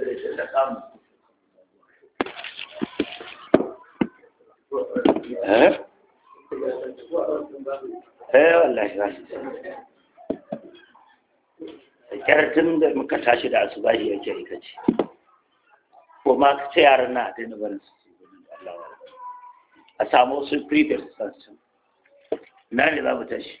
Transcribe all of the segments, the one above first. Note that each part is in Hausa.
ƙarshen da samu muka tashi da asubahi yaran na da barin su a samu wasu previous sun na ne za mu tashi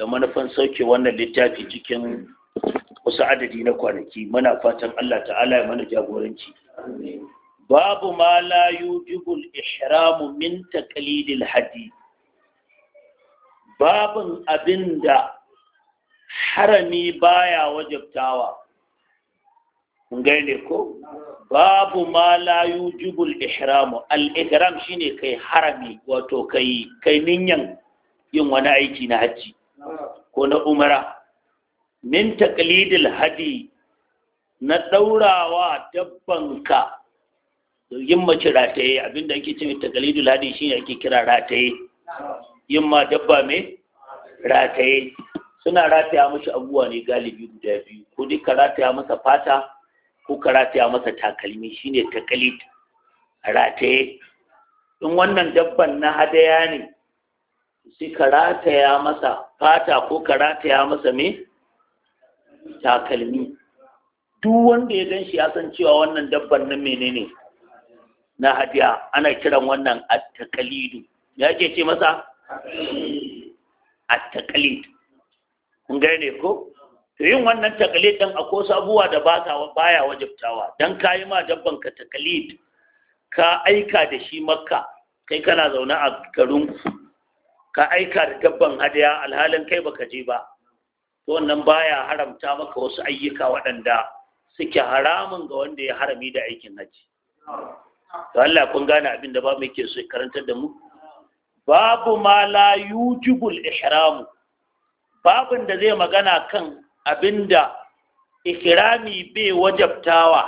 da manufan sauke wannan littafi cikin wasu adadi na kwanaki muna fatan Allah ta'ala ya mana jagoranci babu ma la yujibul ihramu min taqlidil hadi babun abinda harami baya wajabtawa kun gane ko babu ma la yujibul ihramu al ihram shine kai harami wato kai kai ninyan yin wani aiki na hajji ko na umara min taqlidil hadi na daurawa dabbanka yin mace rataye abinda ake ce taqlidul hadi shine ake kira rataye yin ma dabba me rataye suna rataya mashi abubuwa ne galibi guda biyu ko dai ka rataya masa fata ko ka rataya masa takalmi shine taqlid rataye in wannan dabban na hadaya ne sai ka rataya masa fata ko karata ya masa me takalmi duk wanda ya gan shi ya san cewa wannan dabban nan menene na hadiya ana kiran wannan at taqlid ya ke ce masa at taqlid kun gane ko to yin wannan taqlid din akwai sabuwa da ba ta baya wajibtawa dan kai ma dabban ka taqlid ka aika da shi makka kai kana zauna a garin ka aika da dabban hadaya alhalin kai baka je ba to wannan baya haramta maka wasu ayyuka waɗanda suke haramun ga wanda ya harami da aikin haji to Allah kun gane abin da ba mu yake so karantar da mu babu ma la yujibul ihram babin da zai magana kan abinda ihrami bai wajabtawa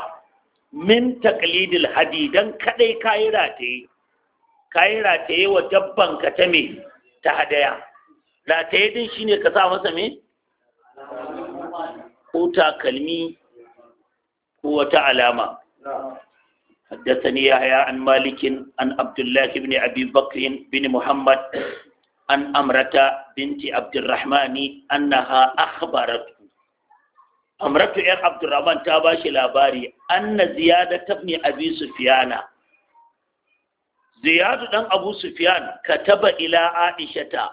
min taqlidil hadi dan kadai kayi rataye kayi rataye wa dabban ka ta me ta hadaya la ta yi din shi ne ka sa masa me? ko takalmi, kalmi ko wata alama haddasani ya haya an malikin an abdullahi bin muhammad an amrata binti abdurrahmani annaha akhbarat amratu yar abdurrahman ta ba shi labari anna ziyada tabni abi sufyana ziyadu dan abu sufyan kataba ila aishata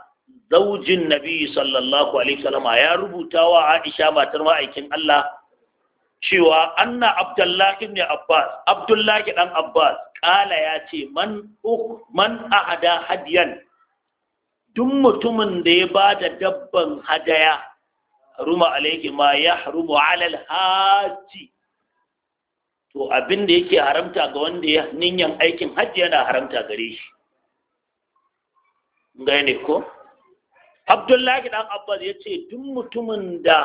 zaujin nabi sallallahu alaihi wasallam ya rubuta wa aisha matar ma'aikin Allah cewa anna abdullahi ibn abbas abdullahi dan abbas kala ya ce man uh, man ahada hadiyan duk mutumin da ya ba da dabban hadaya ruma alaiki ma ya alal haji to abin da yake haramta ga wanda ya ninyan aikin hajji yana haramta gare shi gane ko abdullahi dan abbas ya ce duk mutumin da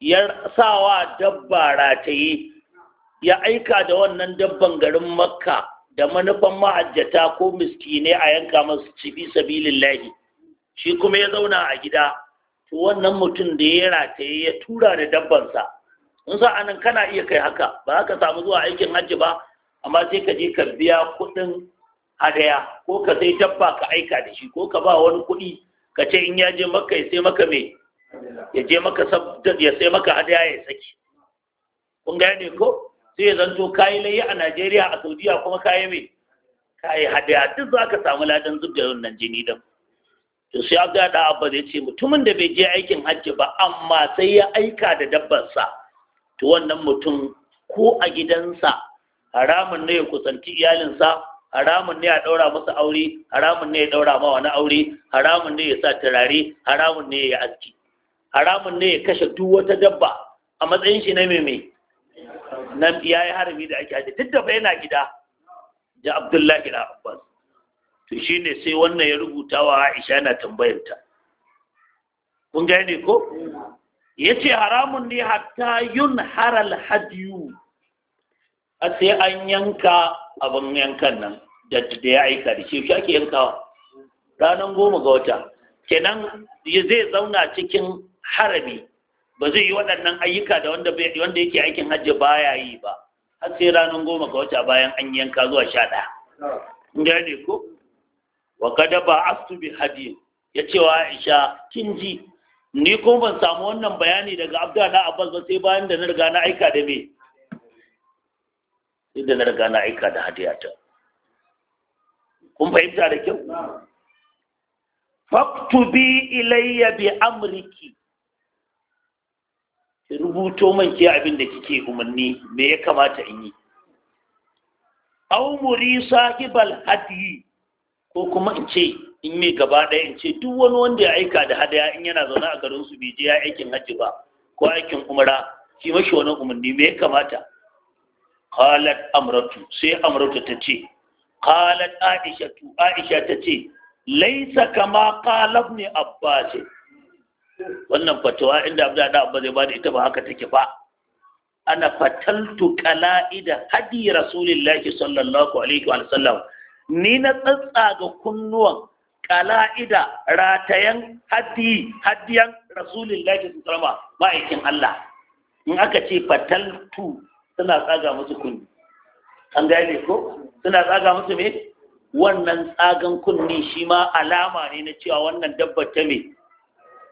ya sawa dabba rataye ya aika da wannan dabban garin makka da manufan ma'ajjata ko miskine a yanka masu cibi sabilillahi shi kuma ya zauna a gida to wannan mutum da ya rataye ya tura da dabbansa in sa anan kana iya kai haka ba ka samu zuwa aikin hajji ba amma sai ka je ka biya kuɗin hadaya ko ka sai dabba ka aika da shi ko ka ba wani kuɗi ka ce in ya je maka ya sai maka me ya je maka ya sai maka hadaya ya saki kun ne ko sai ya zanto kayi layi a Najeriya a Saudiya kuma kayi me kayi hadaya duk za ka samu ladan zub da wannan jini da to sai Abdullahi da Abba ya ce mutumin da bai je aikin hajji ba amma sai ya aika da dabbarsa to wannan mutum ko a gidansa haramun ne ya kusanci iyalinsa haramun ne ya ɗaura masa aure haramun ne ya ɗaura ma wani aure haramun ne ya sa turare haramun ne ya aski haramun ne ya kashe duk wata dabba a matsayin shi na meme nan ya yi harami da ake haji duk da bai na gida da abdullahi na abbas to shi ne sai wannan ya rubuta wa aisha na tambayarta kun gane ko Ya ce haramun ne hatta yun haral hadiyu a sai an yanka abin yankan nan da ya aika da shi ake yankawa ranar goma ga wata kenan zai zauna cikin harami ba zai yi waɗannan ayyuka da wanda yake aikin hajji baya yi ba har sai ranar goma ga wata bayan an yanka zuwa sha ɗaya ne ko wa kada ba astu bi hadiyu ya ce wa aisha kin ji ni ko ban samu wannan bayani daga abda na abbas ba sai bayan da na riga na aika da me sai da na riga na aika da hadiya ta kun fahimta da kyau faktubi ilayya bi amriki rubuto man ke abin da kike umarni me ya kamata in yi aw muri sahibal hadiyi ko kuma in ce in mai gaba ɗaya in ce duk wani wanda ya aika da hadaya in yana zaune a garin su bai je ya aikin hajji ba ko aikin umara. shi mashi wani umarni me kamata qalat amratu sai amratu ta ce qalat aisha tu aisha ta ce laisa kama qala ibn abbas wannan fatawa inda abda da abba zai bada ita ba haka take ba ana fataltu qala'ida hadi rasulillahi sallallahu alaihi wa sallam ni na ga kunnuwan kala'ida ratayen haddi haddiyan rasulillahi sallama ma'aikin Allah in aka ce fataltu suna tsaga musu kunni an gane ko suna tsaga musu me wannan tsagan kunni shi ma alama ne na cewa wannan dabbar ta me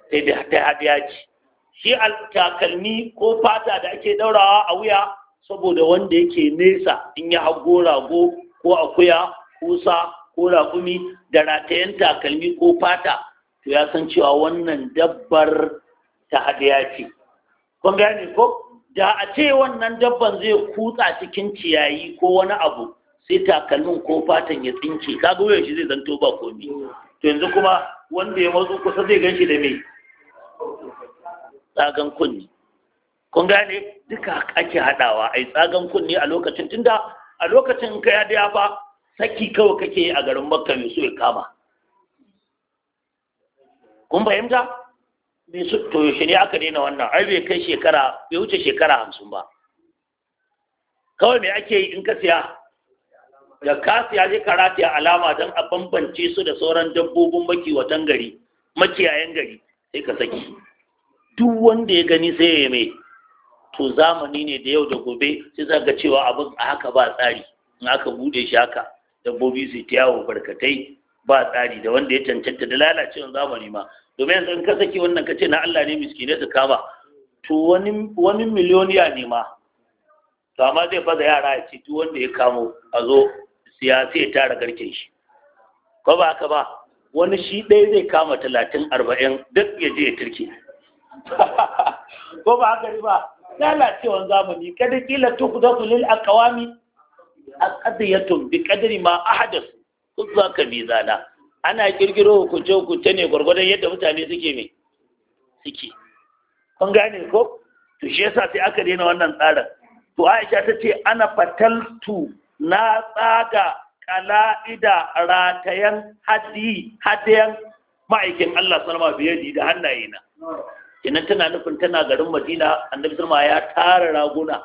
ta hadiya ce shi takalmi ko fata da ake daurawa a wuya saboda wanda yake nesa in ya hago rago ko akuya kusa ko raƙumi da ratayen takalmi ko fata to ya san cewa wannan dabbar ta hadiya ce kun gane ko da a ce wannan dabban zai kutsa cikin ciyayi ko wani abu sai takalmin ko fatan ya tsinke kaga wuyan shi zai zanto ba komi to yanzu kuma wanda ya matsu kusa zai gan shi da mai tsagan kunni kun gane duka ake haɗawa ai tsagan kunni a lokacin tunda a lokacin ka ya fa saki kawai kake yi a garin makka mai so ya kama kun fahimta mai so to yaushe ne aka daina wannan ai bai kai shekara bai wuce shekara hamsin ba kawai mai ake yi in ka siya da ka siya zai karata ya alama don a bambance su da sauran dabbobin watan gari makiyayen gari sai ka saki duk wanda ya gani sai ya mai to zamani ne da yau da gobe sai za ga cewa abin a haka ba tsari in aka bude shi haka dabbobi su ta yawo barkatai ba tsari da wanda ya cancanta da lalacewar zamani ma domin yanzu in ka saki wannan ka ce na Allah ne miskine su kama to wani wani miliyoniya ne ma to amma zai faza yara ya ciki wanda ya kamo a zo siyasa ya tara garken shi ko ba haka ba wani shi ɗaya zai kama talatin arba'in duk ya je ya turke ko ba haka ba lalacewar zamani kada kila tukzatu lil aqwami aqdiyatun bi qadri ma ahdath kuzza ka mizana ana kirkiro hukunce hukunce ne gwargwadon yadda mutane suke ne suke kun gane ko to shi yasa sai aka daina wannan tsarin to Aisha ta ce ana fataltu na tsaga kala'ida ratayan hadi ma'aikin Allah sallama biyadi da hannayena kenan tana nufin tana garin Madina annabi sallama ya tara raguna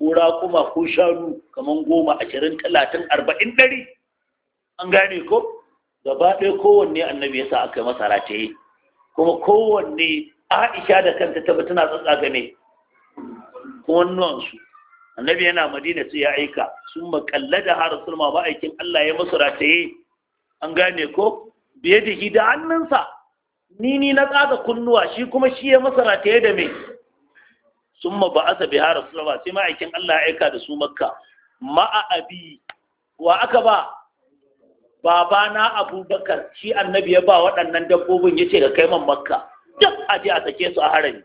kura kuma ko shanu kaman goma ashirin talatin arba'in ɗari an gane ko gaba ɗaya kowanne annabi ya sa aka masa rataye kuma kowanne aisha da kanta ta tana tsatsa game su annabi yana madina sai ya aika sun makalla da har sulma ma'aikin allah ya masu rataye an gane ko biye da da hannunsa ni ni na tsaga kunnuwa shi kuma shi ya masa rataye da me. summa ba'atha biha rasulullah sai ma'aikin Allah ya aika da su makka ma'a wa aka ba babana abubakar shi annabi ya ba waɗannan dabbobin ya ce ga kai man makka duk je a sake su a harami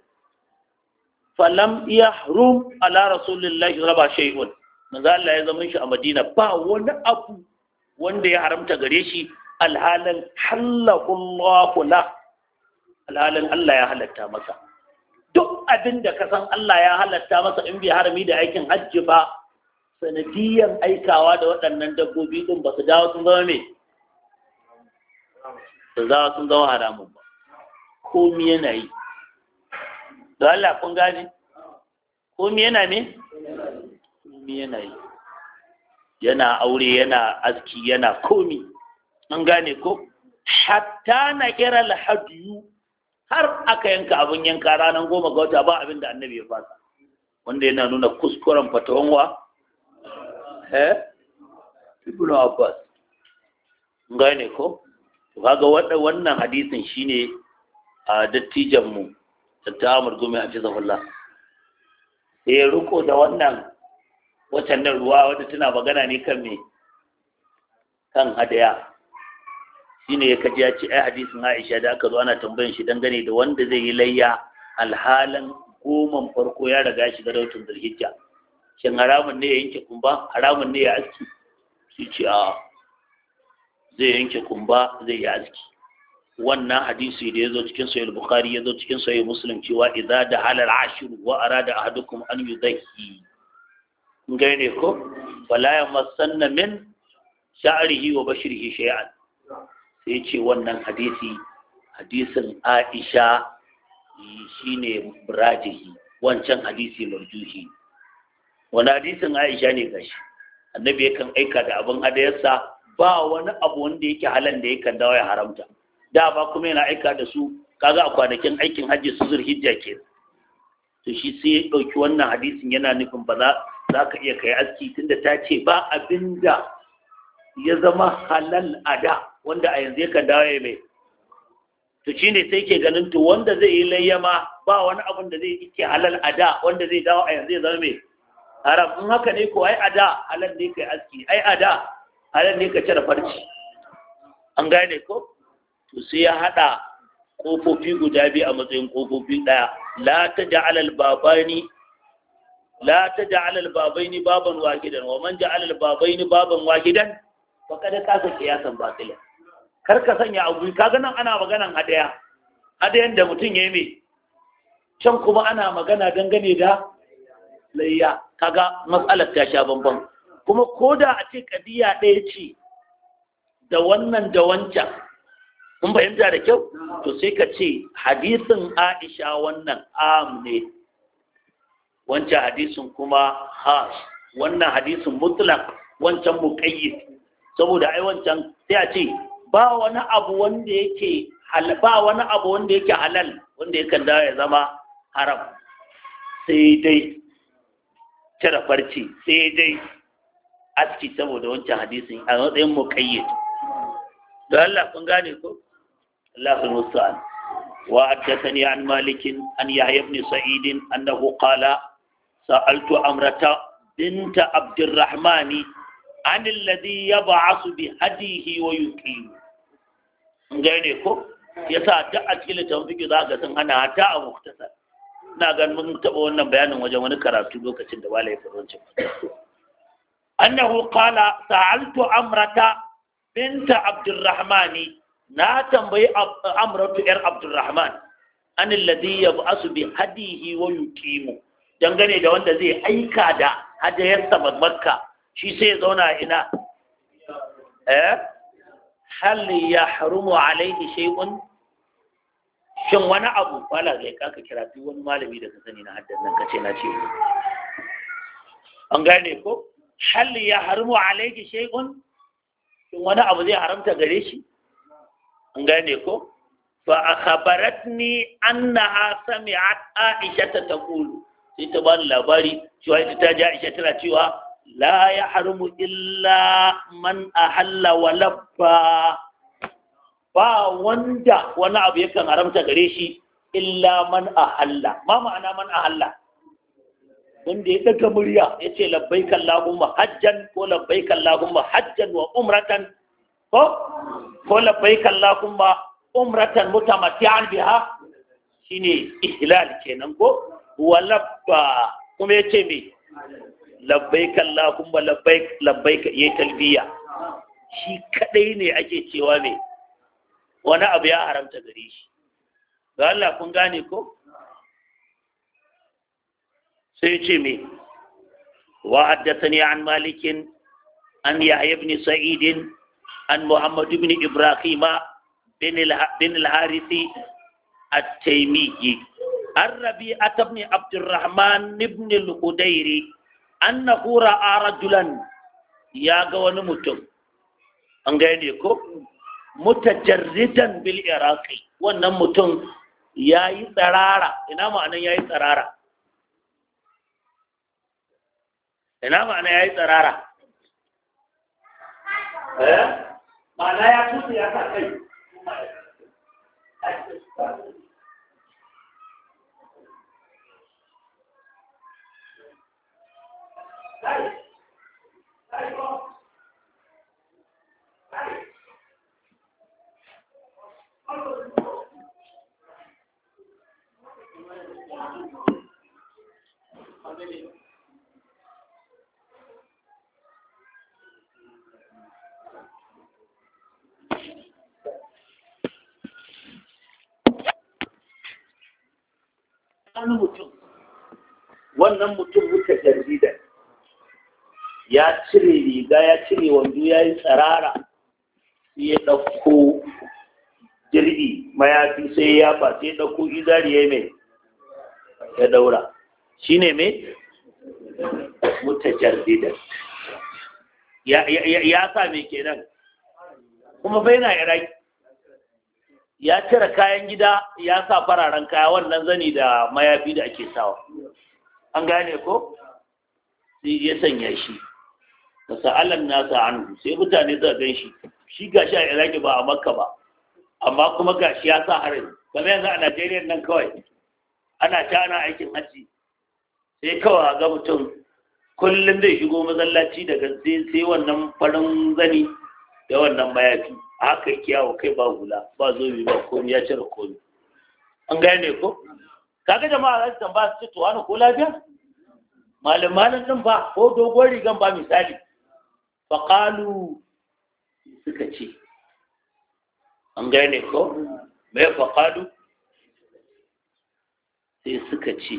falam yahrum ala rasulullahi raba shay'un manzo Allah ya zama shi a Madina ba wani abu wanda ya haramta gare shi alhalin halallahu la alhalin Allah ya halatta masa duk abin da ka san Allah ya halatta masa in bai harami da aikin hajji ba sanadiyan aikawa da waɗannan dabbobi ɗin ba su dawo sun zama me su dawo sun zama haramun ba komi yana yi Da Allah kun gane komi yana me komi yana yi yana aure yana aski yana komi an gane ko hatta na kira alhadiyu har aka yanka abin yanka ranar goma ga wata ba abin da annabi ya fasa wanda yana nuna kuskuren fatawan wa eh ibn abbas gane ko to kaga wannan wannan hadisin shine a dattijan mu ta Amr Gumi hafizahullah sai Eh, riko da wannan waccan nan ruwa wanda tana magana ne kan me kan hadaya shine ya kaji ya ce ai hadisin Aisha da aka zo ana tambayan shi dangane da wanda zai yi layya alhalan goman farko ya riga shi garautin zulhijja shin haramun ne ya yanke kumba haramun ne ya aski shi ce a zai yanke kumba zai yi aski wannan hadisi da ya zo cikin sahih bukhari ya zo cikin sahih muslim cewa idza da halal ashir wa arada ahadukum an yudhi ne ko wala yamassanna min sha'rihi wa bashrihi shay'an sai ce wannan hadisi hadisin aisha shine rajihi wancan hadisi marjuhi wani hadisin aisha ne gashi annabi yakan aika da abin adayarsa ba wani abu wanda yake halan da yakan dawo ya haramta da ba kuma yana aika da su kaga a kwanakin aikin hajji su zur hijja ke to shi sai ya ɗauki wannan hadisin yana nufin ba za za ka iya kai aski tunda ta ce ba abinda ya zama halal a da wanda a yanzu yakan dawo ya mai to shi ne sai ke ganin to wanda zai yi layyama ba wani abin da zai ke halal a da wanda zai dawo a yanzu ya zama mai haram in haka ne ko ai a da halal ne kai aski ai a da halal ne ka cire farci an gane ko to sai ya haɗa ƙofofi guda biyu a matsayin ƙofofi ɗaya la ta ja'ala al-babani la ta ja'ala al-babaini baban wahidan wa man ja'ala al-babaini baban wahidan ka kasa kiyasan batilan kar ka sanya guri kaga nan ana maganan hadaya hadayan da mutum ya yi mai can kuma ana magana dangane da layya kaga matsalar ta sha bambam kuma ko da a ce kadiya ɗaya ce da wannan da wancan kun fahimta da kyau to sai ka ce hadisin aisha wannan am ne wancan hadisin kuma ha wannan hadisin mutlak wancan muqayyid saboda ai wancan sai a ce ba wani abu wanda yake ba wani abu wanda yake halal wanda yake da ya zama haram sai dai cire farci sai dai aski saboda wancan hadisin a matsayin mu kayyid don Allah kun gane ko Allah kun musta'an wa addatani an malikin an yahya ibn sa'idin annahu qala sa'altu amrata binta abdurrahmani an alladhi yab'asu bi hadihi wa gane ko yasa ta a cikin littafin fiƙi za ga sun hana hata a muktasar ina ganin mun taɓa wannan bayanin wajen wani karatu lokacin da wala ya fi rancin annahu qala sa'altu amrata binta abdurrahmani na tambayi amratu yar abdurrahman an alladhi yab'asu bi hadihi wa yuqimu dangane da wanda zai aika da hadayarsa makka shi sai ya zauna ina eh hal ya harumu alaihi shay'un shin wani abu wala zai kaka kira duk wani malami da ka sani na haddan nan kace na ce an gane ko hal ya harumu alaihi shay'un shin wani abu zai haramta gare shi an gane ko fa akhbaratni annaha sami'at aisha ta taqulu sai ta bani labari cewa ita ta ji aisha tana cewa la ya harmu illa man ahalla wa labba ba wanda wani abu yakan haramta gare shi illa man ahalla ma ma'ana man ahalla wanda ya daga murya ya ce labbaikan lahumma hajjan ko labbaikan lahumma hajjan wa umratan ko ko labbaikan ma umratan mutamatti'an biha shine ihlal kenan ko wa labba kuma ce me labbaik Allahumma labbaik labbaik yayi talbiya shi kadai ne ake cewa me wani abu ya haramta gare shi ga Allah kun gane ko sai ce me wa haddathani an malikin an yahya ibn sa'id an muhammad ibn ibrahim bin al-harith at an rabi a الرحمن ibn al hura a rajulan ya ga wani mutum an gane ko mutajarridan bil iraqi wannan mutum yayi tsarara ina ma'anan yayi tsarara ina ma'ana yayi tsarara eh ma'ana ya kusa ya kai mutum wannan mutum wuce jarida ya cire riga ya cire wando ya yi tsirara ya ɗauko jirgi mayafi sai ya ba sai ɗauko izari ya mai ya daura shi ne mai mutajardidan ya sa mai kenan kuma bai na irai ya cire kayan gida ya sa fararen kaya wannan zani da mayafi da ake sawa an gane ko ya sanya shi fa sa'alan nasa anhu sai mutane suka gan shi shi gashi a Iraki ba a Makka ba amma kuma ga shi ya sa harin kamar yanzu a Najeriya nan kawai ana ta ana aikin hajji sai kawai ga mutum kullum zai shigo masallaci daga sai wannan farin zani da wannan mayafi a haka yake yawo kai ba hula ba zobe ba komi ya cire komi an ne ko kaga jama'a za su tambaya su ce to wani ko lafiya Malamanin nan ba ko dogon rigan ba misali faƙalu suka ce an gane ko mai faƙalu sai suka ce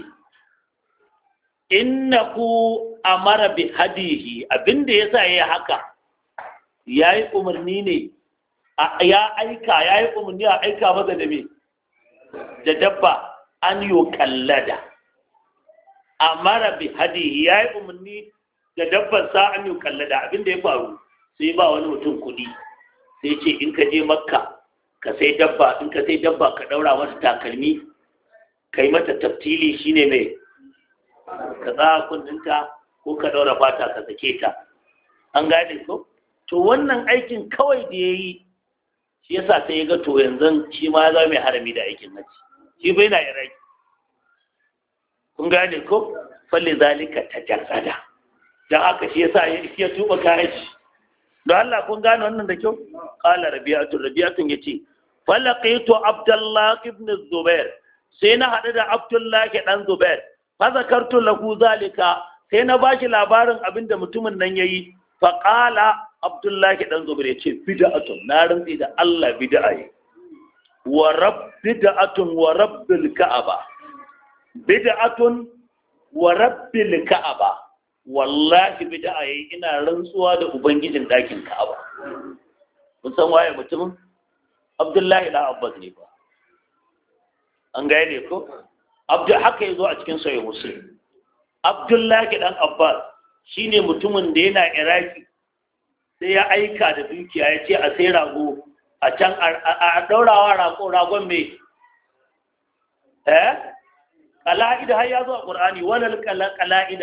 inna ku amara bi hadihi abinda ya sa ya haka ya yi umarni ne ya aika ya yi umarni a aika maza da me da dabba an yi kallada amara bi hadihi ya yi umarni da dabban sa an yi kallada abin da ya faru sai ba wani mutum kuɗi sai ce in ka je makka ka sai dabba in ka sai dabba ka ɗaura masa takalmi ka yi mata taftili shine mai ka tsaya kundinta ko ka ɗaura fata ka sake ta an gane ko to wannan aikin kawai da ya yi shi yasa sai ya ga to yanzu shi ma ya zama mai harami da aikin haji shi bai na iraki kun gane ko falle zalika ta jarzada dan haka shi yasa ya ya tuba kayan shi don Allah kun gane wannan da kyau qala rabi'atu rabi'atu ce. falaqitu abdullah ibn zubair sai na hadu da abdullah dan zubair fa zakartu lahu zalika sai na bashi labarin abinda mutumin nan yayi fa qala abdullah dan zubair yace bid'atun na rantsi da Allah bid'a yi wa rabb bid'atun wa rabbil ka'aba bid'atun wa rabbil ka'aba wallahi bid'a ayi ina rantsuwa da ubangijin dakin Ka'aba kun san waye mutumin Abdullahi da Abbas ne ba an gane ko Abdu haka yazo a cikin sahih Muslim Abdullahi dan Abbas shine mutumin da yana Iraki sai ya aika da dukiya ya ce a sai rago a can a daurawa rago ragon me eh kalaida har ya zo a wani walal kala'id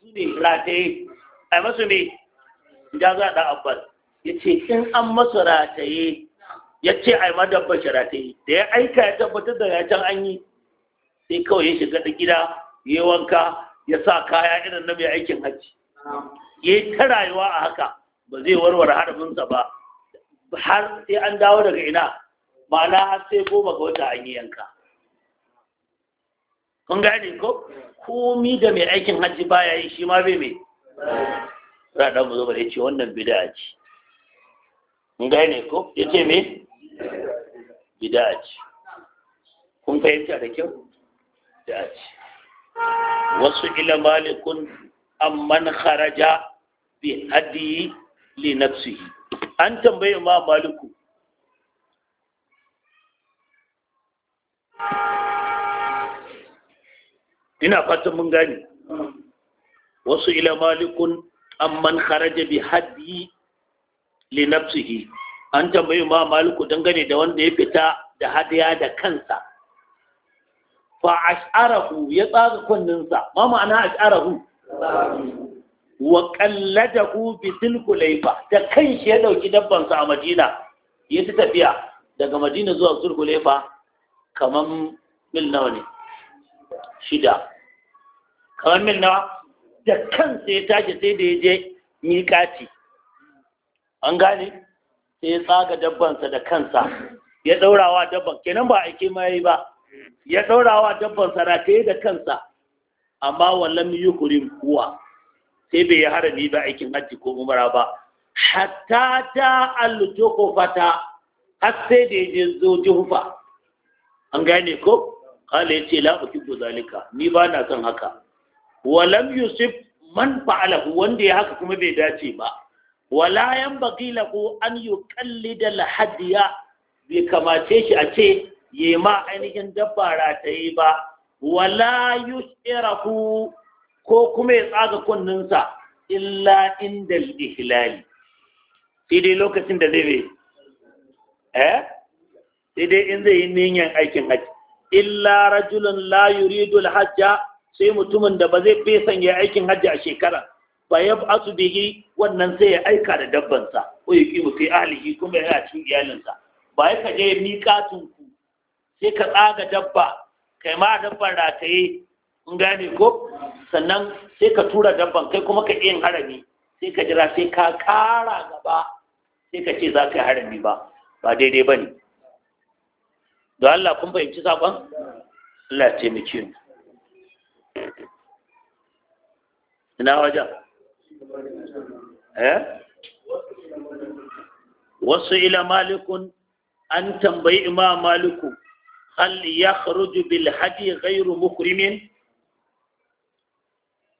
su ne rataye a masu Ya da za ɗan abbas yace in an masu rataye yace ai ma dabbar shi rataye da ya aika ya tabbatar da ya can an yi sai kawai ya shiga da gida ya yi wanka ya sa kaya irin na mai aikin hajji ya yi ta rayuwa a haka ba zai warware harafinsa ba har sai an dawo daga ina ma'ana har sai goma ga wata an yi yanka kun gane ko komi da mai aikin hajji baya yi shi ma bai mai za a mu zo ba ce wannan bida ce kun gane ko ya ce me bida ce kun fahimta da kyau da ce wasu ila malikun amman kharaja bi hadi li nafsihi an tambaye ma maliku ina fatan mun gane wasu ila malikun amman kharaja bi haddi li nafsihi an tambayi ma maliku dangane da wanda ya fita da hadiya da kansa fa ash'arahu ya tsaga kunninsa ma ma'ana ash'arahu wa qalladahu bi zulkulayfa da kanshi ya dauki dabbansa a Madina ya ta tafiya daga Madina zuwa zulkulayfa kaman mil nawa shida kamar min nawa da kansa ya tashi sai da ya je miƙaci an gane sai ya tsaga dabbansa da kansa ya ɗaurawa dabban kenan ba aiki ma yi ba ya ɗaurawa dabban sarataye da kansa amma wallan yi hurin kuwa sai bai yi harami ba aikin hajji ko umara ba hatta ta alluto fata har sai da ya je zo jihufa an gane ko kala ya ce la'uki ko zalika ni ba na son haka walam yusuf man fa'ala, wanda ya haka kuma bai dace ba wala yanbaghi ko an kalli da lahadiya. bai kamace shi a ce ya ma ainihin dabba rataye ba wala yushirahu ko kuma ya tsaga kunninsa illa inda ihlali sai dai lokacin da zai bai eh sai dai in zai yi niyyar aikin haji illa rajulun la yuridu hajja sai mutumin da ba zai fesan ya aikin hajji a shekara ba ya asu bihi wannan sai ya aika da dabbansa ko ya kimu sai ahlihi kuma yana cikin iyalinsa ba ya kaje ya miƙa tunku sai ka tsaga dabba kai ma dabban rataye in gane ko sannan sai ka tura dabban kai kuma ka yin harami sai ka jira sai ka ƙara gaba sai ka ce za ka yi harami ba ba daidai ba ne don Allah kun fahimci saƙon Allah ya ce mu ina wajen eh wasu ila malikun an tambayi ima maliku hal ya kharuju bil haji gairu muhrimin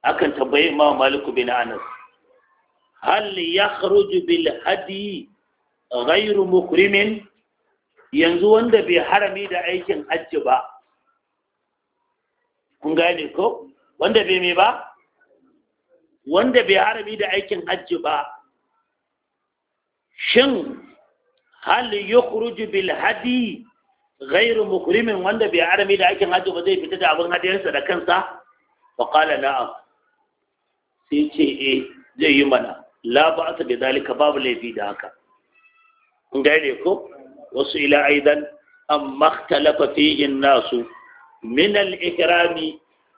akan tambayi ima maliku bin anas hal ya kharuju bil haji gairu muhrimin yanzu wanda bai harami da aikin hajji ba kun gane ko wanda bai mai ba wanda bai harami da aikin hajji ba shin hal yukhruju bil hadi ghairu mukrimin wanda bai harami da aikin hajji ba zai fita da abin hadiyarsa da kansa fa qala na'am sai ce eh zai yi mana la ba'sa bi zalika babu laifi da haka gane ko wasu ila aidan amma ikhtalafa fihi an-nasu min al-ikrami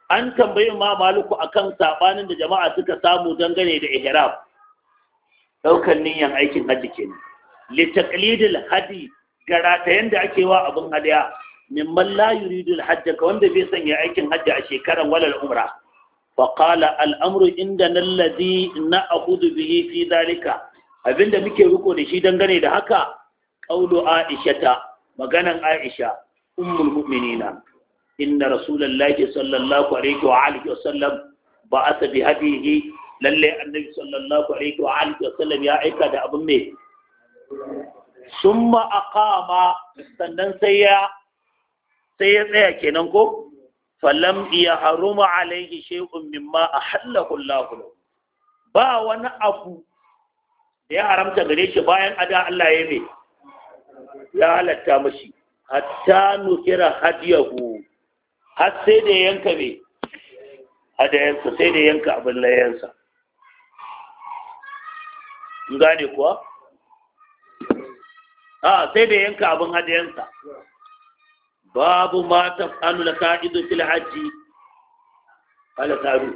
an tambayi ma maliku akan sabanin da jama'a suka samu dangane da ihram daukan niyyar aikin hajji kenan li taqlidil hadi ta yanda ake wa abin hadiya mimman la yuridu hajja ka wanda bai sanya aikin hajji a shekaran walal umra fa qala al amru indana alladhi na'khudhu bihi fi dhalika abinda muke riko da shi dangane da haka qawlu aisha ta maganan aisha ummul mu'minina inna rasulullahi sallallahu alaihi wa alihi wasallam hadihi lalle annabi sallallahu alaihi wa alihi wasallam ya aika da abin me summa aqama sannan sai ya sai ya tsaya kenan ko falam ya haruma alaihi shay'un mimma ahallahu Allah ba wani abu da ya haramta gare shi bayan ada Allah ya mai ya halatta mashi hatta nukira hadiyahu har sai da yanka da yanka sai da yanka abin layansa. gane kuwa a sai da yanka abin hadayensa babu mata anu da Sa'idu fil hajji ala taru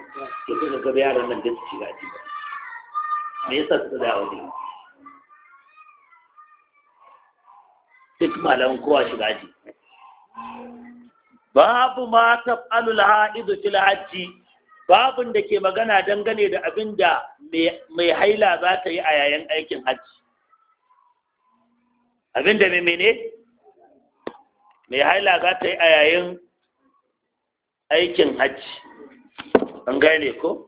to kuma ga yaran nan da su shiga ji me yasa suka da wani duk malamin kowa shiga ji babu ma taf'alul ha'idu fil hajji babun da ke magana dangane da abin da mai haila za ta yi a yayin aikin hajji abin da mai mene mai haila za ta yi a yayin aikin hajji an gane ko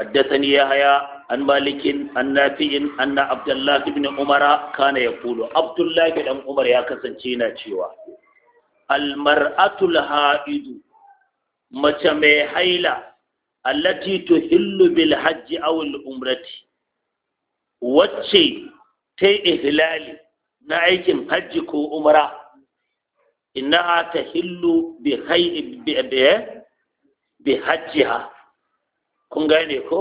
حدثني يحيى عن مالك عن an أن Abdullahi الله بن عمر ya يقول Abdullahi Dan Umar ya kasance yana cewa. almar'atul ha'idu mace mai haila allati tuhillu bil hajji aw al umrati wacce ta ihlali na aikin hajji ko umra inna ta hillu bi bi hajjiha kun gane ko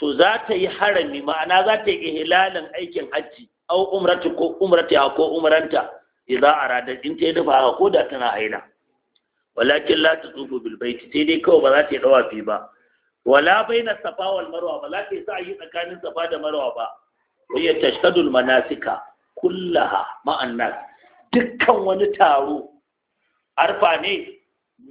to za ta yi harami ma'ana za ta yi ihlalin aikin hajji aw umrati ko umrati ko umranta idza arada in ta dafa haka ko da tana haila walakin la tatufu bil baiti sai dai kawai ba za ta yi fi ba wala baina safa wal marwa ba za ta yi sa'ayi tsakanin safa da marwa ba hiya tashkadul manasika kullaha ma'an dukkan wani taro arfa ne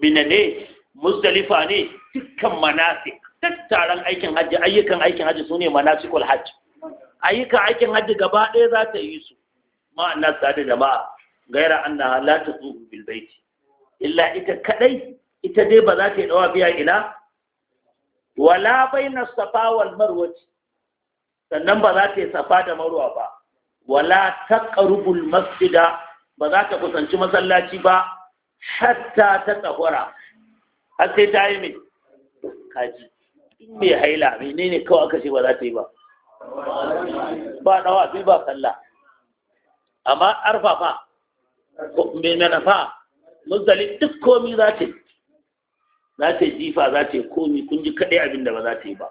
minane ne muzdalifa ne dukkan manasik tattaran aikin hajji ayyukan aikin hajji sune manasikul hajj ayyukan aikin hajji gaba ɗaya za ta yi su ma'an nas da jama'a gaira annaha la tazubu bil baiti illa ita kadai ita dai ba za ta yi dawa biya ina wala baina safa wal marwa sannan ba za ta yi safa da marwa ba wala taqrubul masjida ba za ta kusanci masallaci ba hatta ta tsahura har sai ta yi mai kaji in mai haila menene kawai aka ce ba za ta yi ba ba dawa bi ba sallah amma arfafa mai manafa muzali duk komi za ta yi za ta yi jifa za ta yi komi kun ji kaɗai abin da ba za ta yi ba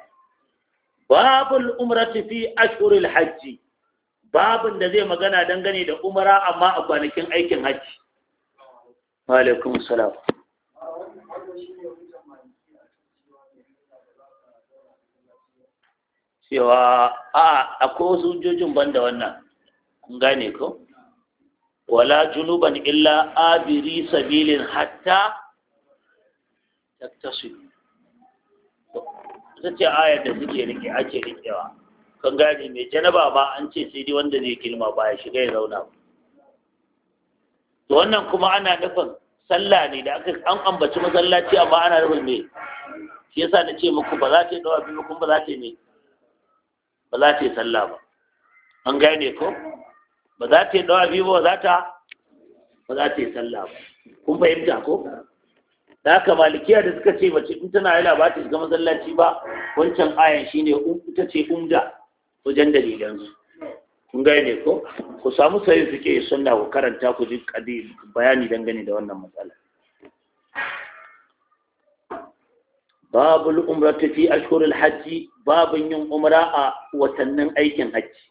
babul umrati fi ashhuril hajji babin da zai magana dangane da umara amma a kwanakin aikin hajji wa alaikum salam cewa a akwai wasu hujjojin ban da wannan kun gane ko wala junuban illa abiri sabilin hatta taktasilu ita ce ayar da suke rike ake rikewa kan gane mai janaba ba an ce sai dai wanda zai girma ba ya shiga ya zauna ba to wannan kuma ana nufin sallah ne da aka an ambaci masallaci amma ana nufin me shi yasa na ce muku ba za ta yi dawa biyu kuma ba za ta yi me ba za ta yi sallah ba an gane ko ba za ta yi dawa biyu ba za ta ba za ta yi sallah ba kun fahimta ko da haka malikiya da suka ce mace in tana yana ba ta shiga masallaci ba wancan ayan ne um, ita ce umda wajen dalilansu kun ne ko ku samu sayi suke sunna ku karanta ku ji kadi bayani dangane da wannan matsala babul ta fi ashhuril hajji babun yin umra a watannin aikin hajji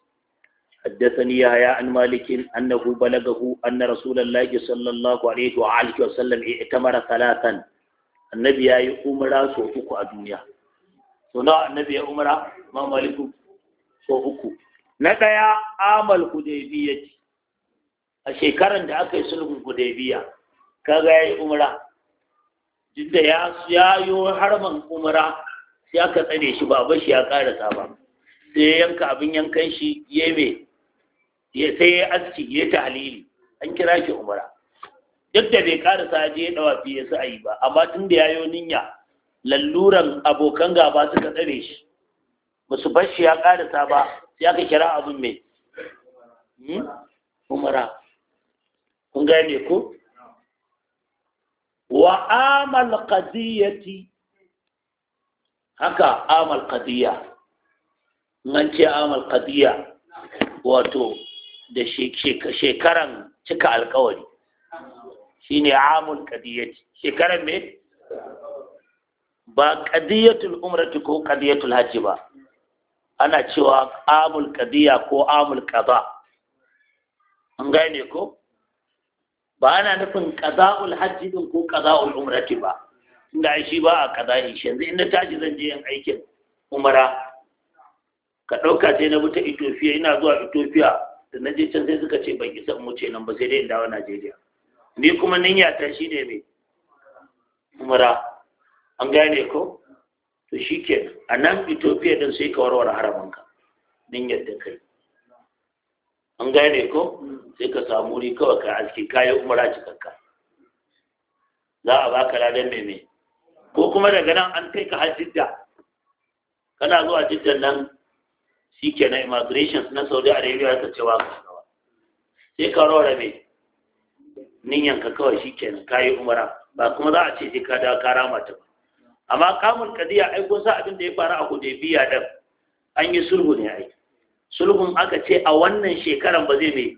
حدثني يحيى عن مالك انه بلغه ان رسول الله صلى الله عليه واله وسلم ائتمر ثلاثا النبي يا عمر سو uku a duniya so na annabi ya umra ma maliku so uku na daya amal hudaybiyya a shekaran da aka yi sulhu hudaybiyya kaga yayi umra duk ya ya yo harman umra sai aka tsare shi ba bashi ya karasa ba sai yanka abin yankan shi yeme ya sai ya aski ya halili an kira shi umara duk da bai karasa je ya dawa fiye su a yi ba amma tun da yayo ninya lalluran abokan gaba suka tsare shi ba su bar shi ya sa ba sai aka kira abin mai hmm? umara kun mai ko wa amal qadiyati haka amal qadiya nan ce amal qadiya wato da shekaran cika alkawari shi ne amul kadiyyaci shekaran me ba kadiyyatul umrati ko kadiyyatul hajji ba ana cewa amul kadiyya ko amul kaza an gane ko ba ana nufin kaza'ul hajji din ko kaza'ul umrati ba inda shi ba a kaza'i shi yanzu inda tashi zan je yin aikin umara ka ɗauka sai na bi ta Ethiopia ina zuwa Ethiopia da na je can sai suka ce ban isa mu wuce nan ba sai dai in dawo Najeriya ni kuma niyya ta shi ne me. umara an gane ko to shi ke a nan Ethiopia din sai ka warware haramanka niyyar da kai an gane ko sai ka samu ri kawai ka aski yi umara cikakka za a baka ladan me me. ko kuma daga nan an kai ka har jidda kana zuwa jiddan nan shi ke na immigration na saudi arabia ta cewa ka gawa sai ka rora ninyanka kawai shi ke ka yi umara ba kuma za a ce shi ka dawo karama ba amma kamun kadiya ai kun sa abin da ya faru a hudaybiya dan an yi sulhu ne ai sulhun aka ce a wannan shekaran ba zai mai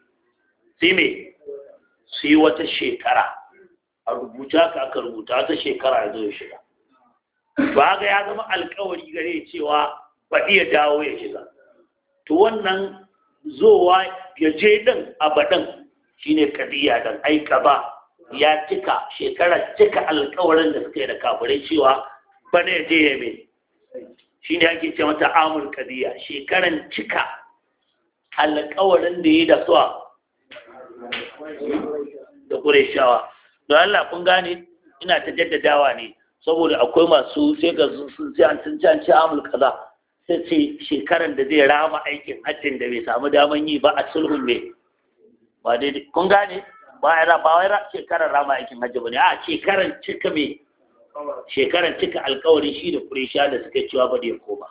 sai mai su yi wata shekara a rubuta ka aka rubuta wata shekara ya zo ya shiga ba ga ya zama alkawari gare cewa baɗi ya dawo ya shiga to wannan zowa ya je din shi ne kadiya don aika ba ya cika shekarar cika alkawarin da suka yi da kafirai cewa ba ne je ya mai ne ake ce mata amur kadiya shekaran cika alkawarin da ya yi da suwa da shawa don Allah kun gane ina ta jaddadawa ne saboda akwai masu sai ga sun ci an ci ci kaza sai ce shekaran da zai rama aikin hajjin da bai samu daman yi ba a sulhun ne ba dai kun gane ba yara, ba wai shekaran rama aikin hajji ba ne a shekaran cika mai shekaran cika alkawari shi da kurisha da suka cewa ba da ya koma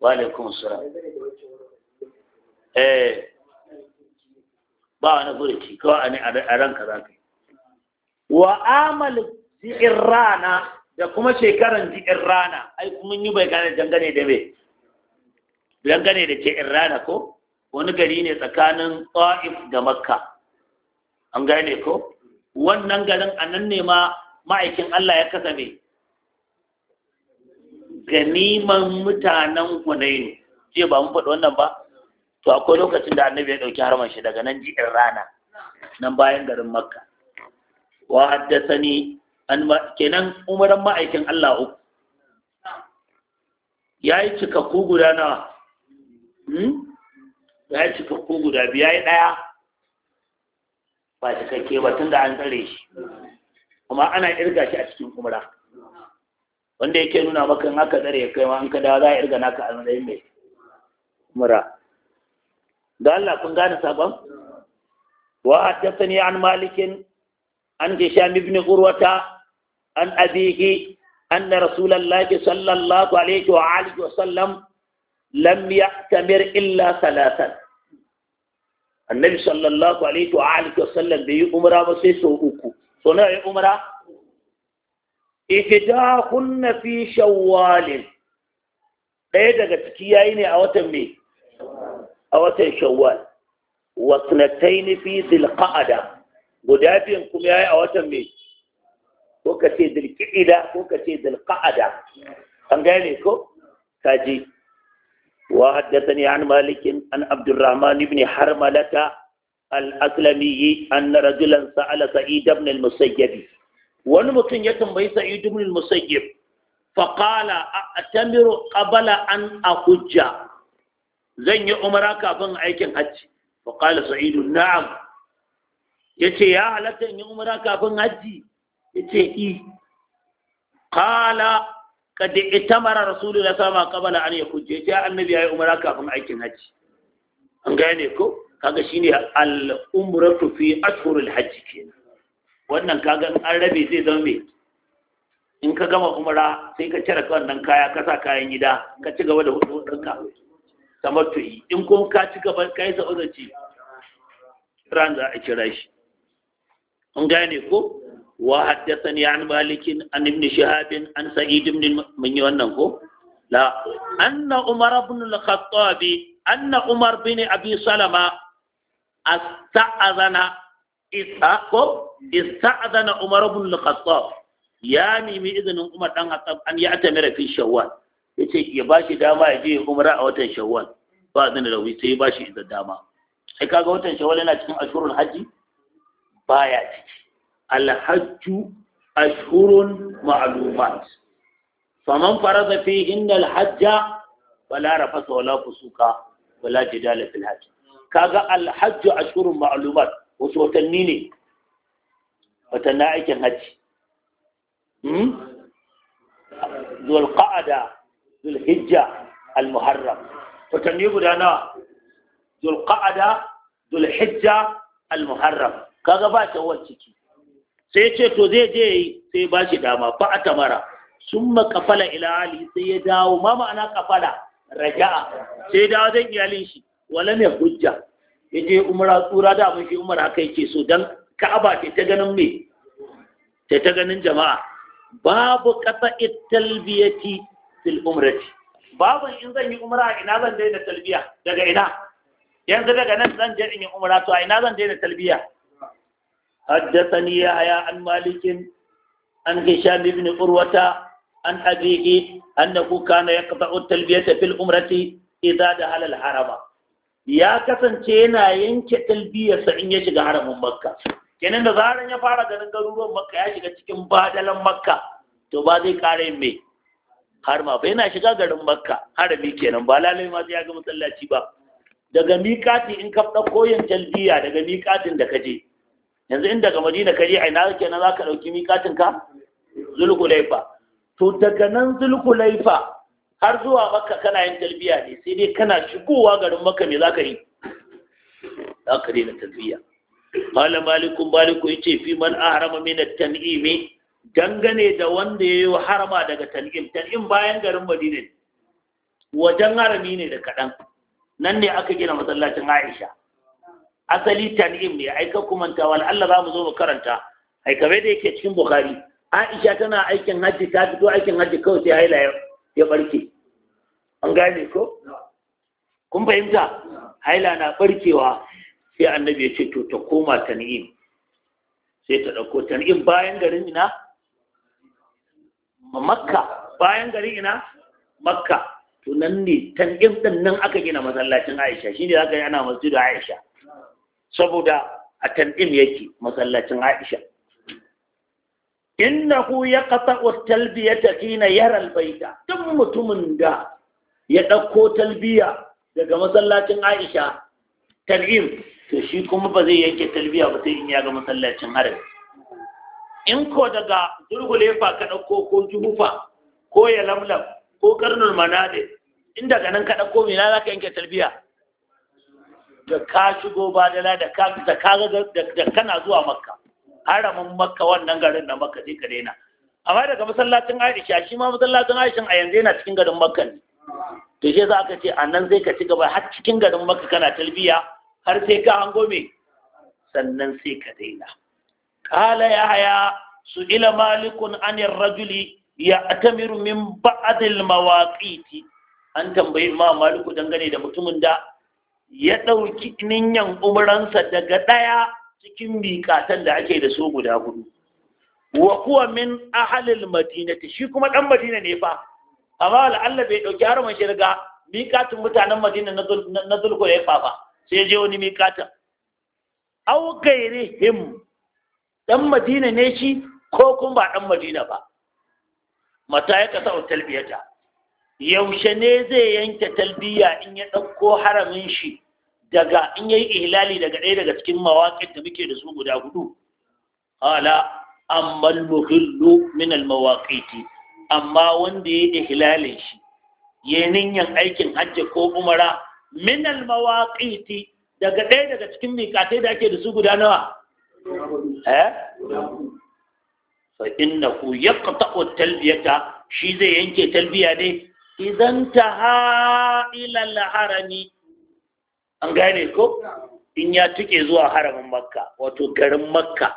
wa alaikum sura eh ba wani furuci kawai a ranka za ka yi wa amal rana. da kuma shekaran in rana ai kuma yi bai gane dangane da me dangane da in rana ko wani gari ne tsakanin ta'if da makka an gane ko wannan garin a nan ne ma ma'aikin allah ya kasa me ganiman mutanen kunai jiya ba mun faɗi wannan ba to akwai lokacin da annabi ya ɗauki harman shi daga nan in rana nan bayan garin makka wa ni. kenan umaran ma'aikin Allah uku ya yi cikakku guda nawa hmm? ya yi cikakku guda biya yi ɗaya ba cikakke ba tun da an tsare shi kuma ana irga shi a cikin umra wanda yake nuna maka in aka tsare kai ma an ka za a irga naka a matsayin mai umra da Allah kun gane sabon wa a haddathani an malikin an sha ibn urwata an abihi أن رسول sallallahu alaihi wa عليه وآله وسلم لم يأتمر إلا ثلاثا annabi sallallahu alaihi wa alihi wasallam bai yi umra ba sai sau uku so nawa yi umra ihdahunna fi shawwalin ɗaya daga ciki yayi ne a watan me a watan shawwal wa sunatayn fi dhilqa'ada guda biyan kuma yayi a watan me ko ka ce dilkida ko ka ce dilqa'ada an gane ko kaji wa haddathani an malik an abdurrahman ibn harmalata al-aslami anna rajulan sa'ala sa'id ibn al-musayyib wani mutum ya tambayi sa'id ibn al-musayyib faqala a'tamiru qabla an ahujja zan yi umara kafin aikin hajji faqala sa'id na'am yace ya halatta in yi umara kafin hajji yace i ita mara itamara rasulullah sama kabala an kuje yace annabi yi umara kafin aikin haji an gane ko kaga shine al umratu fi ashhuril hajji kenan wannan kaga an rabe zai zama mai. in ka gama umara sai ka cire wannan kaya ka sa kayan gida ka ci gaba da kamar tamattu'i in kuma ka ci gaba kai sa'udanci ran za a kira shi an gane ko وحدثني عن مالك عن ابن شهاب عن سعيد بن من يوننكو لا أن عمر بن الخطاب أن عمر بن أبي سلمة استأذن استأذن عمر بن الخطاب يعني من إذن عمر بن الخطاب أن يعتمر في شوال yace ya bashi dama ya je umra a watan shawwal ba zan da wuri sai ya bashi da dama sai kaga watan shawwal yana cikin ashurul hajji baya ciki alhajju ashhurun ma'lumat faman farada fihinna alhajja fala rafasa wala fusuka wala jidala fil hajj kaga alhajju ashhurun ma'lumat wasu watanni ne watanni aikin hajji zuwal qa'ada zul watanni guda nawa zul qa'ada zul hijja al ba ta ciki sai ce to zai je yi sai ba shi dama fa a tamara sun makafala ila ali sai ya dawo ma ma'ana kafala raja'a sai ya dawo zan iyalin shi wala ne hujja ya je umara tsura da abin shi umara haka ke so dan ka'aba ce ta ganin me ta ta ganin jama'a babu kasa italbiyati fil umrati babu in zan yi umara ina zan daina talbiya daga ina yanzu daga nan zan je in yi umara to a ina zan daina talbiya حدثني يحيى عن مالك عن هشام بن عروة عن أبيه أنه كان يقطع التلبية في الأمرة إذا دخل الحرم ya kasance yana yanke talbiyarsa in ya shiga haramin makka kenan da zaran ya fara garin garuruwan makka ya shiga cikin badalan makka to ba zai ƙara yin mai har ma ba yana shiga garin makka harami kenan ba lalai ma ya ga masallaci ba daga miƙati in ka ɗauko yin talbiya daga miƙatin da ka je yanzu inda daga madina ka je a ina kenan za ka ɗauki miƙatin ka zulkulaifa to daga nan zulkulaifa har zuwa makka kana yin talbiya ne sai dai kana shigowa garin makka me za ka yi za ka daina talbiya qala malikun maliku yace fi man ahrama min at-tan'im dangane da wanda yayi harama daga tan'im tan'im bayan garin madina wajen harami ne da kaɗan. nan ne aka gina masallacin Aisha asali tan'im ne ai ka kumanta wal Allah za mu zo mu karanta ai kamar da yake cikin bukhari aisha tana aikin hajji ta fito aikin hajji kawai sai haila ya barke an gane ko kun fahimta haila na barkewa sai annabi ya ce to ta koma tan'im sai ta ɗauko tan'im bayan garin ina makka bayan garin ina makka to nan ne tan'im din nan aka gina masallacin aisha shine zaka yi ana masjidu aisha saboda a tan'im yake masallacin Aisha innahu talbiya ta hina yara baita Tun mutumin da ya ɗauko talbiya daga masallacin Aisha tan'im to shi kuma ba zai yanke talbiya ba sai in ya ga masallacin harin in ko daga durgulefa ka ɗauko ko juhufa ko ya lamlam ko karnul manade in daga nan ka ɗauko mina za ka yanke talbiya da ka shigo badala da ka da ka da kana zuwa makka haramin makka wannan garin na makka sai ka daina amma daga masallacin aisha shi ma masallacin aisha a yanzu yana cikin garin makka ne to shi za ka ce a nan zai ka ci gaba har cikin garin makka kana talbiya har sai ka hango me sannan sai ka daina qala ya haya su ila malikun anir rajuli ya atamiru min ba'dil mawaqiti an tambayi ma maliku dangane da mutumin da ya ɗauki ninyan umransa daga ɗaya cikin miƙatan da ake da su guda hudu wa kuwa min ahalil madinati shi kuma ɗan madina ne fa amma al'allah bai ɗauki har shi daga miƙatun mutanen madina na zulkul ya fafa sai je wani miƙatan au gairi him ɗan madina ne shi ko kuma ba ɗan madina ba mata ya kasa talbiyata yaushe ne zai yanke talbiya in ya ɗauko haramin shi daga in ya yi ihlali daga ɗaya daga cikin mawaƙin da muke da su guda hudu ala ammal muhillu min al amma wanda ya yi ihlalin shi yi ninyan aikin hajji ko umara min al daga ɗaya daga cikin miƙatai da ake da su guda nawa eh fa innahu yaqta'u talbiyata shi zai yanke talbiya ne idan ta ha'ilal harami an gane ko in ya tuke zuwa haramin makka wato garin makka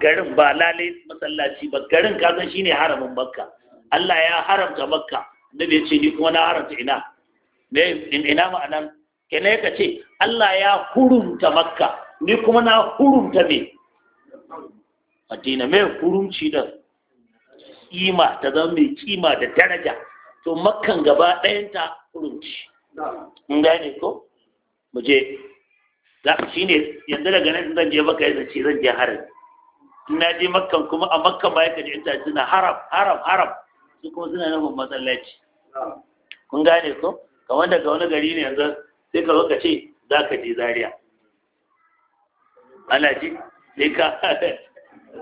garin ba lalai masallaci ba garin kasan shine haramin makka Allah ya haramta makka da ya ce ni kuma na haramta ina ne ina ma'anan kenan ya ce Allah ya hurumta makka ni kuma na hurumta me addina mai hurunci da kima ta zama mai kima da daraja to makkan gaba ɗayanta kurunci mun gane ko mu je za shi ne yanzu daga nan zan je maka yanzu ce zan je harin na je makkan kuma a makkan ba ya je ta suna haram haram haram su kuma suna nufin masallaci kun gane ko kamar daga wani gari ne yanzu sai ka zo ka ce za ka je zaria ana ji sai ka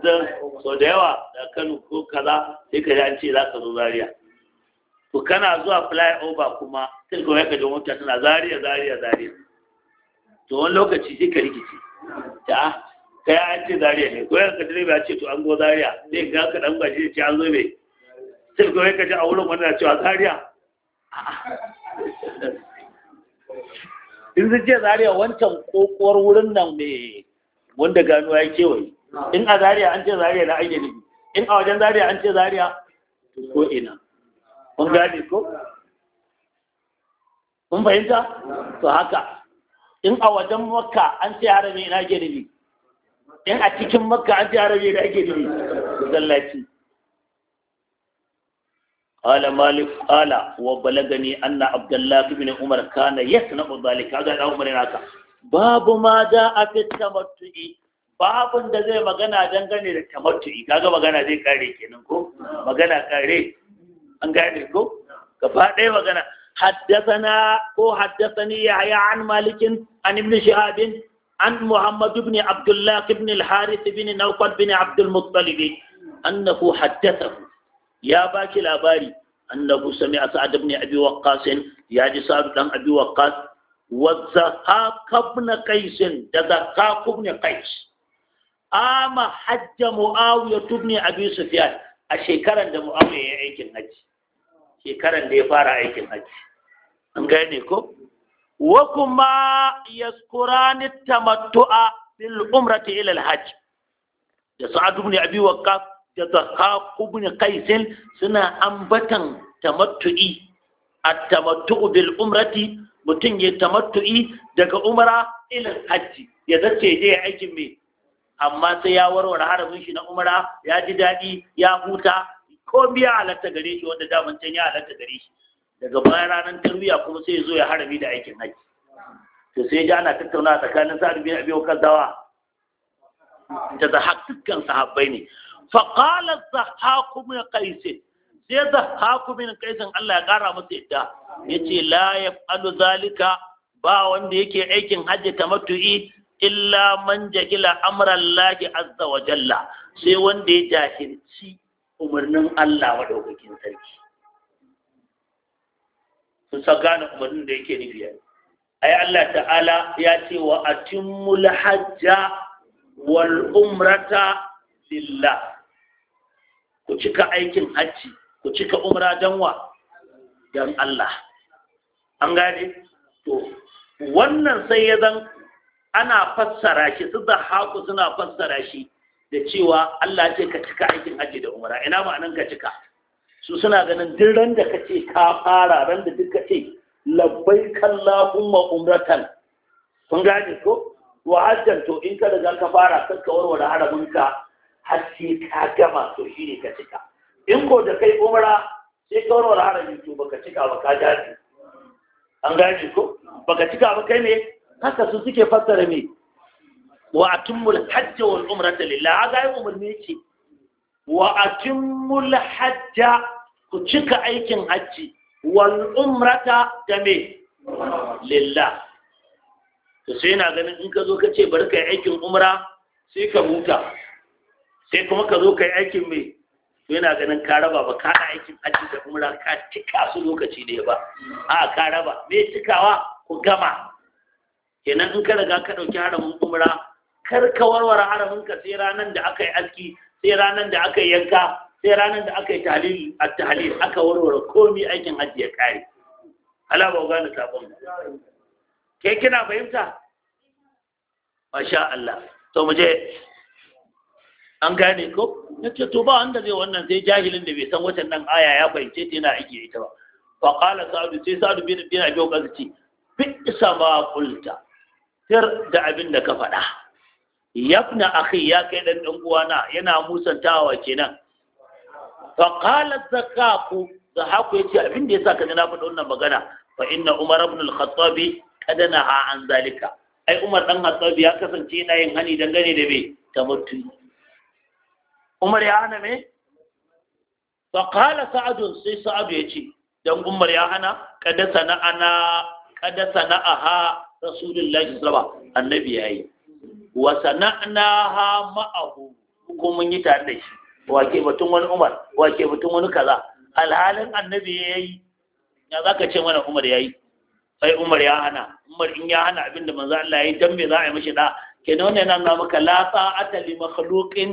zan so da yawa da kano ko kaza sai ka ji an ce za ka zo zaria to kana zuwa flyover kuma sai kuma ya kaji mota tana zariya zariya zariya to wani lokaci sai ka rikici ta kai an ce zariya ne ko yanka direba ba ce to an go zariya sai ga ka dan gashi ce an zo mai sai kuma ya ji a wurin wannan cewa zariya in zai ce zariya wancan kokowar wurin nan me wanda gano ya kewaye in a zariya an ce zariya na ainihin in a wajen zariya an ce zariya ko ina Kun gane ko? Kun fahimta? To haka, in a wajen maka an ce harami ina ke nufi, in a cikin maka an ce harami ina ke nufi, zallaci. Ala Malik Ala wa balagani anna Abdullah ibn Umar kana yasna'u zalika ga da Umar naka babu ma da a tattamatu'i babun da zai magana dangane da tamattu'i kaga magana zai kare kenan ko magana kare an gane ko gaba ɗaya حدثنا هو حدثني يحيى عن مالك عن ابن شهاب عن محمد بن عبد الله بن الحارث بن نوفل بن عبد المطلب أنه حدثه يا باكي الأباري أنه سمع سعد بن أبي وقاص يا جسار بن أبي وقاص وزهاق بن قيس زهاق بن قيس أما حج معاوية بن أبي سفيان الشيكرا لمعاوية معاوية يعيك النجس shekaran da ya fara aikin haji an ne ko wa kuma ni tamattu'a bil umrati ila al hajj da sa'ad ibn abi waqqas da dhahab ibn qais suna ambatan tamattu'i at tamattu'u bil umrati mutum ya tamattu'i daga umra ila al hajji ya zace je aikin mai amma sai ya warware haramin shi na umra ya ji daɗi ya huta ko biya halatta gare shi wanda daman can ya halatta gare shi daga bayan ranar tarbiyya kuma sai ya zo ya harami da aikin haji to sai ya ana tattauna tsakanin sa'ad bin abi wakar dawa da zahak dukkan sahabbai ne qala zahaku min qais sai zahaku min qais Allah ya ƙara masa yadda yace ce la yaqalu zalika ba wanda yake aikin hajji ta matu'i illa man jahila amran azza wa jalla sai wanda ya jahilci umarnin Allah madaukakin sarki sun sa gane umarnin da yake nufi ai Allah ta'ala ya ce wa atimmul hajja wal umrata lillah ku cika aikin hajji ku cika umra dan wa dan Allah an gane to wannan sai ya zan ana fassara shi su da haku suna fassara shi da cewa Allah ce ka cika aikin haji da umara ina ma'anan ka cika su suna ganin duk ran da ka ce ka fara ran da duk ka ce labbai kallahumma umratan kun gane ko wa hajjan to in ka riga ka fara sarka warware harabin ka har sai ka gama to shine ka cika in ko da kai umara, sai ka warware harabin to baka cika ba ka dace an gane ko baka cika ba kai ne haka su suke fassara me wa atimmul hajj wal umrata lillah aga yi umarni yake wa hajja ku cika aikin hajji wal umrata da mai lillah to sai na ganin in ka zo ka ce bari aikin umra sai ka huta sai kuma ka zo kai aikin me to yana ganin ka raba ba ka da aikin hajji da umra ka cika su lokaci ne ba a ka raba me cikawa ku gama kenan in ka riga ka ɗauki haramin umra kar ka warware haraminka sai ranar da aka yi aski sai ranar da aka yi yanka sai ranar da aka yi tahlil a tahlil aka warware komi aikin hajji ya kare ala ba gane sabon ke kina fahimta masha Allah to mu je an gane ko nace to ba wanda zai wannan sai jahilin da bai san watan nan aya ya fahimce ta yana aiki ita ba fa qala sa'du sai Sadu bin bin abi waqas ce bi isa qulta sir da abin da ka faɗa yabna akhi ya kai dan dan uwana yana musantawa kenan fa qala zakaku haku yace abin da yasa ka ji na faɗa wannan magana fa inna umar ibn al-khattab kadana ha an zalika ai umar dan khattab ya kasance yana yin hani dangane da me mutu umar ya hana me fa qala sa'ad sai sa'ad yace dan umar ya hana ana kadasa na aha rasulullahi sallallahu alaihi wasallam annabi yayi wa sana'naha ma'ahu ko mun yi tare da shi wake batun wani Umar wake batun wani kaza alhalin annabi yayi ya zaka ce mana Umar yayi sai Umar ya hana Umar in ya hana abinda manzo Allah yayi dan me za a yi mishi da kenan wannan yana nuna maka la ta'ata li makhluqin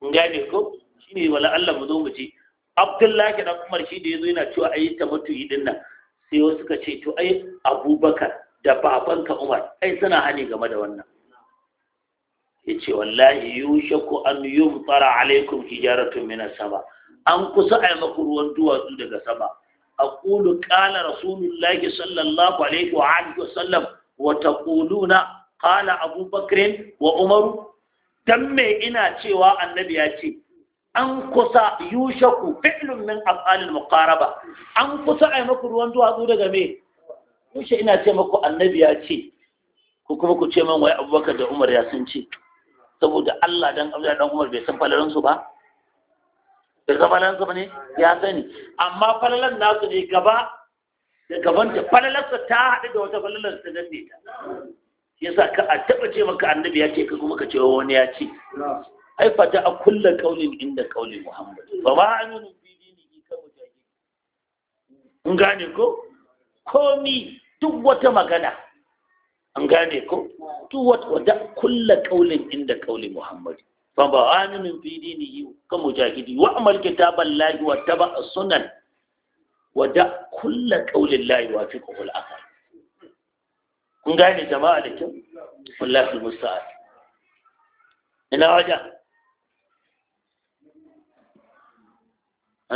ne? ko shine wala Allah mu zo mu ce Abdullahi dan Umar shi da yazo yana cewa ayi tamattu yi dinnan. sai wasu suka ce to ai Abubakar da babanka umar ai suna hani game da wannan yace wallahi yushaku an yumtara alaikum hijaratun mina sama an kusa a maku ruwan duwatsu daga sama aqulu qala rasulullahi sallallahu alaihi wa alihi wasallam wa taquluna qala bakr wa umar dan me ina cewa annabi ya ce an kusa yushaku fi'lun min al muqaraba an kusa ai maku ruwan duwatsu daga me yaushe ina ce maku annabi ya ce ko kuma ku ce min wai abubakar da umar ya sun ce saboda allah dan abuja dan umar bai san falalansu ba bai san falalansu ba ne ya sani amma falalan nasu ne gaba da gabanta su ta haɗu da wata falalar ta da. ta yasa ka a taɓa ce maka annabi ya ce ka kuma ka ce wani ya ce ai fata a kullum kaulin inda kaulin muhammad ba ba aminu fi dini ka mujahid in gane ko komi duk wata magana an gane ko duk wata wada kulla kaulin inda kauli muhammad fa ba aminin fi dinihi ka mujahidi wa amal kitaballahi wa taba sunan wa da kulla kaulin lahi wa fi qul akhar kun gane jama'a da kin wallahi musta'an ina waja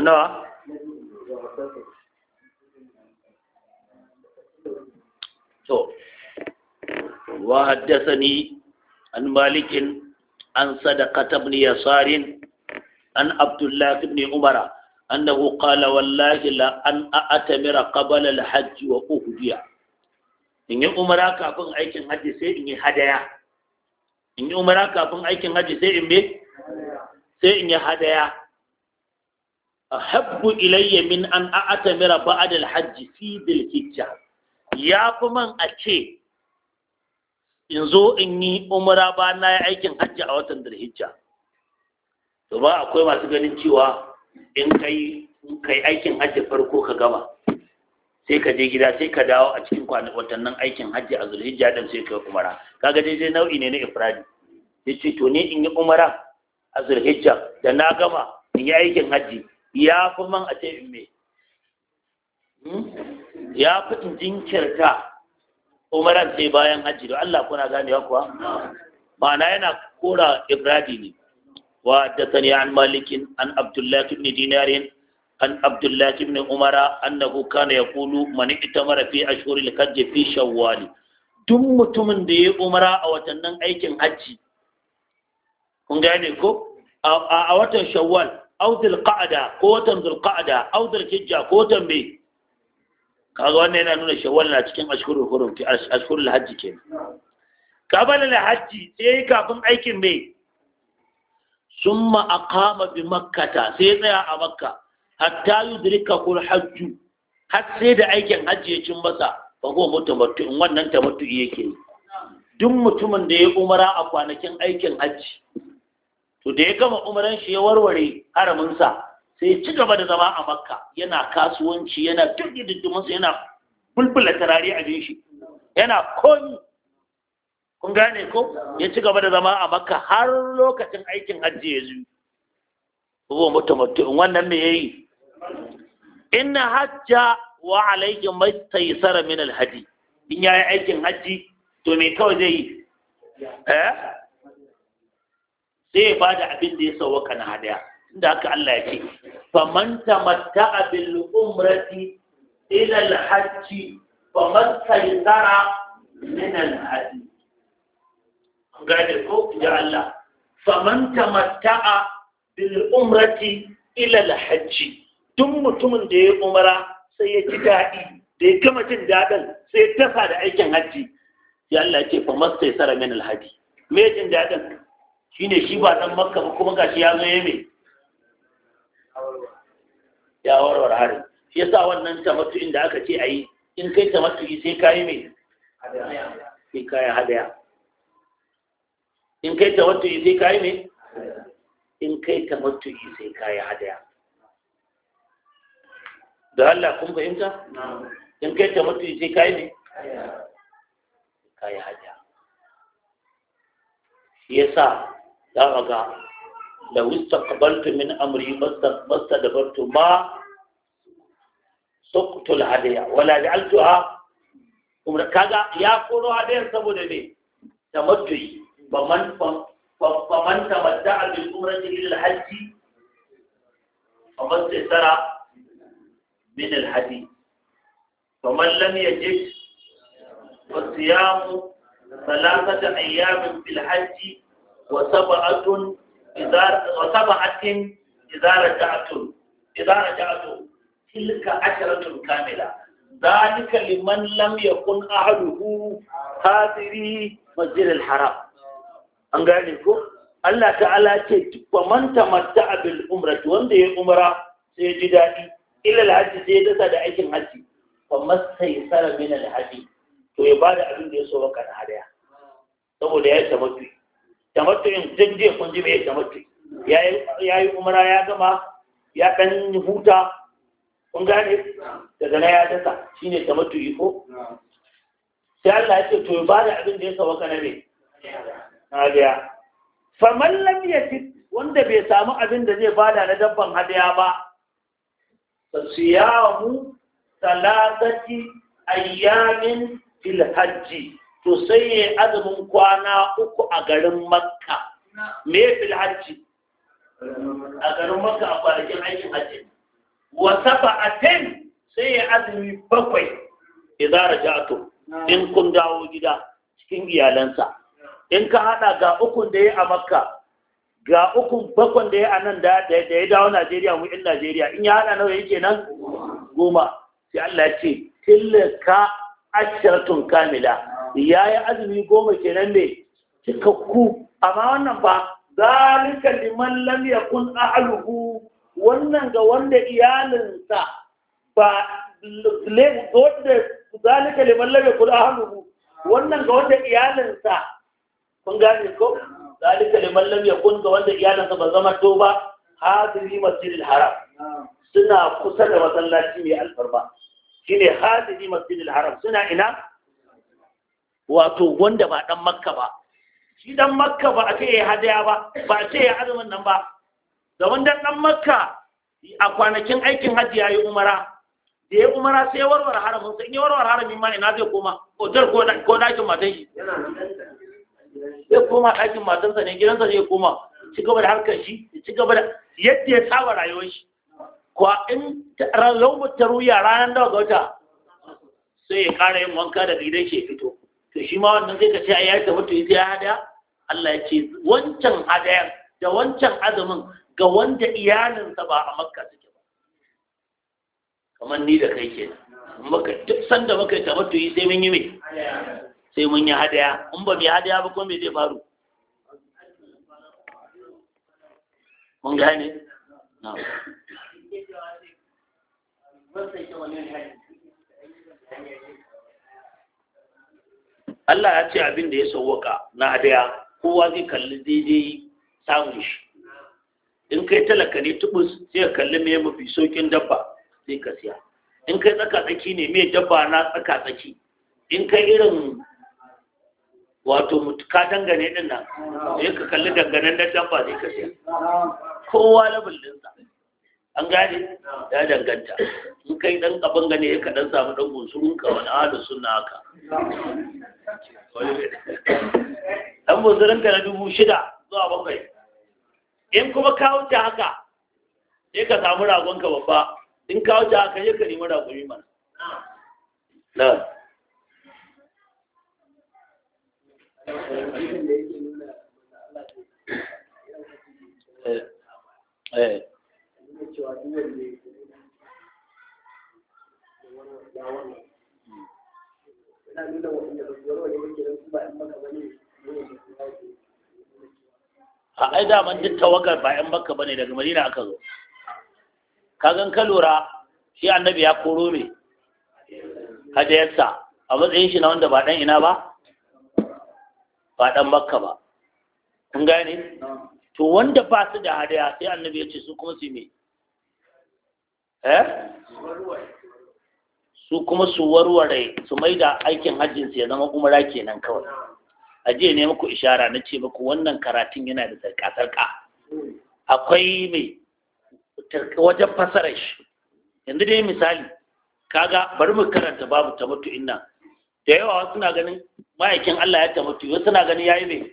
ana to wa haddathani an malikin an sadaqata ibn yasarin an abdullah ibn umara annahu qala wallahi la an a'tamira qabla al-hajj wa uhdiya in yi umara kafin aikin haji sai in yi hadaya in yi umara kafin aikin haji sai in me sai in yi hadaya ahabbu ilayya min an a'tamira ba'da al-hajj fi dhil-hijja ya fi man a ce in zo in yi umara ba na yi aikin hajji a watan dalhijja to ba akwai masu ganin cewa in kai aikin hajji farko ka gama sai ka je gida sai ka dawo a cikin watannin aikin hajji a zulhijja din sai ka umara. umara kaga dai nau'i ne na ifradi ya ce to ne in yi umara a zulhijja da na gama in yi aikin hajji ya fi man a ce in me hmm? ya fi in jinkirta umaran sai bayan hajji da Allah kuna ya kuwa ma'ana yana kora ibradi ne wa haddathani an malikin an abdullah ibn dinarin an abdullah ibn umara annahu kana yaqulu man itamara fi ashhuril hajj fi shawwal duk mutumin da ya umara a watannin aikin hajji kun gane ko a watan shawwal aw qa'da ko watan dhul qa'da aw hijja ko watan bai kaga wannan yana nuna shawwal cikin ashhurul hurum hajji kenan qabala al hajji sai kafin aikin mai summa aqama bi makkata sai tsaya a makka hatta yudrika kul hajj har sai da aikin hajji ya cin masa ba ko in wannan tamattu yake duk mutumin da ya umara a kwanakin aikin hajji to da ya gama umaran shi ya warware haraminsa sai ci gaba da zama a makka yana kasuwanci yana duk diddiminsa yana bulbula tarare a shi yana komi kun gane ko ya ci gaba da zama a makka har lokacin aikin hajji ya zuyi ko mutum wannan me yayi inna hajja wa alayhi mastaysara min alhaji? in yayi aikin hajji to me kawai zai yi eh sai ya bada abin da ya sauka na hadiya da aka Allah ya ce faman tamatta'a bil umrati ila al hajji faman sayyara min al hajji gade ko ya Allah faman tamatta'a bil umrati ila hajji duk mutumin da ya umara sai ya ci daɗi da ya gama jin daɗin sai ya tafa da aikin hajji ya Allah ya ce fa masta tsara sara alhaji me jin daɗin shine shi ba nan makka ba kuma gashi ya zo ya mai ya warware hari shi yasa wannan tamattu'in inda aka ce a yi in kai yi sai kayi yi mai sai ka hadaya in kai yi sai kayi yi mai in kai yi sai kayi hadaya da Allah kun fahimta in kai yi sai kayi yi mai ka hadaya shi yasa za ga لو استقبلت من أمري ما استدبرت ما سقط العدية ولا جعلتها كذا يقول هذه السبب لي تمدي فمن فمن تمتع بالعمرة للحج فمن سرى من الحديث فمن لم يجد فصيام ثلاثة أيام في الحج وسبعة وسبعة إذا رجعتم إذا رجعتم تلك عشرة كاملة ذلك لمن لم يكن أهله حاضري مسجد الحرام an gane ko Allah ta'ala ce wa man tamatta bil umrati wanda ya umra sai ya ji daɗi ila alhaji sai ya dasa da aikin haji fa mastaysara min alhaji to ya bada abin da ya so baka na saboda ya tamattu tamattu'in zan je kun ji mai tamattu ya yi umara ya gama ya ɗan huta kun gane daga na ya dasa shi ne tamattu iko sai Allah ya ce to ba da abin da ya sawa kana ne na biya faman lam yati wanda bai samu abin da zai bada na dabban hadiya ba mu salatati ayyamin fil hajji to sai ya azumin kwana uku a garin makka me fil hajji a garin makka a kwanakin aikin hajji wa saba'atin sai ya azumi bakwai idza to in kun dawo gida cikin iyalansa in ka hada ga ukun da ya a makka ga ukun bakwan da ya a nan da ya dawo Najeriya mu in Najeriya in ya hada nawa yake nan goma sai Allah ya ce tilka ashiratun kamila ya yi azumi goma kenan ne cikakku amma wannan ba zalika liman lam yakun ahluhu wannan ga wanda iyalinsa ba zalika liman lam yakun ahluhu wannan ga wanda iyalinsa kun gane ko zalika liman lam yakun ga wanda iyalinsa ba zama to ba masjidil haram suna kusa da masallaci mai alfarma shine hadiri masjidil haram suna ina wato wanda ba dan makka ba shi dan makka ba a ce ya hadaya ba ba a ce ya azumin nan ba domin wanda dan makka a kwanakin aikin hajji ya yi umara da ya umara sai warware haramin sai ya warware haramin ma ina zai koma otar ko dakin matan shi zai koma dakin sa ne gidansa zai koma ci gaba da harkar shi ci gaba da yadda ya saba rayuwar shi ko in ran mutu ruya ranar da wata sai ya kara yin wanka da gidan shi ya fito to shi ma wannan zai ka ce ai ya yi ita ya hada Allah ya ce wancan hadayar da wancan azumin ga wanda iyalinsa ba a makka suke ba kamar ni da kai ke maka duk sanda muka yi tabbata sai mun yi mai sai mun yi hadaya in ba mu yi hadaya ba ko me zai faru mun gane Thank you. Allah ya ce abin da ya sauwaka na daya kowa zai kalli daidai samun shi in kai talaka ne tubus sai ka kalli me mafi saukin dabba sai ka siya in kai tsaka tsaki ne me dabba na tsaka tsaki in kai irin wato ka dangane din nan sai ka kalli danganen dabba sai ka siya kowa labin dinsa. an gane ya danganta in kai dan kaban gane ya kaɗan samu dan gunsurun ka wani ahlu sunna haka dan gunsurun ka na dubu shida zuwa bakwai in kuma ka wuce haka sai ka samu ragon ka babba in ka wuce haka ya ka nemi ragon yi mana na Eh. Eh. cewa duk da wannan yana nuna ba wani su ba in maka bane a ai daman duk ba yan makka bane daga madina aka zo ka gan ka lura shi annabi ya koro me hadayarsa a matsayin shi na wanda ba dan ina ba ba dan makka ba kun gane to wanda ba su da hadaya sai annabi ya ce su kuma su me Eh? su kuma su warware su mai da aikin hajjinsu ya zama umara kenan kawai a jiya ne muku ishara na ce muku wannan karatun yana da sarka-sarka akwai mai wajen fasarar shi yanzu dai misali kaga bari mu karanta babu ta mutu inna da yawa wasu na ganin ma'aikin Allah ya ta mutu wasu na ganin yayi mai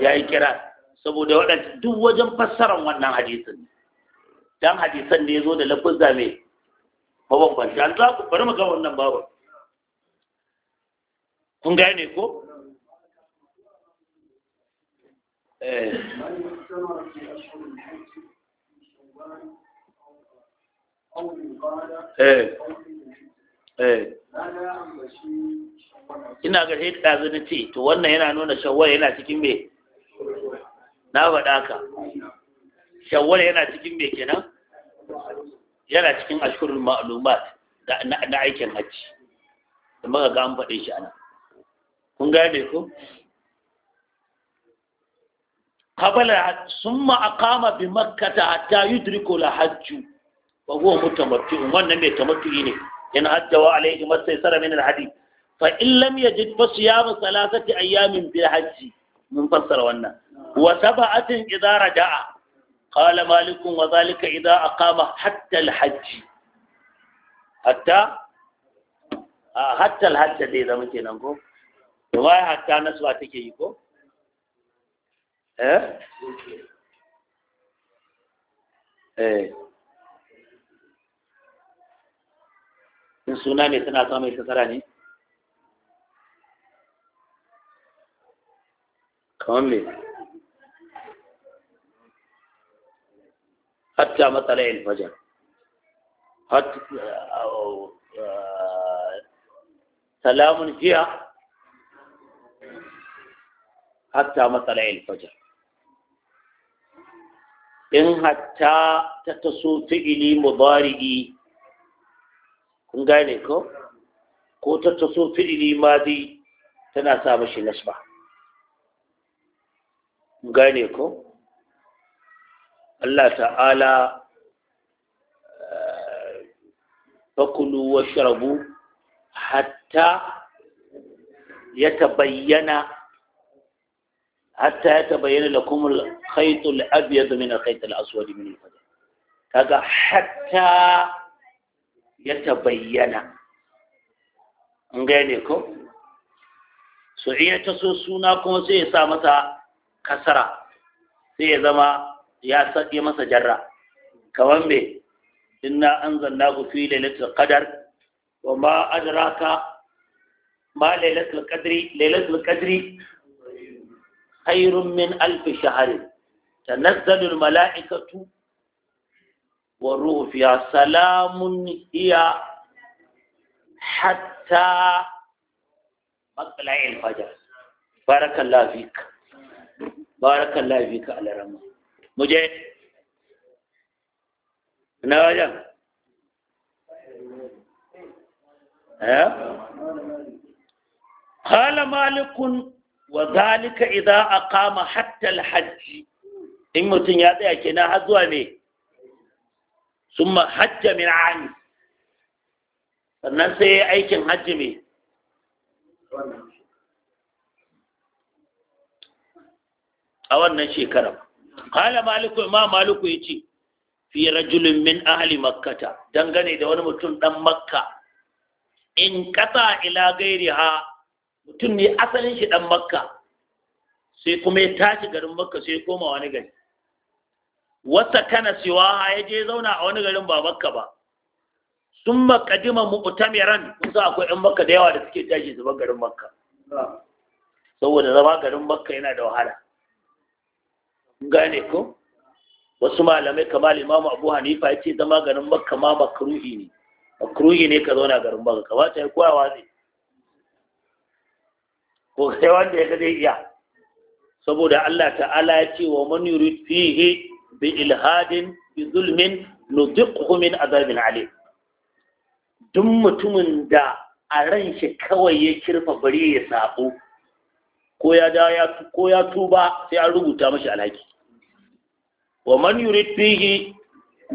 yayi kira saboda waɗanda duk wajen fassarar wannan hadisin dan hadisan da ya zo da lafuzza mai mabambanta. an za ku bari mu ga wannan babu kun gane ko eh eh, eh. ina ga shi ɗazu na ce to wannan yana nuna shawwal yana cikin me na faɗa ka shawwal yana cikin me kenan yana cikin ashhurul ma'lumat na aikin hajji da muka ga an faɗe shi ana kun gane ko qabala summa aqama bi makkata hatta yudriku la hajju wa huwa mutamatti'un wannan ne tamattu'i ne in hajjawa alaihi masaisara min alhadi fa in lam yajid fa siyam salasati ayamin bil hajji mun fassara wannan wa sab'atin idza raja'a qala malikun wa zalika idza aqama hatta al-hajj hatta hatta al-hajj dai zama kenan ko to hatta naswa take yi ko eh eh in suna ne samun kasara ne kamar me حتى مطلع الفجر حتى سلام فيها حتى مطلع الفجر إن حتى تتصو إلي مضارئي كن لكم كو تتصو إلي ماضي تناسى مشي نسبة كن لكم Allah ta'ala eh, fakulu wa sharabu hatta ya tabayyana hatta ya tabayyana lakum al-khayt al min al-khayt al-aswad min al-fajr kaga hatta ya tabayyana an gane ko Su iya ta so suna kuma sai ya sa masa kasara sai ya zama ya sake masa jarra kawan me inna anzalnahu fi lailatul qadar wa ma adraka ma lailatul qadri lailatul qadri khairun min alf shahr tanazzalu al malaikatu wa ruhu fiha salamun hiya hatta matla'il fajr barakallahu fik barakallahu fik alarama मुझे नवाजा قال مالك وذلك إذا أقام حتى الحج إن متن يأتي كنا هزوا ثم حج من عن sannan sai ya aikin hajji mai a wannan kala maliku ma maliku ya ce fi rajulun min ahli makkata dangane da wani mutum dan makka in kasa ila gairi ha, mutum ne asalin shi dan makka sai kuma ya tashi garin makka sai ya koma wani gari wata kana siwa ya je zauna a wani garin ba makka ba sun makadima mu'tamiran kun sa akwai yan makka da yawa da suke tashi su garin makka saboda zama garin makka yana da wahala gane ko wasu malamai kamar Limamu abu hanifa ya ce zama garin makka ma makruhi ne makruhi ne ka zauna garin makka kamata ya kowa ne. ko sai wanda ya ga zai iya saboda Allah ta'ala ya ce wa man yurid fihi bi ilhadin bi zulmin nuziqhu min azabin ali duk mutumin da a ran shi kawai ya kirfa bari ya sabo ko ya da ya ko ya tuba sai an rubuta mashi alhaki wa man yurid fihi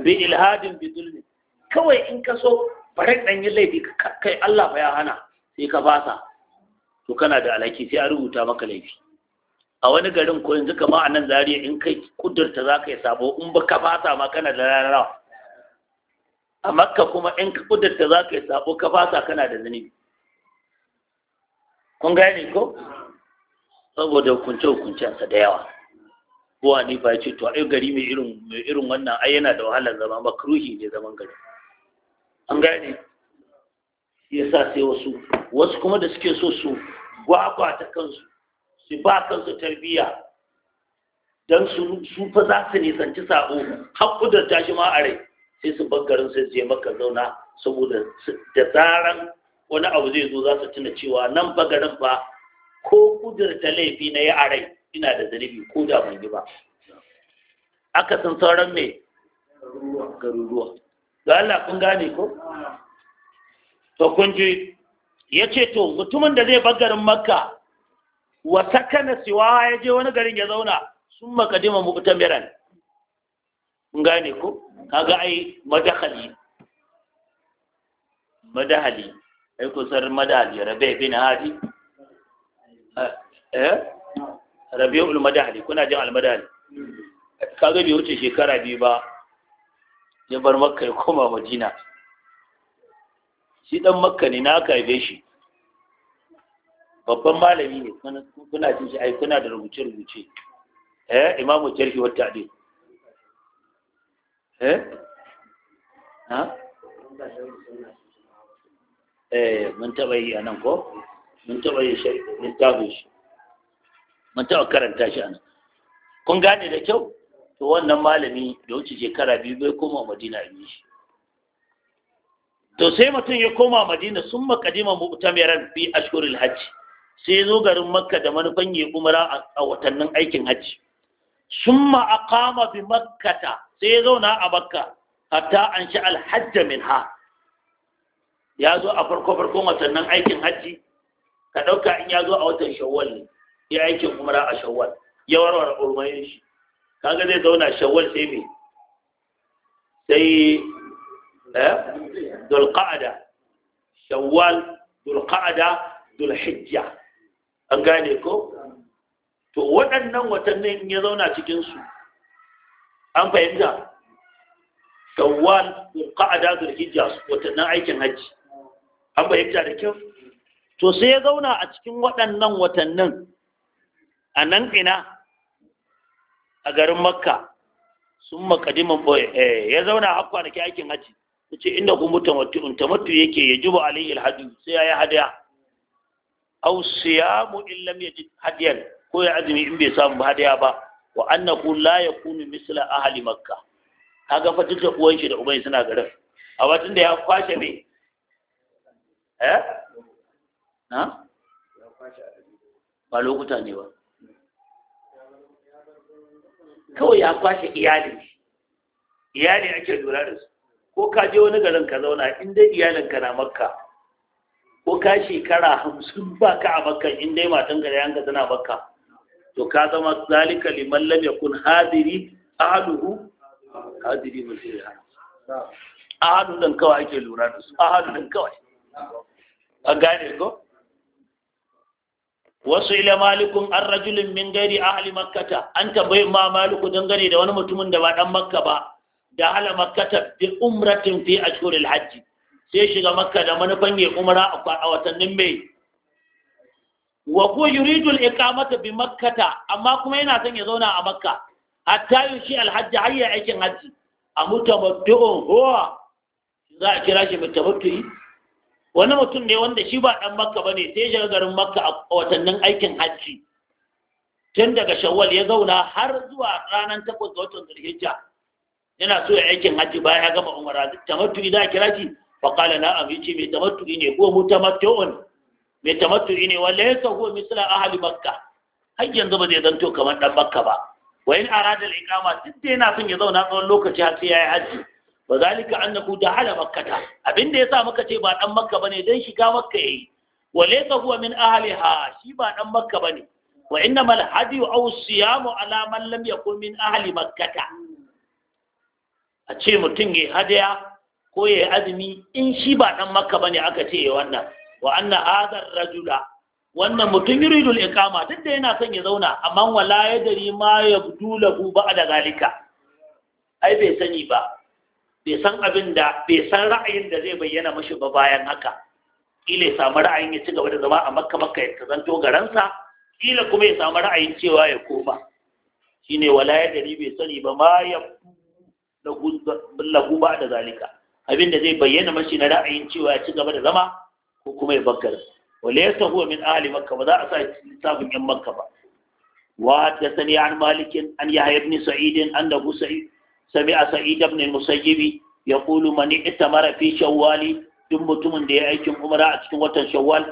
bi ilhadin bi zulmi kawai in ka so bare dan yi laifi kai Allah fa ya hana sai ka fasa to kana da alhaki sai a rubuta maka laifi a wani garin ko yanzu ma a nan zariya in kai kudurta za ka yi sabo in ba ka fasa ma kana da ranar a makka kuma in ka kudurta za ka yi sabo ka fasa kana da zunubi kun gane ko saboda hukunce hukuncensa da yawa kowa hanifa ya ce to ai gari mai irin mai irin wannan ai yana da wahalar zama makruhi ne zaman gari an gane yasa sai wasu wasu kuma da suke so su gwagwa ta kansu su ba kansu tarbiyya don su fa za su nisanci sabo haƙudar tashi ma a rai sai su bangarin sai je maka zauna saboda da zaran wani abu zai zo za su tuna cewa nan bagarin ba ko kudurta laifi na yi a rai ina da zanibi ko da ban yi ba aka san sauran me garuruwa da Allah kun gane ko to kun ji ya ce to mutumin da zai bar garin makka wa sakana siwa ya je wani garin ya zauna sun makadima miran. kun gane ko kaga ai madahali madahali ai kun san madahali rabe bin hadi eh rabi'ul madahali kuna jin Ka kaga bai wuce shekara biyu ba ya bar makka ya koma madina shi dan makka ne na aka haife shi babban malami ne kuna jin shi ai kuna da rubuce rubuce eh imamu jarhi wa ta'dil eh ha eh mun taba yi anan ko mun taba yi shi littafin shi mun taɓa karanta shi ana kun gane da kyau to wannan malami da wuce shekara biyu bai koma madina a shi to sai mutum ya koma madina sun makadima mu'tamiran a shurin hajji, sai zo garin makka da manufan ya umara a watannin aikin hajji summa aqama bi makkata sai zauna a makka hatta an sha alhajja minha ya zo a farko farkon watannin aikin hajji ka ɗauka in ya zo a watan shawwal ne ya aikin umra a shawwal ya warware ulmayin shi kaga zai zauna shawwal sai me sai eh dulqa'ada shawwal dulqa'ada dulhijja an gane ko to waɗannan watannin ya zauna cikin su an fahimta shawwal dulqa'ada dulhijja watannin aikin hajji an fahimta da kyau to sai ya zauna a cikin waɗannan watannin a nan ina a garin makka sun makadiman eh, ya zauna har kwanaki aikin haji ta ce inda kuma tamattu'un mutu yake ya jibu alayhi alhadu sai ya yi hadaya aw siyamu in lam yajid hadiyan ko ya azumi in bai samu hadiya ba wa annahu la yakunu misla ahli makka kaga fa duk uwan shi da uban suna garin a watan da ya kwashe ne eh na ba lokuta ne ba kawai ya kwashe iyalin shi iyali ake lura da su ko ka je wani garin ka zauna in dai iyalin ka na makka ko ka shekara hamsin ba ka a makka in dai matan gari yanka tana makka to ka zama zalika liman lam yakun hadiri ahaduhu hadiri mutum ya ahadu dan kawai ake lura da su ahadu dan kawai a gane ko wasu ila malikun an rajulun min gari ahli makkata an tambayi ma maliku dangane da wani mutumin da ba dan makka ba da hala makkata bi umratin fi ashhuril hajji sai shiga makka da manufan ya umara a watannin mai wa ko yuridul iqamata bi makkata amma kuma yana son ya zauna a makka hatta yushi alhajji hayya aikin hajji a mutamattu'un huwa za a kira shi mutamattu'i wani mutum ne wanda shi ba ɗan makka ba ne sai shiga garin makka a watannin aikin hajji tun daga shawwal ya zauna har zuwa ranar takwas ga watan yana so ya aikin hajji bayan ya gama umara tamattu'i za a kira shi fa qala na amici mai tamattu'i ne ko mutamattu'un mai tamattu'i ne walla yasa huwa misla ahli makka har yanzu ba zai zanto kamar ɗan makka ba wa in arada al-iqama duk da yana son ya zauna tsawon lokaci har sai ya yi hajji ba zalika annahu da'ala makkata abinda yasa maka ce ba dan makka bane dan shiga makka yayi wa laysa huwa min ahliha shi ba dan makka bane wa innamal hadi aw siyamu ala man lam yakun min ahli makkata a ce mutum ya hadiya ko ya yi azumi in shi ba dan makka bane aka ce ya wannan wa anna hadha rajula wannan mutum yuridu al-iqama duk da yana son ya zauna amma wala yadri ma yabdu lahu ba'da zalika ai bai sani ba bai san abin da bai san ra'ayin da zai bayyana mashi ba bayan haka kila ya samu ra'ayin ya ci gaba da zama a makka makka ya kazanto garansa kila kuma ya samu ra'ayin cewa ya koma shine wala ya dari bai sani ba ma ya lagu ba da zalika abin da zai bayyana mashi na ra'ayin cewa ya ci gaba da zama ko kuma ya bakar wala ya sahu min ahli makka ba za a sa lissafin yan makka ba wa da sani an malikin an yahya ibn sa'id an da sa'id sami'a sa'id ibn ya yaqulu man i'tamara fi shawwali duk mutumin da ya aikin umra a cikin watan shawwal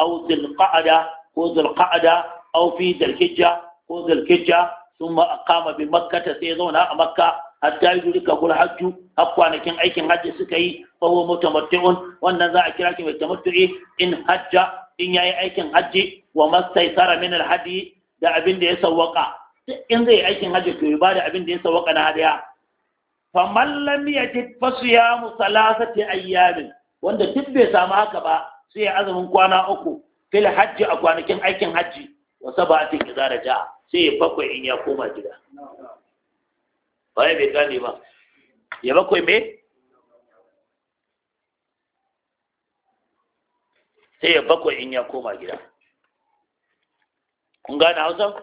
aw dhulqa'da ko dhulqa'da aw fi dhulhijja ko dhulhijja thumma aqama bi makkah sai zauna a makka hatta yurika kul hajju har kwanakin aikin hajji suka yi fa huwa mutamatti'un wannan za a kira ki mai tamattu'i in hajja in yayi aikin hajji wa da abin da ya sawwaka in zai aikin hajji to ba da abin da ya sawwaka na hadiya faman lam yajid fa salasa ta ayyamin wanda duk bai samu haka ba sai ya azumin kwana uku fil hajji a kwanakin aikin hajji wa cikin idza ja sai ya bakwai in ya koma gida bai bai gane ba ya bakwai me sai ya bakwai in ya koma gida kun gane hausa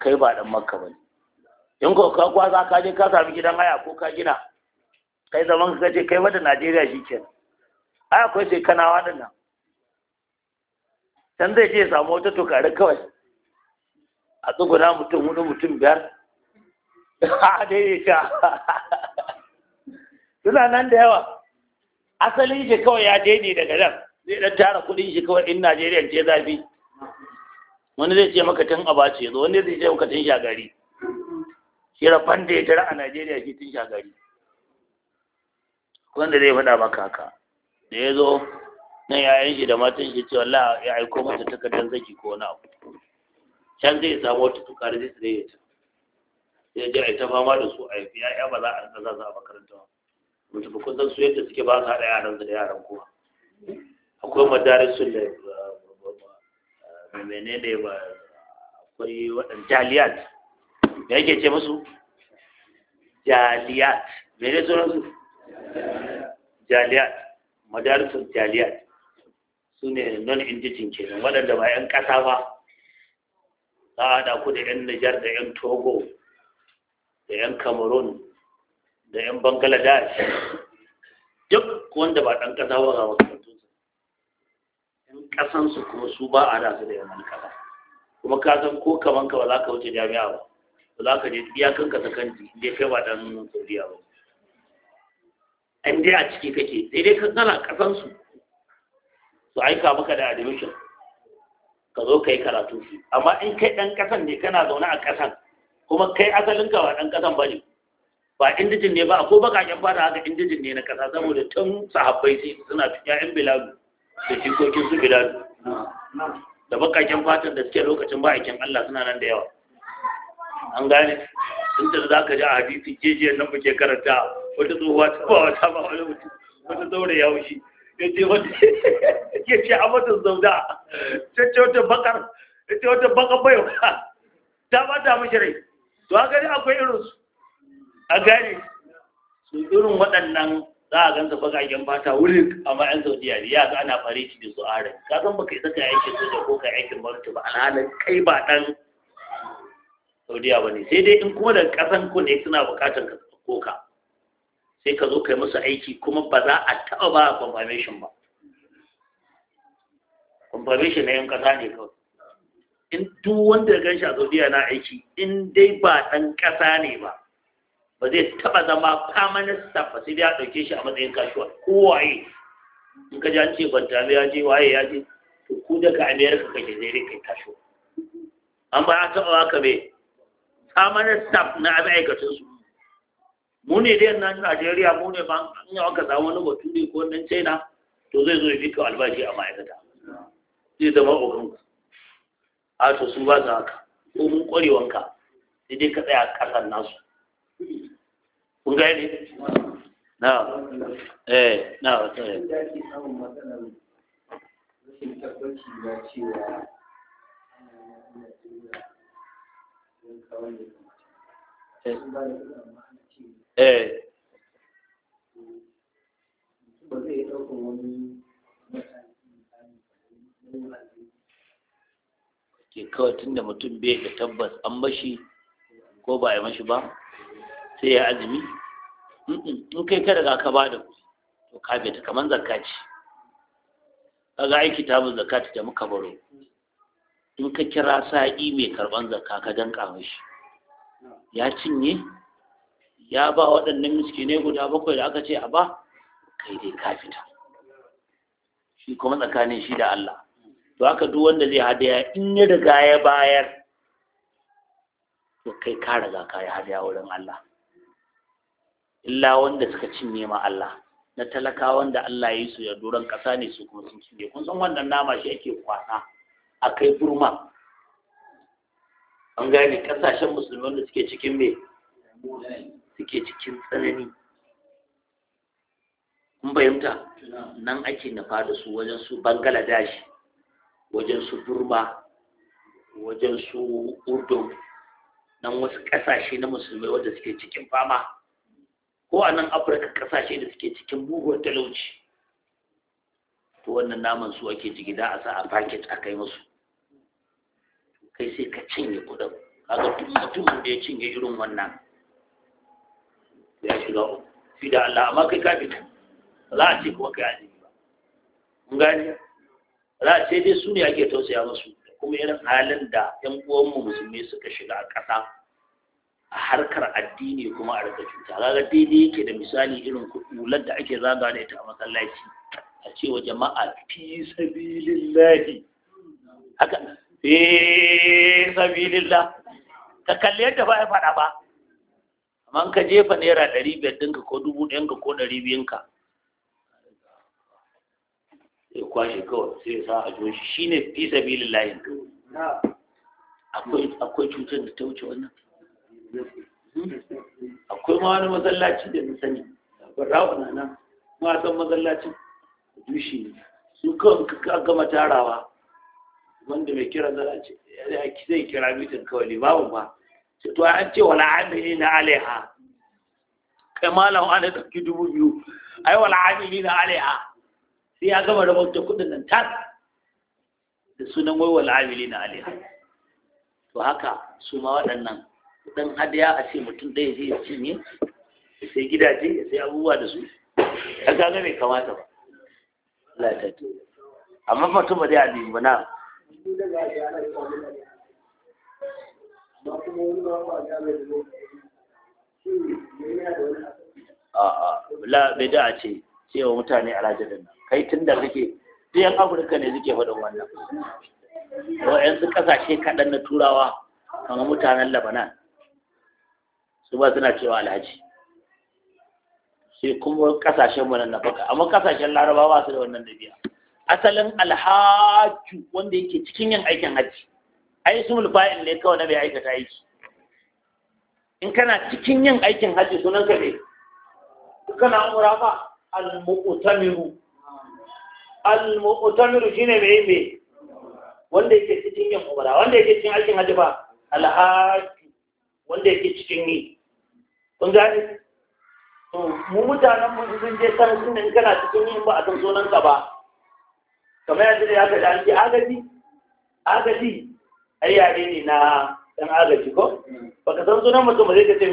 kai ba dan makka ba in ko ka kwasa ka je ka sami gidan haya ko ka gina kai zaman ka ce kai wadda najeriya shi ke ai akwai sai kana waɗannan can zai je samu wata tukari kawai a tsuguna mutum hudu mutum biyar a daidaita suna nan da yawa asalin shi kawai ya daidai daga nan zai dan tara kudin shi kawai in najeriya ce zafi wani zai ce maka tun abace yanzu wani zai ce maka tun shagari Shira fanda ya tara a najeriya shi tun shagari wanda zai faɗa maka haka da ya zo na yayan shi da matan shi ce wallah ya aiko mata takardar zaki ko wani abu can zai samu wata tuka da zai tsaye ta sai je yi ta fama da su a yi ya'ya ba za a rika za a makaranta ba mutum kun san su yadda suke ba su haɗa yaran da yaran kuma akwai madarisun da eh, menene ba akwai waɗanda jaliyat da yake ce musu jaliyat mene sunansu jaliyat madarisun jaliyat su ne non inditin kenan waɗanda ba 'yan ƙasa ba za a haɗa ku da 'yan Nijar da 'yan Togo da 'yan Cameroon da 'yan Bangladesh duk wanda ba ɗan ƙasa ba ga makarantun ƙasansu kuma su ba a da su da yaman ƙasa. kuma ka san ko kaman ka ba za ka wuce jami'a ba ba za ka je iyakan ka sakanti je kai ba dan saudiya ba an dai a ciki kake sai dai kan kana ƙasansu su aika maka da admission ka zo ka yi karatu amma in kai ɗan ƙasan ne kana zaune a ƙasan kuma kai asalin ka ba ɗan ƙasan ba ne ba indijin ne ba ko bakaƙen fara haka indijin ne na ƙasa saboda tun sahabbai suna yan bilalu da jikokin su bilal da bakak'in fatan da suke lokacin ba'akin Allah suna nan da yawa an gane sun da za ka ji a hadisi kejiyar nan muke karanta wata tsohuwa ta ba wata ba wani mutum wata zaure ya wuce ya ce wata ya ce a mata zauda cece ce wata bakar ya ce wata bakar bai ta ba ta mashi rai to a gani akwai irinsu a gane su irin waɗannan za a gansa bakaken fata wurin amma yan saudiya ne ya ga ana fariki da su arin ka san baka isa ka aikin soja ko ka aikin gwamnati ba alhalin kai ba dan saudiya ba ne sai dai in kuma da kasan ku ne suna bukatar ka ko ka sai ka zo kai musu aiki kuma ba za a taba ba confirmation ba confirmation na yan kasa ne kawai in duk wanda ya ganshi a saudiya na aiki in dai ba dan kasa ne ba ba zai taba zama kamanin staff ba sai dai a ɗauke shi a matsayin kasuwa waye in ka ja an ce bantami ya je waye ya je to ku daga america kake zai rika kasuwa an ba a taɓa haka mai permanent staff na su mu ne dai nan Najeriya mu ne ba. an yawa ka samu wani batu ne ko nan China to zai zo ya fito albashi a ma'aikata zai zama ogan a to su ba su haka ko mun kwarewanka sai dai ka tsaya a ƙasar nasu kun gane na eh na eh ke eh. kawai tun da mutum bai da tabbas an mashi ko ba a yi mashi ba sai ya azumi in kai ka daga ka ba da to ka bai ta kamar zakka ce aiki ai kitabun zakka ta da muka baro in ka kira sa'i mai karban zakka ka danka shi. ya cinye ya ba waɗannan ne guda bakwai da aka ce a ba kai dai ka fita shi kuma tsakanin shi da Allah to haka duk wanda zai hadaya in ya riga ya bayar to kai ka riga ka yi hadaya wurin Allah illa wanda suka cinye ma Allah na talaka wanda Allah ya yi su ya doron ƙasa ne su kuma sun cinye kun san wannan nama shi ake kwana a kai burma an gane ƙasashen musulmi wanda suke cikin me suke cikin tsanani kun fahimta nan ake nufa da su wajen su bangladesh wajen su burma wajen su urdun nan wasu ƙasashe na musulmai wanda suke cikin fama ko a nan afirka kasashe da suke cikin buguwar talauci to wannan naman su ake jigida a sa a paket a kai musu kai sai ka cinye kudin kaga duk mutumin da ya cinye irin wannan ya shiga fi da Allah amma kai ka fita za a ce kuma kai azumi ba mun gani za a ce dai su ne ake tausaya musu kuma irin halin da 'yan uwanmu musulmi suka shiga a ƙasa a harkar addini kuma a rika cuta kaga daidai yake da misali irin kuɗular da ake zaga ne ta a masallaci a cewa jama'a fi sabilillahi haka fi sabilillah ka kalli yadda ba ya faɗa ba amma ka jefa naira ɗari biyar ɗinka ko dubu ɗayanka ko ɗari ka. Sai kwashe kawai sai sa a joshi shine fi sabilillahi akwai akwai cutar da ta wuce wannan akwai ma wani masallaci da na sani barrawa na nan ma san masallacin dushi ne su kawai ka gama tarawa wanda mai kira zara ce zai kira mitin kawai ne babu ba ce to an ce wala amili na alaiha kai malam an da ɗauki dubu biyu ai wala amili na alaiha sai ya gama rabauta kudin nan tas da sunan wai wala amili na alaiha to haka su ma waɗannan dan hadiya a ce mutum ɗaya zai cinye ya sai gidaje ya sai abubuwa da su ka ga bai kamata ba Allah ta ce amma mutum ba zai addini ba na a'a la bai da a ce cewa mutane a rajadin kai tun da kake duk yan afirka ne suke faɗin wannan wa'yansu ƙasashe kaɗan na turawa kamar mutanen labanan su ba suna cewa alhaji sai kuma kasashen mu nan nafaka amma kasashen larabawa su da wannan dabi'a asalin alhaju wanda yake cikin yin aikin haji ai sumul fa'il ne kawai na bai aikata aiki in kana cikin yin aikin haji sunan ka ne kana umra ba al-mu'tamiru al-mu'tamiru shine mai mai wanda yake cikin yin umra wanda yake cikin aikin haji ba alhaji wanda yake cikin yi kun gane mu mutanen mu sun je karancin da in kana cikin yin ba a san sunan ka ba kamar yanzu da ya ga an ce agaji agaji ai ya ne na dan agaji ko baka san sunan mutum ba zai ka ce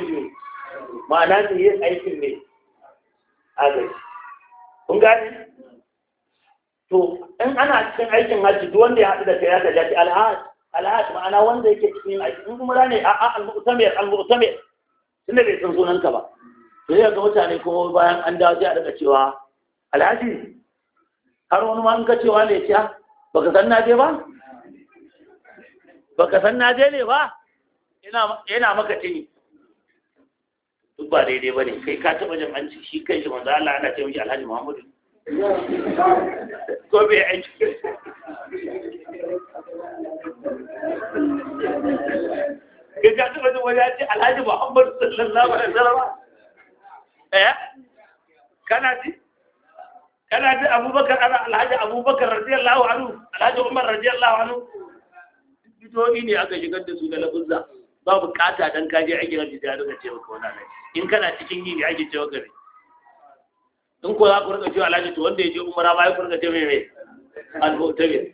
ma'ana ne yin aikin ne agaji kun gane to in ana cikin aikin hajji duk wanda ya haɗu da kai ya gaji Al'ad, Al'ad ma'ana wanda yake cikin aikin in kuma ne a'a al-mu'tamir al-mu'tamir tunda bai san sunanka ba sai ga mutane kuma bayan an dawo sai a daga cewa alhaji har wani ma an ka cewa ne ciya ah, baka san na je ba baka san na je ne ba yana maka tini duk ba daidai ba ne kai ka taɓa jin an ci shi kai shi manzo Allah ana ce mishi alhaji Muhammadu ko bai aiki kai ka taɓa jin wani ya ce alhaji muhammadu sallallahu alaihi wasallam eh kana ji kana ji abubakar ana alhaji abubakar radiyallahu anhu alhaji umar radiyallahu anhu fitowi ne aka shigar da su da lafuzza ba bukata dan kaje ake rabi da daga ce maka wannan in kana cikin yi ne ake cewa ne? in ko za ku rika cewa alhaji to wanda ya je umara ba ya ku rika ce mai mai al-mu'tabi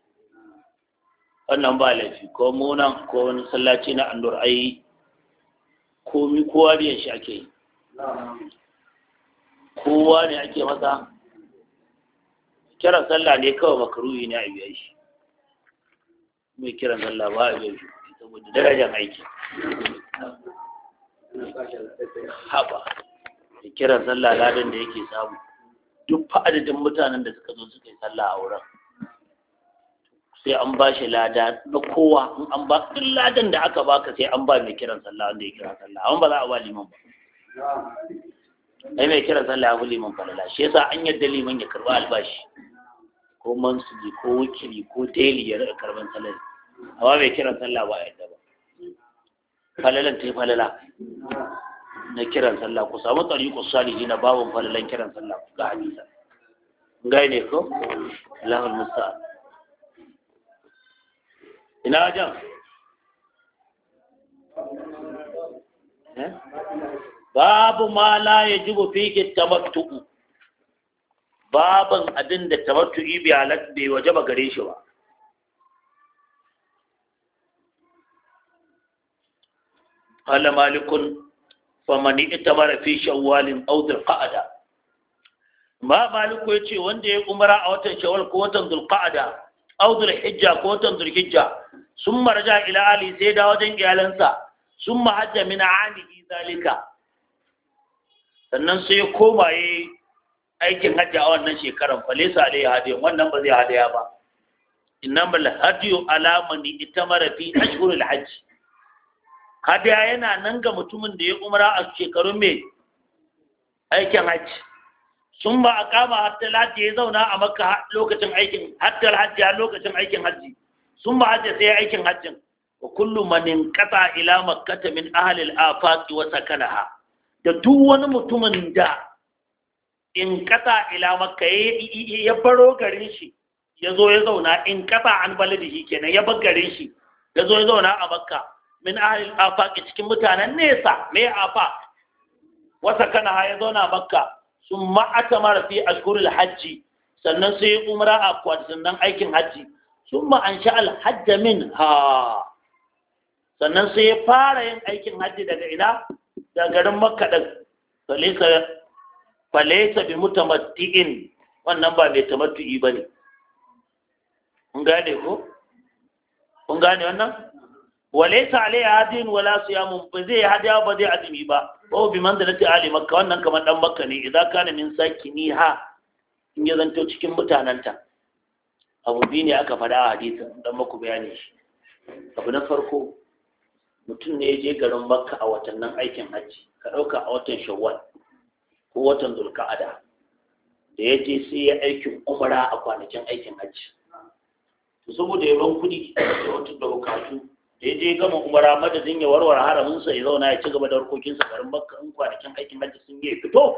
wannan ba laifi ko munan ko wani sallaci na andur ai komi kowa biyan shi ake yi kowa ne ake masa kiran sallah ne kawai makaruhi ne a biya shi mai kiran sallah ba a biya shi saboda darajar aiki haba da kiran sallah ladan da yake samu duk fa'adadin mutanen da suka zo suka yi sallah a wurin sai an ba shi lada na kowa in an ba duk ladan da aka baka sai an ba mai kiran sallah wanda ya kira sallah amma ba za a ba liman ba ai mai kiran sallah abu liman falala shi yasa an yadda liman ya karba albashi ko mansuri ko wakili ko daily ya rika karban sallah amma mai kiran sallah ba yadda ba falalan ta yi falala na kiran sallah ku samu tsariƙus salihi na babin falalan kiran sallah ku ga hadisa gane ko Allahul musta'an ina jan eh? babu ma la ya ji fi tamattu baban abin da tamattu ibi halat bai waje ba gare shi ba qala malikun ita mara fi shawalin audar dhulqa'da ma maliku ce wanda ya umara a watan shawal ko watan dhulqa'da audul hijja ko tanzur hijja sun marja ila ali sai da wajen iyalansa sun hajja min amihi zalika sannan sai ya koma yi aikin hajji a wannan shekaran falisa alaihi hadiyan wannan ba zai hadaya ba bal hadiyu alamani itamara fi ashhurul hajj hadiya yana nan ga mutumin da ya umra a shekarun mai aikin hajji sun ba a kama hatta lati ya zauna a makka lokacin aikin haddal hajji har lokacin aikin hajji sun ba hajji sai aikin hajjin wa kullu man inqata ila makkata min ahli al-afaq wa sakanaha da duk wani mutumin da in kasa ila makka ya baro garin shi ya zo ya zauna in kasa an baladihi kenan ya bar garin shi ya zo ya zauna a makka min ahli al-afaq cikin mutanen nesa me afaq wasa kana ya zauna makka summa atamara fi ashhuril hajji sannan sai yi umra a sannan aikin hajji sun ma'an sha'al hajja min ha sannan sai ya fara yin aikin hajji daga ina da garin makka ɗin falaisa bi mutamatti'in wannan ba mai tamattu'i ba ne kun gane ko kun gane wannan walaisa alai hadin wala siyamun ba zai hadiya ba zai azumi ba ko bi manzalati ali makka wannan kamar dan makka ne idan kana min ha in ya zanto cikin mutanenta abu biyu ne aka faɗa a hadisin don maku bayani shi abu na farko mutum ne ya je garin makka a watannin aikin hajji ka ɗauka a watan shawwal ko watan zulka'ada da ya je sai ya aikin umara a kwanakin aikin hajji saboda ya ban kuɗi da wata ɗaukatu da ya je gama umara madadin ya warware haraminsa ya zauna ya ci gaba da harkokinsa garin makka in kwanakin aikin hajji sun yi fito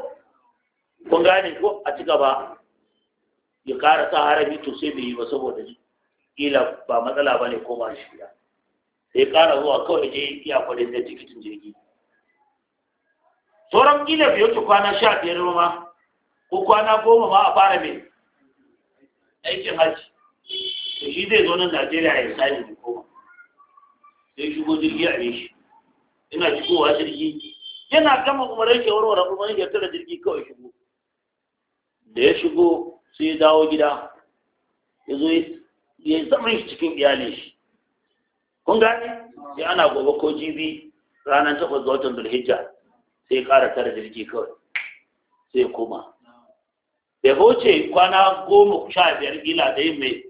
kun gane ko a ci gaba ya ƙara sa harami to sai bai yi ba saboda ƙila ba matsala ba ne ko ba shi ya sai ƙara zuwa kawai je iya kwalin da tikitin jirgi sauran ƙila biyo ta kwana sha biyar ma ko kwana goma ma a fara mai aikin hajji da shi zai zo nan najeriya ya sani da koma sai shigo jirgi a shi ina shigowa jirgi yana gama kuma rage warware kuma ya tara jirgi kawai shigo da ya shigo sai ya dawo gida ya zo ya zama shi cikin iyalin shi kun gani ya ana gobe ko jibi ranar takwas ga watan zulhijja sai ya ƙara tara jirgi kawai sai ya koma Ya hoce kwana goma sha biyar ila da yin mai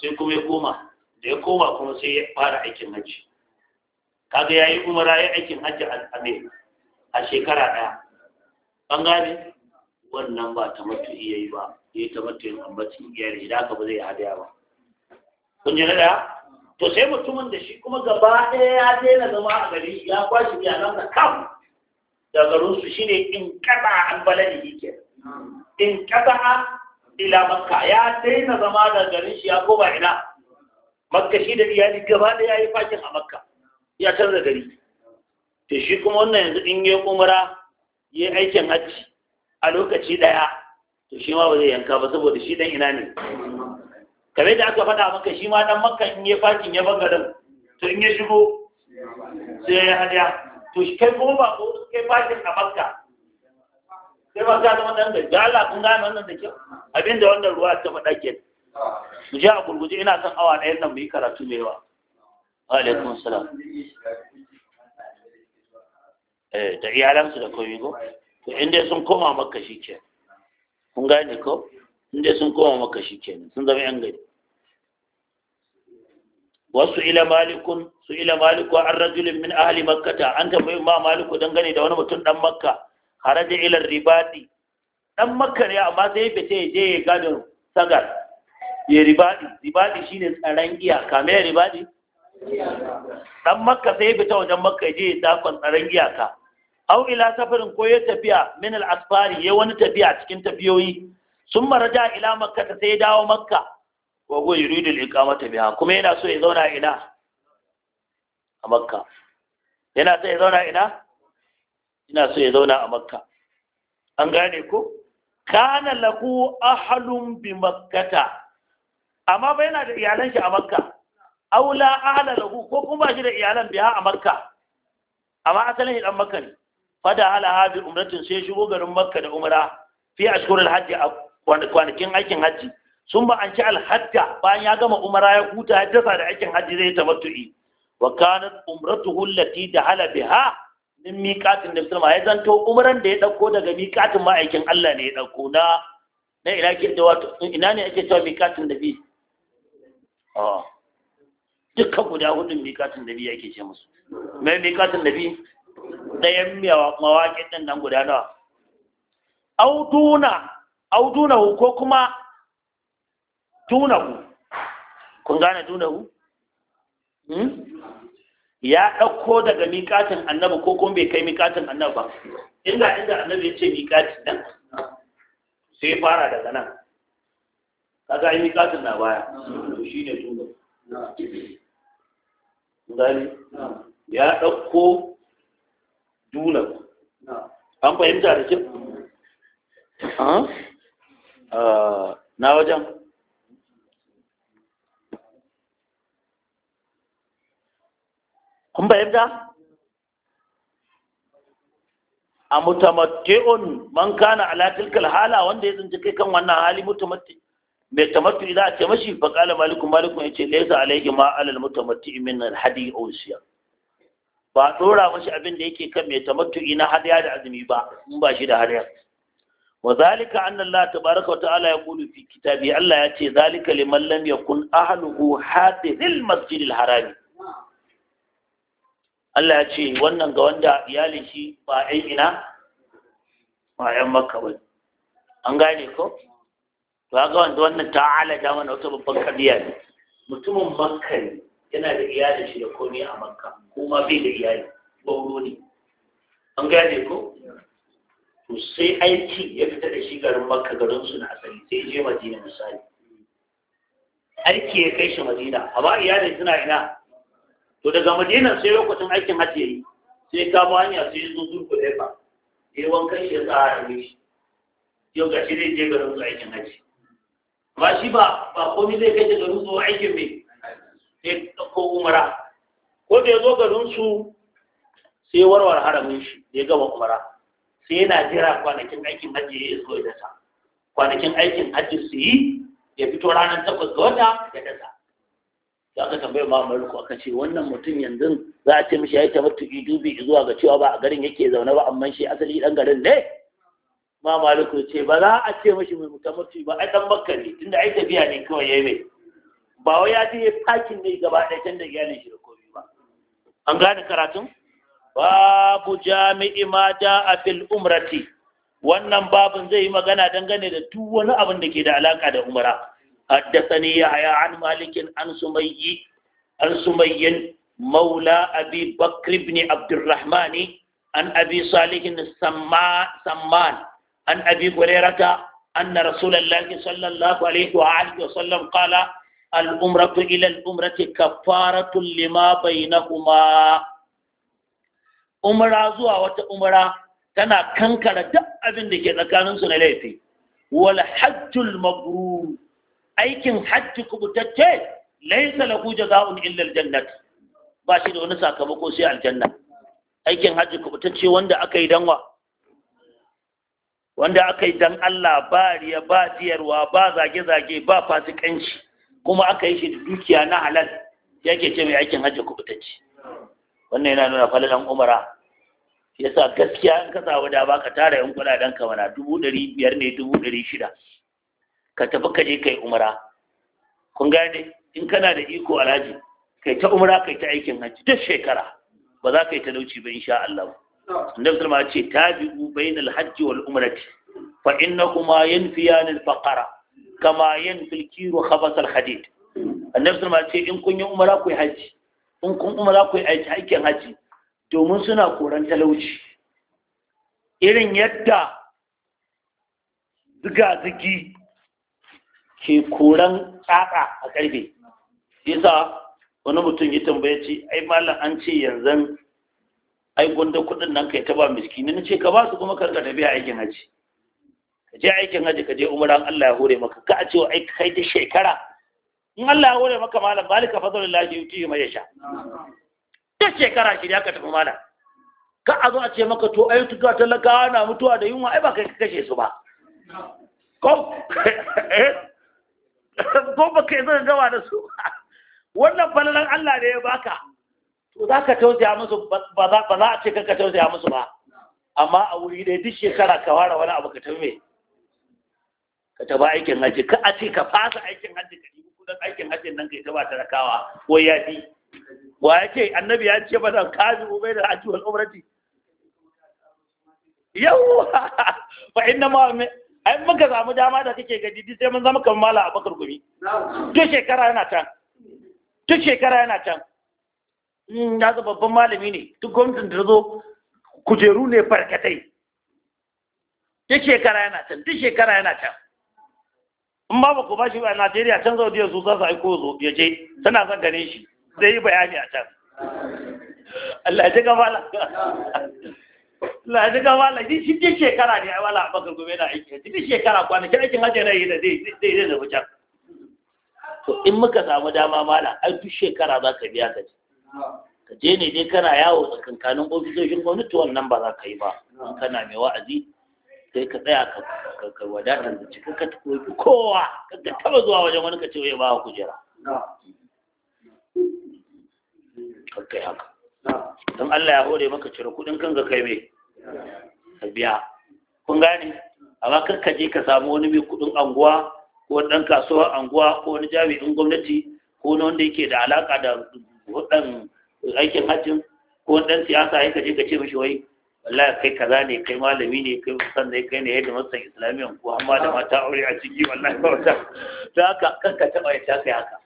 sai kuma ya koma da ya koma kuma sai ya fara aikin hajji kaga ya yi umara ya aikin hajji a mai a shekara ɗaya ɓangare wannan ba ta mutu iya yi ba ya ta mutu yin ambacin iyali idan aka ba zai hadiya ba kun ji na to sai mutumin da shi kuma gaba ɗaya ya daina zama a gari ya kwashi nan da kam da garin su shine in kada an balani yake in kada ila makka ya daina zama da garin shi ya koma ina makka shi da iyali gaba ɗaya ya yi fakin a makka ya canza gari to shi kuma wannan yanzu in yi umara yi aikin hajji a lokaci ɗaya to shi ma ba zai yanka ba saboda shi dan ina ne kamar da aka faɗa maka shi ma dan makka in ya fakin ya bangaren to in ya shigo sai ya hadiya to shi kai kuma ba ko kai fakin a makka sai ba ka zama wannan da jala kun gane wannan da kyau da wannan ruwa ta faɗa ke mu je a gurguje ina son awa ɗayan nan mu yi karatu mai yawa alaikum salam eh da iyalansu da komi ko to inda sun koma maka shi ke kun gane ko inda sun koma maka shi ke sun zama yan gari wasu ila malikun su ila maliku an rajulin min ahli makkata an tambayi ma maliku dangane da wani mutum dan makka haraja ila ribadi dan makka ne amma sai bai ya je ya gado sagar ya ribadi ribadi shine tsaron iyaka me ribadi dan makka sai ya fita wajen makka je ya dakon tsaron iyaka aw ila safarin ko ya tafiya min al-asfari ya wani tafiya cikin tafiyoyi sun maraja ila makka ta sai dawo makka wa go yuridu al-iqamata biha kuma yana so ya zauna ina a makka yana so ya zauna ina ina so ya zauna a makka an gane ko kana lahu ahlun bi makkata amma ba yana da iyalan shi a makka aula ahla lahu ko kuma shi da iyalan biya a makka amma asalin shi dan makka ne fada halaha bi umratin sai shigo garin makka da umra fi ashkur alhajji a kwanakin aikin hajji sun ba an ci alhajja bayan ya gama umra ya huta ya dasa da aikin hajji zai tamattu'i wa kanat umratuhu allati dahala biha min miqatin nabi sallallahu alaihi wasallam ya zanto umran da ya dauko daga miqatin ma'aikin Allah ne ya dauko na na ina ke da wato ina ne ake cewa miqatin nabi ah dukkan guda hudun miqatin nabi yake ce musu mai miqatin nabi ɗayan mawaƙin ɗin nan guda nawa auduna hu ko kuma hu? kun gane hu? Hmm? ya ɗauko daga miƙatin annabi ko kuma bai kai miƙatin annabi ba inda inda annabi ya ce miƙatin nan sai fara daga nan kaga yi miƙatin na baya shi ne dunahu gani ya ɗauko dunar an fahimta da kyau ah, na wajen kun fahimta a on man kana ala tilkal hala wanda ya tsinci kai kan wannan hali mutamatti mai tamattu idan a ce mashi fa malikun malikun ya ce. laysa alayhi ma alal mutamatti min hadi aw siyam ba dora mashi abin da yake kan mai tamattu'i na hadiya da azumi ba in ba shi da hadiya wa zalika anna Allah tabaraka wa ta'ala ya qulu fi kitabi Allah ya ce zalika liman lam yakun ahluhu hadhil masjidil haram Allah ya ce wannan ga wanda iyalin shi ba ai ina ba ƴan makka ba an gane ko to ga wanda wannan ta'ala da mana wata babban kadiya ne mutumin makka ne yana da iyalin shi da komai a makka kuma bai da iyali bauro ne an gane ko to sai aiki ya fita da shi garin makka garin su na asali sai je madina misali aiki ya kai shi madina amma iyalin suna ina to daga madina sai lokacin aikin hajji yayi sai ba hanya sai zo zurku da ba sai wanka shi ya tsara ne shi yau ga shi zai je garin su aikin hajji ba shi ba ba komai zai kai shi garin su aikin mai sai ko umara ko da ya zo garin su sai warware haramin shi da ya gaba umara sai yana jira kwanakin aikin hajji ya iso ya dasa kwanakin aikin hajji su yi ya fito ranar takwas ga wata ya dasa da aka tambaye ma maluku aka ce wannan mutum yanzu za a ce mishi ya yi tamattuki dubi zuwa ga cewa ba a garin yake zaune ba amma shi asali dan garin ne ma maluku ce ba za a ce mishi mai mutamattu ba ai dan makka ne tunda ai tafiya ne kawai yayi mai ba wai ya je fakin ne gaba ɗaya can da iyalin shi da komai ba an gane karatun babu jami'i ma a fil umrati wannan babun zai yi magana dangane da duk wani abin da ke da alaka da umra haddathani yahya an malikin an sumayyi an sumayyin maula abi bakr ibn abdurrahmani an abi salihin samman an abi hurairata anna rasulullahi sallallahu alaihi wa alihi wa sallam qala الأمرة إلى الأمرة كفارة لما بينهما zuwa wata وتأمرا tana kankara duk abin da ke tsakaninsu na laifi wal hajjul mabrur aikin hajji kubutacce laysa lahu jazaa'un illa aljannat ba shi da wani sakamako sai aljanna aikin hajji kubutacce wanda aka yi danwa wanda aka yi dan Allah ba riya ba diyarwa ba zage zage ba fasikanci kuma aka yi shi da dukiya na halal yake ce mai aikin hajji kubutacci wannan yana nuna falalan umara yasa gaskiya in ka sa wada ba ka tara yan kudaden ka mana dubu ɗari biyar ne dubu ɗari shida ka tafi ka je kai umara kun gane in kana da iko alhaji kai ta umara kai ta aikin hajji duk shekara ba za ka yi talauci ba insha Allah annabi sallama ce tabi'u bainal hajji wal umrati fa innakuma yanfiyanil faqara kama yan bilkiru Khabasar hadid annabi sun ce in kun yi umara ku yi haji in kun umara ku yi aikin haji domin suna koran talauci irin yadda ziga-zigi ke koran tsaka a karfe yasa wani mutum ya tambaya ce ai malam an ce yanzu ai gwanda kudin nan kai ta ba miskini na ce ka ba su kuma karka tafiya aikin haji ka je aikin haji ka je umran Allah ya hore maka ka a cewa ai kai ta shekara in Allah ya hore maka malam balika fadlullahi yutihi ma yasha ta shekara shi da ka tafi malam ka a zo a ce maka to ai tuka talakawa na mutuwa da yunwa ai ba kai ka kashe su ba ko ko ba kai zan gawa da su wannan falalan Allah ne ya baka to za ka tausaya musu ba za a ce ka tausaya musu ba amma a wuri dai duk shekara ka fara wani abu ka tafi ka taba aikin hajji ka a ce ka fasa aikin hajji ka yi kudin aikin hajji nan kai ta ba talakawa ko ya fi wa ya ce annabi ya ce bana kazi ubai da hajji wal umrati yawwa fa inna ma ai muka samu dama da kake ga didi sai mun zama kamar mala abakar gumi duk shekara yana can duk shekara yana can hmm, ya zo babban malami ne duk gwamnatin da zo kujeru ne farkatai duk shekara yana can duk shekara yana can in ba ku ba shi a Najeriya can Saudiya su za su aiko zo ya je tana son gane shi zai yi bayani a can Allah ya ji gabala Allah ya ji gabala ni shi duk shekara ne a wala baka gobe na aiki duk shekara kwanakin aikin hajji na yi da zai zai zai can to in muka samu dama mala ai duk shekara za ka biya ka ji ka je ne dai kana yawo tsakankanin ofisoshin gwamnati wannan ba za ka yi ba kana mai wa'azi sai ka tsaya ka wadatar da cikin ka tafi kowa ka taba zuwa wajen wani ka ce ba wa kujera kai haka don Allah ya hore maka cire kudin kan ga kai mai ka biya kun gane amma kar ka je ka samu wani mai kudin anguwa ko wani dan kasuwar anguwa ko wani jami'in gwamnati ko wani wanda yake da alaka da hudan aikin hajjin ko wani dan siyasa ya kaje ka ce mashi wai wallahi kai kaza ne kai malami ne kai musan ne kai ne yadda masan islamiyya ko amma da mata aure a ciki wallahi ba wata ta haka kan ka taba ya ta kai haka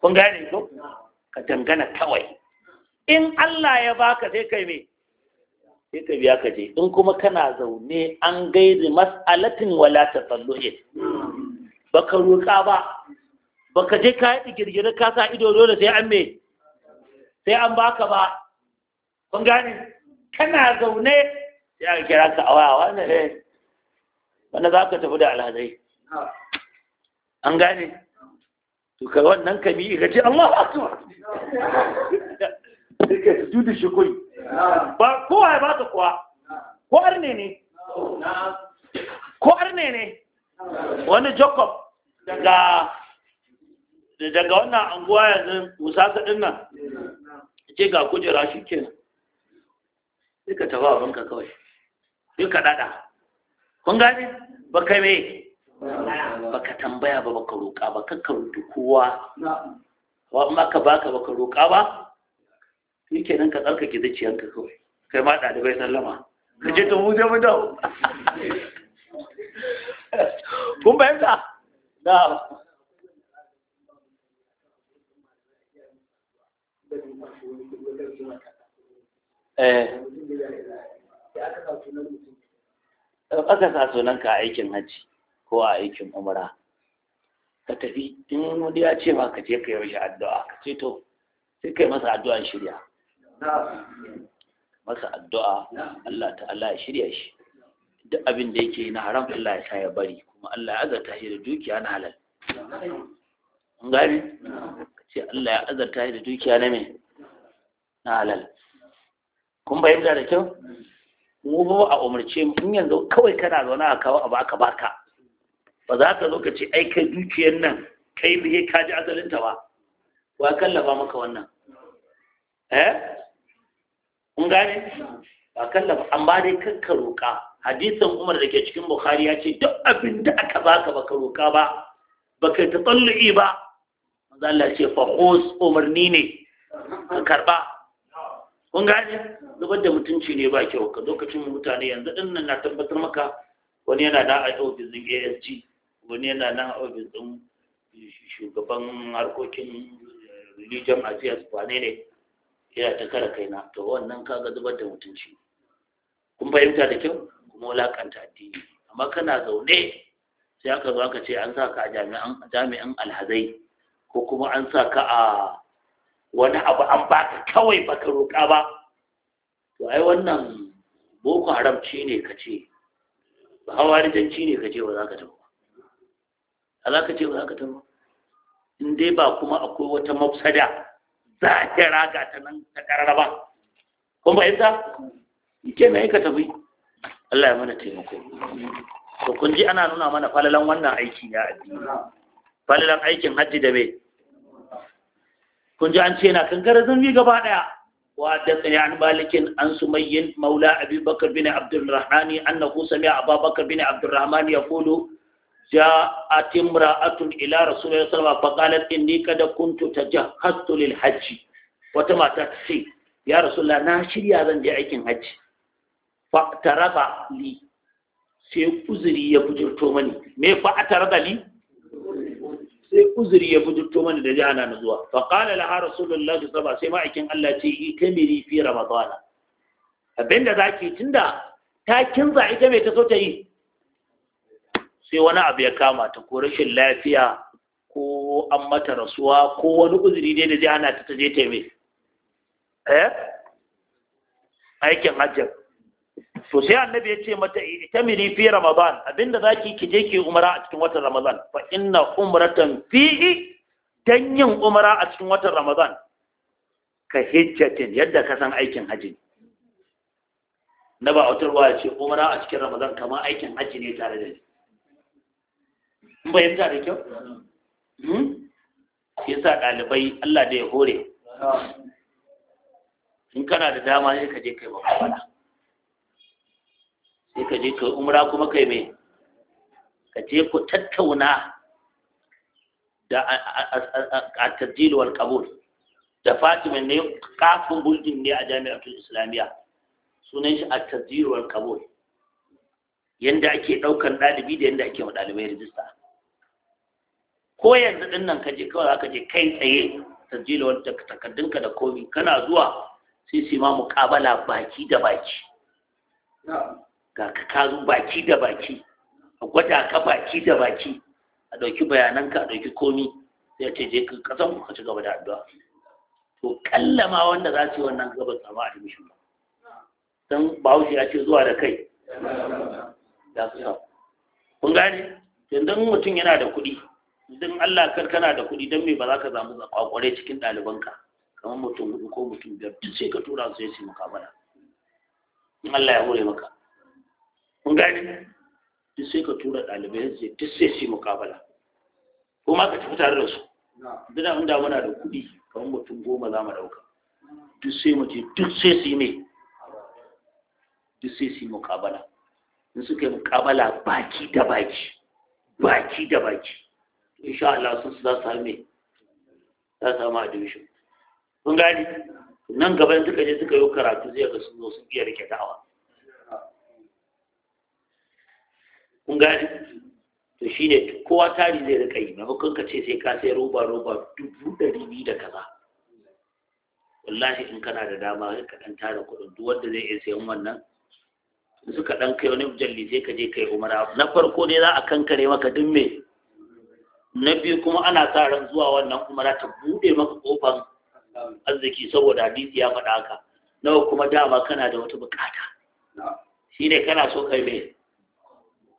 kun gane ko ka dangana kawai in Allah ya baka sai kai me sai ka biya ka je in kuma kana zaune an gaizi mas'alatin wala ta tasalluhin baka roƙa ba baka je ka yi girgirar ka sa ido dole sai an me sai an baka ba kun gane kana zaune ya aka kira ka a wanda ne wanda za ka tafi da alhazai an gane to ka wannan kami ka ce Allah akbar sai ka su da shukuri ba kowa ya baka kuwa, ko arne ne ko arne ne wani jacob daga daga wannan anguwa yanzu musa din nan ce ga kujera shi kenan sai ka tafi abinka kawai sai ka kun gani? ba kai me ba ka tambaya ba ba ka roƙa ba kakka roƙi kowa wa in ka baka ba ka roƙa ba ke nan ka tsarka tsarkake zuciyanka kawai kai ma ɗalibai sallama ka je ta muje mu dau kun fahimta da Thank you. Eh. aka sa sunanka a aikin hajji ko a aikin umara ka tafi in wani ya ce ma ka je ka yi mashi addu'a ka ce to sai kai masa addu'a shirya masa addu'a Allah ta'ala ya shirya shi duk abin da yake na haram Allah ya sa ya bari kuma Allah ya azarta shi da dukiya na halal an gani ka ce Allah ya azarta shi da dukiya na me na halal kun bayyana da kyau mu ba a umarce mu in yanzu kawai kana zaune a kawo a baka baka ba za ka zo ka ce ai kai dukiyar nan kai biye ka ji asalinta ba wa kallafa maka wannan eh kun gane ba kallafa an ba dai kakka roƙa Hadisan Umar da ke cikin Bukhari ya ce duk abin da aka baka baka roƙa ba baka ta tsalli ba manzo Allah ce fa umarni ne ka karba kun gane zubar da mutunci ne ba kyau ka lokacin mutane yanzu din nan na tabbatar maka wani yana na a ofis ASG wani yana na a ofis shugaban harkokin eh, religion affairs wane ne yana ta kare na to wannan kaga zubar da mutunci kun fahimta da kyau kuma wulakanta addini amma kana zaune sai aka zo aka ce an sa ka a jami'an alhazai ko kuma an sa ka a wani abu an baka kawai baka roƙa ba to ai wannan boko haram ci ne ka ce ba hawarijanci ne ka ce ba za ka tafi ba za ka ce ba za ka tafi ba in dai ba kuma akwai wata mafsada za a kira ta nan ta karara ba kun fahimta ke na ka tafi Allah ya mana taimako to kun ji ana nuna mana falalan wannan aiki ya addini falalan aikin haddi da bai kun ji an ce na kankara zumbi gaba ɗaya. wa dan an malikin an sumayyin maula abi bakar bin abdurrahmani annahu sami abu bakar bin abdurrahmani ya kulu ja atimra atun ila rasulullahi sallallahu alaihi wasallam faqalat inni kad kuntu tajahhatu lil hajj wata mata ta ce ya rasulullahi na shirya zan je aikin hajji fa taraba li sai uzuri ya bujurto mani me fa taraba li sai uzuri ya bujutto mana da jihana na zuwa fa qala ha rasulullah saba. sai ma'aikin Allah ce yi kamiri fi ramadan abinda zaki tunda ta kinza ita mai ta so ta yi sai wani abu ya kama ta ko rashin lafiya ko an mata rasuwa ko wani uzuri dai da jihana ta taje ta mai eh aikin hajjin to sai annabi ya ce mata itamiri fi ramadan abinda zaki ki je ki umara a cikin watan ramadan fa inna umratan fihi dan yin umara a cikin watan ramadan ka hijjatin yadda ka san aikin haji na ba wata ruwa ce umara a cikin ramadan kamar aikin haji ne tare da ni in yanta da kyau hmm? yasa ɗalibai Allah da ya hore in kana da dama ne ka je kai ba sai ka je ka umra kuma kai mai ka je ku tattauna da a tajil wal da Fatima ne kafin buldin ne a jami'atul islamiyya sunan shi a tajil wal yadda ake daukan dalibi da yanda ake ɗalibai rijista ko yanzu din nan ka je kawai aka je kai tsaye tajil wal takardunka da komi kana zuwa sai su ma muƙabala baki da baki ga ka kazo baki da baki a gwada ka baki da baki a ɗauki bayananka a ɗauki komi sai ce je ka san ka ci gaba da addu'a to kallama wanda za su yi wannan gaba a admission ba don bahaushe ya ce zuwa da kai da su samu kun gane yanzu mutum yana da kuɗi idan Allah kar kana da kuɗi don me ba za ka samu kwakware cikin ɗalibanka kamar mutum hudu ko mutum biyar duk sai ka tura su ya ce maka bana in Allah ya hore maka kun gane duk sai ka tura ɗalibai sai duk sai su yi mukabala ko ma ka tafi tare da su duk inda muna da kuɗi kamar mutum goma za mu ɗauka duk sai mu je duk sai su yi ne duk sai su yi mukabala in suka yi mukabala baki da baki baki da baki insha Allah sun su za su same za su samu admission kun gane nan gaba suka je suka yi karatu zai ga sun zo sun iya rike da'awa kun to shi ne kowa tari zai rika yi maimakon ka ce sai ka sai roba roba dubu ɗari biyu da kaza wallahi in kana da dama ka dan tara kuɗin duk wanda zai iya sayan wannan suka dan kai wani jalli sai ka je kai umara na farko ne za a kankare maka duk me na biyu kuma ana sa ran zuwa wannan umara ta bude maka kofan arziki saboda hadisi ya faɗa haka nawa kuma dama kana da wata bukata shine kana so kai me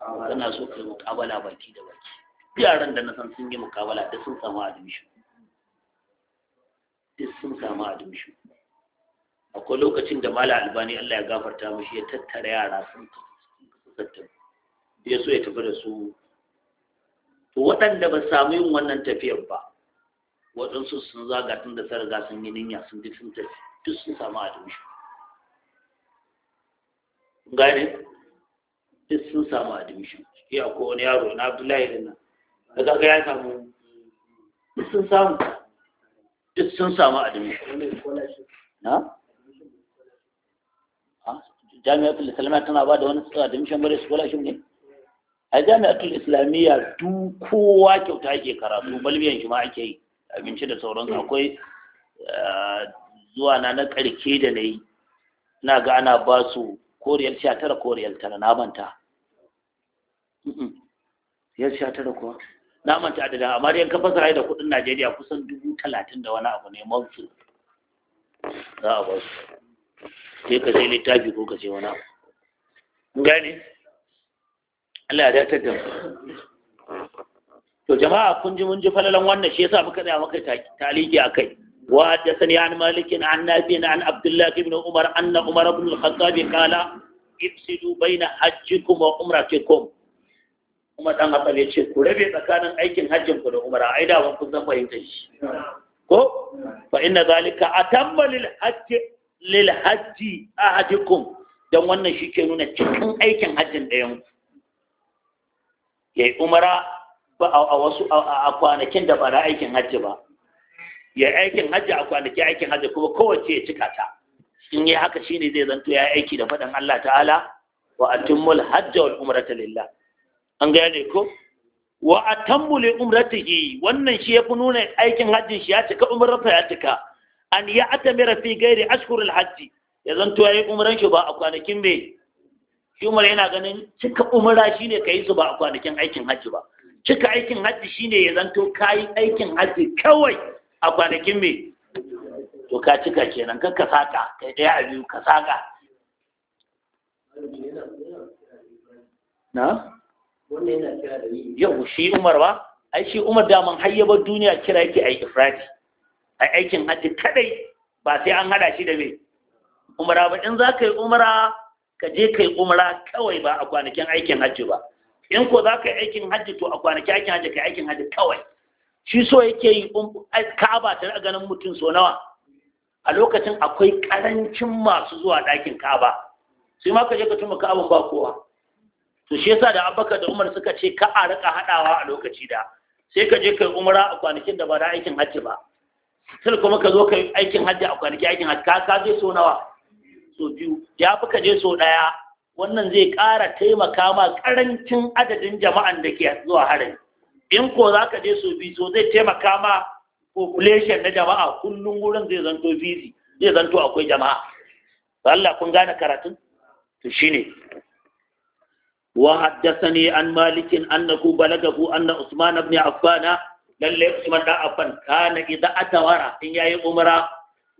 suna so kai mukabala baki da baki yaran da na san sun yi mukabala duk sun samu admission duk sun samu admission akwai lokacin da mala albani Allah ya gafarta mashi ya tattara yara sun tattara da ya so ya tafi da su to waɗanda ba samu yin wannan tafiyar ba waɗansu sun zaga tun da sarga sun yi ninya sun duk sun tafi duk sun samu admission gane duk sun samu admission ya ko wani yaro na abdullahi da nan da ya samu duk sun samu duk sun samu admission na ah, jami'atul islamiyya tana ba da wani admission bare scholarship ne a jami'atul islamiyya duk kowa kyauta ake karatu balbiyan shi ma ake yi abinci da sauransu akwai eh, zuwa na na karke da na yi na ga ana ba su koriyar riyal sha tara koriyar tara na manta riyal sha tara kuwa na manta adadin amma yankan ka da kudin Najeriya kusan dubu talatin da wani abu ne mafi za a basu su ka sai littafi ko ka sai wani abu gani Allah ya datar da to jama'a kun ji mun ji falalan wannan shi yasa muka tsaya muka taliki akai وحدثني عن مالك عن نافع عن عبد الله بن عمر أن عمر بن الخطاب قال افسدوا بين حجكم وعمرتكم Umar dan Hassan ya ce ku rabe tsakanin aikin hajjin ku da umara ai da kun san fahimta shi ko fa inna zalika atamma lil hajji lil hajji ahadikum dan wannan shike nuna cikin aikin hajjin ɗayan ku yayi umara ba a wasu a kwanakin da ba da aikin hajji ba ya aikin hajji a kwanaki aikin hajji kuma kowace ya cika ta in yi haka shine zai zanto ya aiki da faɗin Allah ta'ala wa atimmul hajji wal umrata lillah an gane ko wa atammu umratihi wannan shi fi nuna aikin hajji shi ya cika umrarsa ya cika an ya atamira fi gairi ashhurul hajji ya zanto yi umran shi ba a kwanakin me shi umar yana ganin cika umra shine kai su ba a kwanakin aikin hajji ba cika aikin hajji shine ya zanto kai aikin hajji kawai a kwanakin me to ka cika kenan kan ka saka kai ɗaya a biyu ka saka na yau shi umar ba ai shi umar daman hayyabar duniya kira yake a ifrati a aikin hajji kadai ba sai an hada shi da me umara ba in za ka yi umara ka je ka yi umara kawai ba a kwanakin aikin hajji ba in ko za ka yi aikin hajji to a kwanakin aikin hajji ka yi aikin hajji kawai shi so yake yi ka'aba ta ganin mutum so nawa a lokacin akwai karancin masu zuwa ɗakin ka'aba sai ma ka je ka tuma ka'aban ba kowa to shi yasa da abubakar da umar suka ce ka a rika haɗawa a lokaci da sai ka je kai umara a kwanakin da ba da aikin hajji ba sai kuma ka zo kai aikin hajji a kwanaki aikin hajji ka je so nawa so biyu ya fi ka je so ɗaya wannan zai ƙara taimaka ma ƙarancin adadin jama'an da ke zuwa harin in ko za ka je so biyu so zai taimaka ma population na jama'a kullum wurin zai zanto busy zai zanto akwai jama'a Allah kun gane karatun to shine wa haddathani an malikin annahu balagahu anna usman ibn affan lalle usman da affan kana idza atawara in yayi umra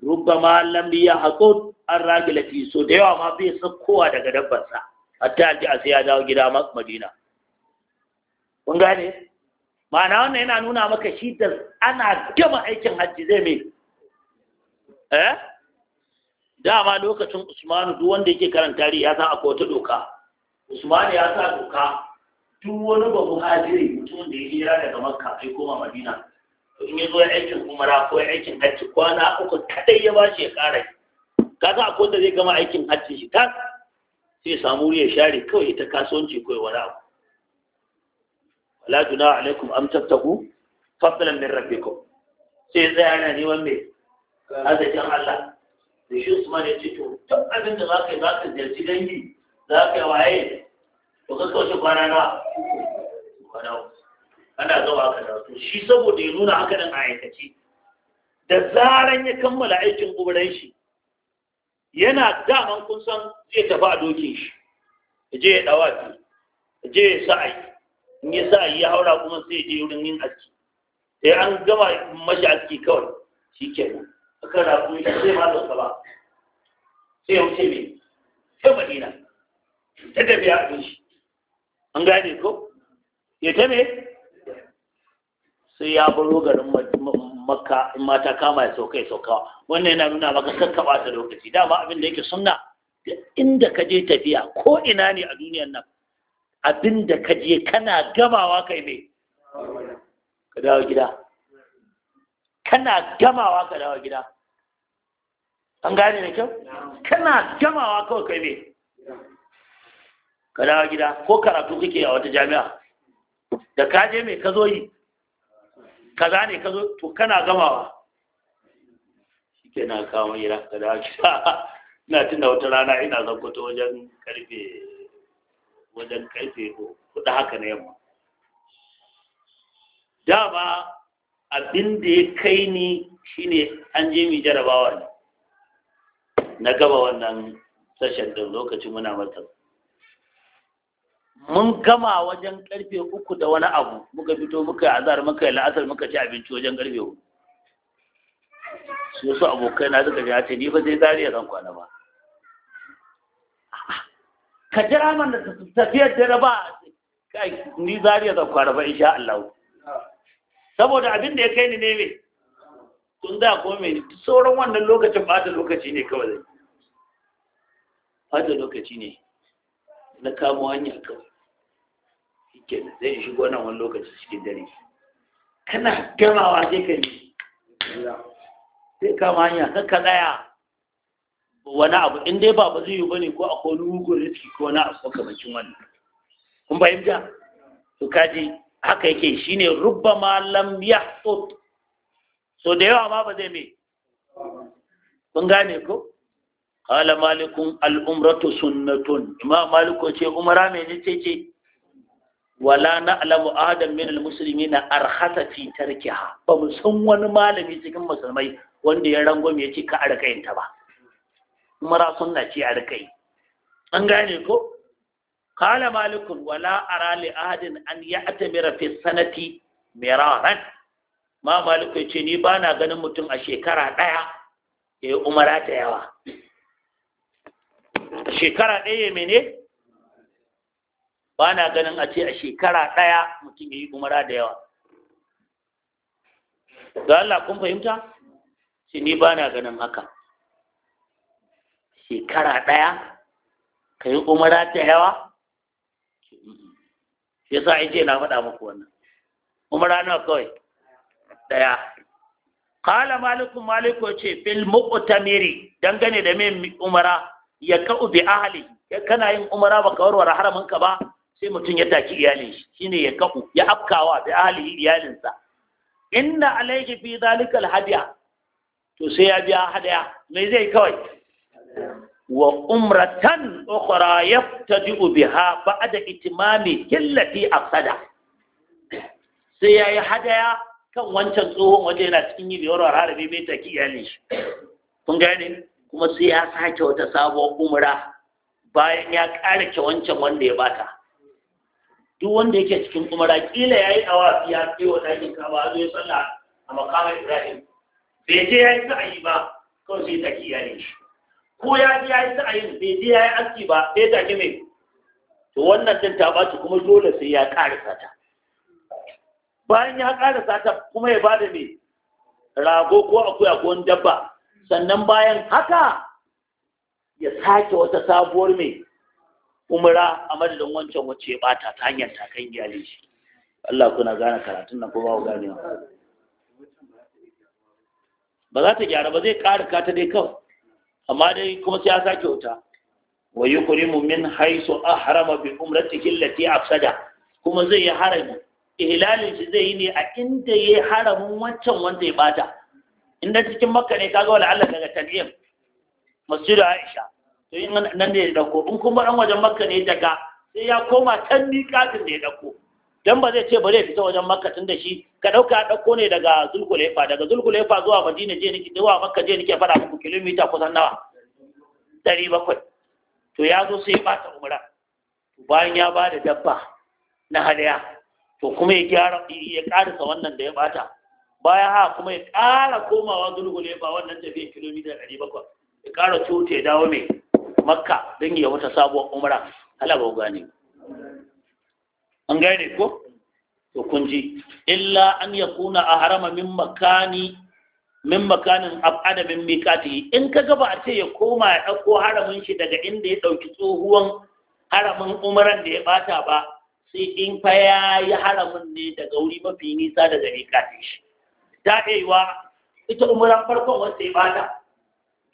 rubbama lam yahqut ar-rajulati so da yawa ma bai sakkowa daga dabbarsa hatta ji a sai ya dawo gida madina kun gane ma'ana wannan yana nuna maka shi da ana gama aikin hajji zai mai eh dama lokacin usmanu duk wanda yake karanta tarihi ya san akwai wata doka usmanu ya sa doka duk wani babu muhajiri mutum da ya hira daga makka kai koma madina in ya zo aikin umara ko aikin hajji kwana uku kadai ya bashi ya kara ka san akwai wanda zai gama aikin hajji shi ta sai samu ya share kawai ta kasuwanci kawai wani abu la juna alaikum am tattaku fadlan min rabbikum sai tsaya yana neman mai arzikin Allah da shi Usman ya ce to duk abin da za ka yi za ka ziyarci dangi za ka waye to ka kauce kwana na kwana ana zama ka da to shi saboda ya nuna haka nan a aikace da zaran ya kammala aikin ubaran shi yana daman kun san zai tafi a dokin shi je ya dawafi je ya sa'ai in ya sa ya haura kuma sai je wurin yin aski sai an gama mashi aski kawai shi kan akan shi sai ma da ba sai yau ce mai sai madina ta tafiya a ɗin shi an gane ko ya ta me sai ya bar garin makka in mata kama ya sauka ya sauka wannan yana nuna maka kakkaɓa ta lokaci dama abin da yake sunna inda ka je tafiya ko ina ne a duniyar nan abin da ka je kana gamawa kai mai ka dawo gida kana gamawa ka dawo gida an gane da kyau kana gamawa kawai kai mai ka dawo gida ko karatu kake a wata jami'a da ka je mai ka zo yi kaza ne ka zo to kana gamawa shi ke na kawo ira ka dawo gida na tunda wata rana ina zankoto wajen karfe wajen karfe hudu haka na yamma dama abin da ya kai ni shine an je mi jarabawa ne na gaba wannan sashen da lokacin muna mata mun gama wajen karfe uku da wani abu muka fito muka azar muka yi la'asar muka ci abinci wajen karfe uku su su abokai na suka ce ni ba zai zariya zan kwana ba ka jira da tafiyar da ba kai ni zariya da kwara ba insha Allah saboda abin da ya kai ni ne me Kun da ko me sauran wannan lokacin ba da lokaci ne kawai ba da lokaci ne na kamo hanya kawai ke zai shigo nan wani lokaci cikin dare kana gamawa sai ka yi sai kama hanya kan ka tsaya wani abu in dai ba ba zai yi bane ko akwai mugun riski ko na abu makamancin wani. kun fahimta to kaji haka yake shine Rubba lam yahsut so da yawa ma ba zai mai kun gane ko qala malikun al-umratu sunnatun imam maliku ce umara mai ne ce ce wala alamu adam min al-muslimin arhasa fi tarkiha ba mu san wani malami cikin musulmai wanda ya rangwame ya ce ka arkayin ta ba mara sunna ce a rikai an gane ko kala malikun wala ara li ahadin an ya'tamira fi sanati miraran ma malikun ce ni ba na ganin mutum a shekara ɗaya ya yi umara ta yawa shekara ɗaya mene ba na ganin a ce a shekara ɗaya mutum ya yi umara da yawa ga Allah kun fahimta shi ni ba na ganin haka shekara ɗaya ka yi umara ta yawa shi yasa ai ce na faɗa muku wannan umara nawa kawai ɗaya Kala malikun maliku ce fil mu'u-ta-miri, dangane da mai umara ya ka'u bi ya kana yin umara baka warware haramin ka ba sai mutum ya taki iyalin shi shine ya ka'u ya afkawa bi ahali, iyalinsa inna alayhi fi zalika alhadiya to sai ya biya hadiya me zai kawai wa umratan ukhra yaftadi'u biha ba'da itimami killati afsada sai yayi hadaya kan wancan tsohon waje yana cikin yi biyar harabi mai taki iyalin shi kun gane kuma sai ya sake wata sabuwar umra bayan ya ƙara ke wancan wanda ya bata duk wanda yake cikin umra kila yayi awafi ya kai wa dakin kaba zai sallah a makamar Ibrahim bai je yayi sa'ayi ba kawai sai taki iyalin shi ko ya ji ya yi sa'ayin bai ji ya yi aski ba sai take mai to wannan din ta ɓaci kuma dole sai ya ƙarasa sata bayan ya ƙarasa sata kuma ya bada mai rago ko akuya ko dabba sannan bayan haka ya sake wata sabuwar mai umra a madadin wancan wacce ya bata ta hanyar ta kan gyale shi Allah kuna gane karatun nan ko ba ku ba za ta gyara ba zai ƙara kata dai kawai amma dai kuma sai ya sake wuta wa yukrimu min haisu ahrama bi umratihi allati afsada kuma zai yi harami ihlalin shi zai yi ne a inda yi haramin wancan wanda ya bata inda cikin makka ne kaga wala Allah daga tan'im masjidu aisha to in nan ne ya dauko in kuma dan wajen makka ne daga sai ya koma tanni kafin da ya dauko dan ba zai ce bare ya fita wajen makka tun da shi ka ɗauka ɗauko ne daga zulkulefa daga zulkulefa zuwa madina je ne zuwa makka je ke faɗa muku kilomita kusan nawa ɗari bakwai to ya zo sai ya ɓata umra bayan ya ba da dabba na hadaya to kuma ya gyara ya ƙarasa wannan da ya ɓata bayan ha kuma ya ƙara komawa zulkulefa wannan tafiya kilomita ɗari bakwai ya ƙara cuta ya dawo mai makka don ya wata sabuwar umra ala ba gane an gane ko hukunci illa an illa an a harama min makani min makanin abada min miqati in ka gaba a ce ya koma ya dauko haramin shi daga inda ya ɗauki tsohuwan haramin umaran da ya bata ba sai in fa ya yi haramin ne daga wuri mafi nisa daga mikati shi ta ɗaiwa ita umaran farkon wanda ya bata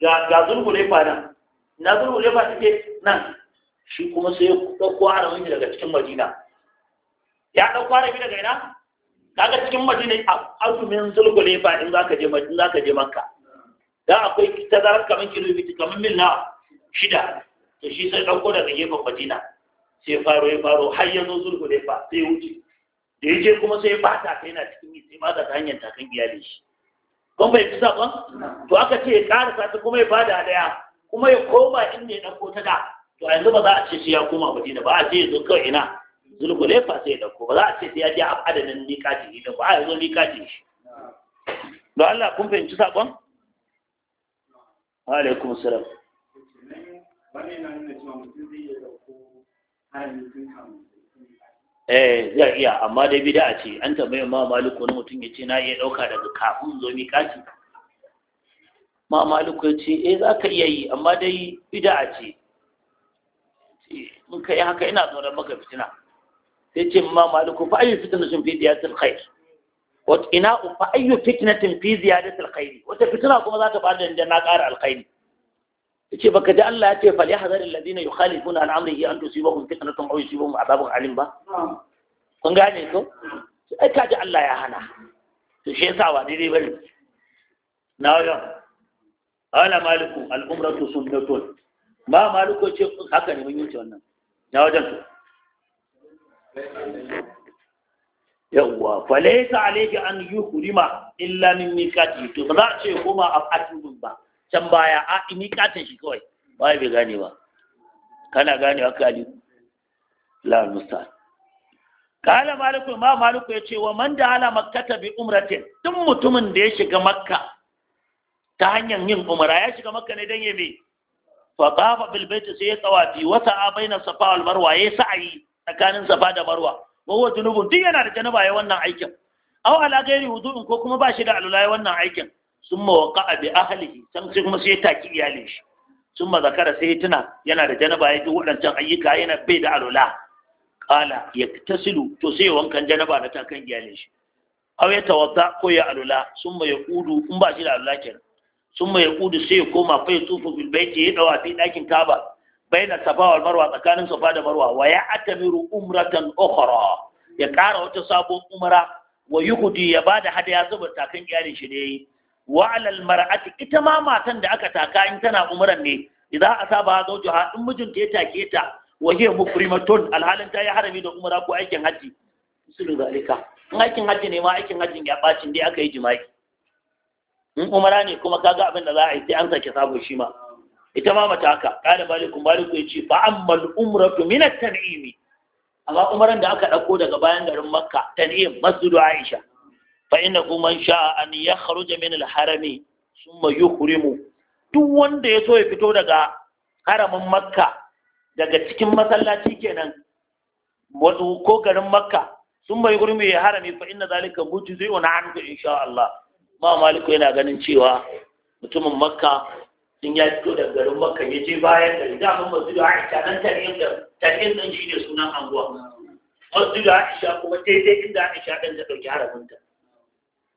ga ga zulhulefa nan na zulhulefa take nan shi kuma sai ya dauko haramin shi daga cikin madina ya ɗan kwana bi daga ina kaga cikin madina azumin ba in zaka je madina zaka je makka da akwai tazarar kaman kilomita kamar mil na shida to shi sai ɗauko daga gefen madina sai faro ya faro har ya zo ba sai wuce da ya je kuma sai ba ta kai na cikin yi sai ma ta hanyar takan iyali shi kun bai fi saƙon to aka ce ya ƙarasa ta kuma ya bada daya kuma ya koma inda ya ɗauko ta da to a yanzu ba za a ce shi ya koma madina ba a ce ya zo kawai ina fa sai da ba za a ce sai ya je a adadin miƙatin shi ba a yanzu miƙatin shi don Allah kun fahimci sakon? Wa alaikum salam eh zai iya amma dai bida ce an tambaye ma maliku na mutum ya ce na iya ɗauka daga kafin zo kaci ma maliku yace ce eh za ka iya yi amma dai bida ce in ka yi haka ina tsoron maka fitina sai ce ma maliku fa ayyu fitnatin fi ziyadatil khair wa ina fa ayyu fitnatin fi ziyadatil khair wata fitna kuma za ta bada da na ƙara alkhairi yace baka ji Allah ya ce fal yahzaril ladina yukhalifuna an amrihi an tusibahum fitnatun aw yusibahum adhabun alim ba kun gane ko ai ka ji Allah ya hana to shi yasa wa dai bari na yau ala maliku al umratu sunnatun ma maliku ce haka ne mun yi wannan na wajen to yawwa falaita alayka an yuhrima illa min miqati to ba za a ce kuma a atubun ba can baya a miqatin shi kawai ba bai gane ba kana gane wa kali la musa kala maliku ma maliku ya ce wa man da ala makkata bi umratin duk mutumin da ya shiga makka ta hanyar yin umra ya shiga makka ne dan ya me fa qafa bil bayt sai ya tsawafi wa sa'a baina safa wal marwa ya sa'ayi tsakanin safa da marwa wa huwa junubun duk yana da janaba ya wannan aikin aw ala gairi wudu'in ko kuma ba shi da alula ya wannan aikin summa waqa'a bi ahlihi san sai kuma sai ya taki iyalin shi summa zakara sai ya tuna yana da janaba ya ji waɗancan ayyuka yana bai da alula qala yaktasilu to sai ya wankan janaba da takan iyalin shi aw ya tawadda ko ya alula summa yaqudu in ba shi da alula kenan summa yaqudu sai ya koma fa ya tufu bil baiti ya dawa fi dakin kaba baina safa wal marwa tsakanin safa da marwa wa ya atamiru umratan ukhra ya kara wata sabon umra wa yuhdi ya bada hadaya saboda takan iyalin shi ne wa alal mar'ati ita ma matan da aka taka in tana umran ne idan saba a in mijinta ya take ta wa hiya mukrimatun alhalin ta ya harami da umra ko aikin haji misalin zalika in aikin haji ne ma aikin hajji ya bacin dai aka yi jima'i in umara ne kuma kaga abin da za a yi sai an sake sabo shi ma ita ma mata haka kada maliku ya ce fa ammal umratu min at-tan'imi amma umaran da aka dauko daga bayan garin makka tan'im masjidu aisha fa inna man sha'a an yakhruja min al-harami thumma duk wanda ya so ya fito daga haramin makka daga cikin masallaci kenan wato ko garin makka thumma yukhrimu ya harami fa inna zalika mujzi'un anhu insha Allah ma maliku yana ganin cewa mutumin makka in ya fito da garin makka ya je bayan gari daman da aisha nan ne da tarihin nan ne sunan anguwa da aisha kuma daidai inda aisha ɗan ta ɗauki harabinta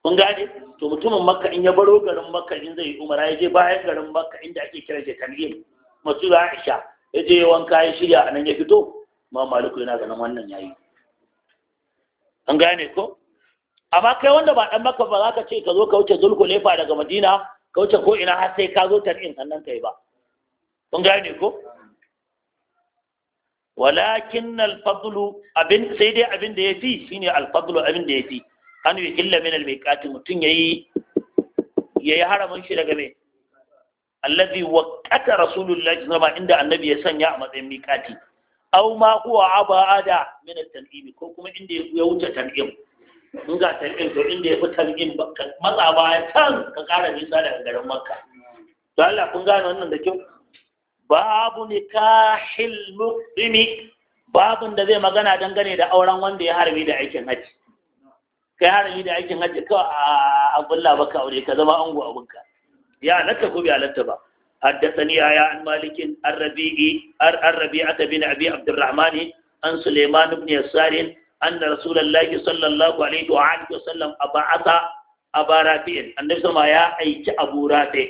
kun gane to mutumin makka in ya baro garin makka in zai umara ya je bayan garin makka inda ake kira shi tarihin da aisha ya je wanka ya shirya a nan ya fito ma maliku yana ganin wannan yayi an gane ko amma kai wanda ba dan makka ba za ka ce ka zo ka wuce zulkulefa daga madina ka wuce ko ina har sai ka zo tar'in sannan kai ba kun gane ko walakin alfadlu abin sai dai abin da yafi shine alfadlu abin da yafi an yi illa min almiqati mutun yayi yayi haramun shi daga me allazi waqata rasulullahi sallallahu inda annabi ya sanya a matsayin miqati aw ma huwa abada min at-tan'im ko kuma inda ya wuce tan'im in ga tal'in to inda ya fi tal'in matsa baya can ka ƙara nisa daga garin makka to Allah kun gane wannan da kyau babu nikahil muqimi babun da zai magana dangane da auren wanda ya harbi da aikin haji kai harbi da aikin haji kawai a abdullahi baka aure ka zama ango abinka ya halatta ko bai halatta ba حدثني يا عن مالك الربيعي الربيعة بن أبي عبد الرحمن عن سليمان بن يسار أن رسول الله صلى الله عليه وآله وسلم أبعث أبا رافع النبي صلى الله عليه وسلم أبو رافع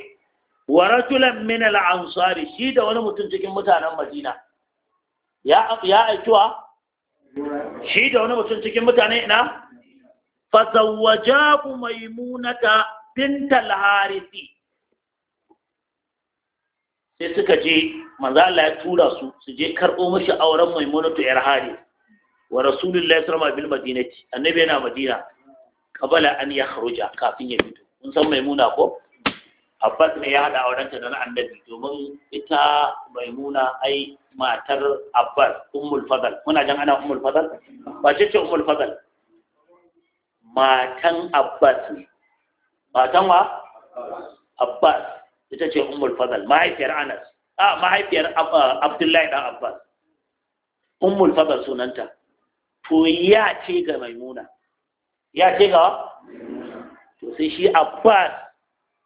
ورجلا من الأنصار شيدا ولا متنتجين متانا مدينة يا يا أيتوا شيدا ولا متنتجين متانا هنا فزوجاه ميمونة بنت الحارث sai suka je manzo Allah ya tura su su je karbo mashi auren maimunatu yar haris wa rasulullahi sallallahu alaihi wasallam bil madinati annabi yana madina qabala an yakhruja kafin ya fito mun san maimuna ko abbas ne ya hada aurenta da annabi domin ita maimuna ai matar abbas ummul fadal muna jan ana ummul fadal ba ce ce ummul fadal matan abbas ne matan wa abbas ita ce ummul fadal mahaifiyar anas a ah, mahaifiyar abdullahi dan abbas ummul fadal sunanta to ya ce ga maimuna ya ce ga to sai shi abbas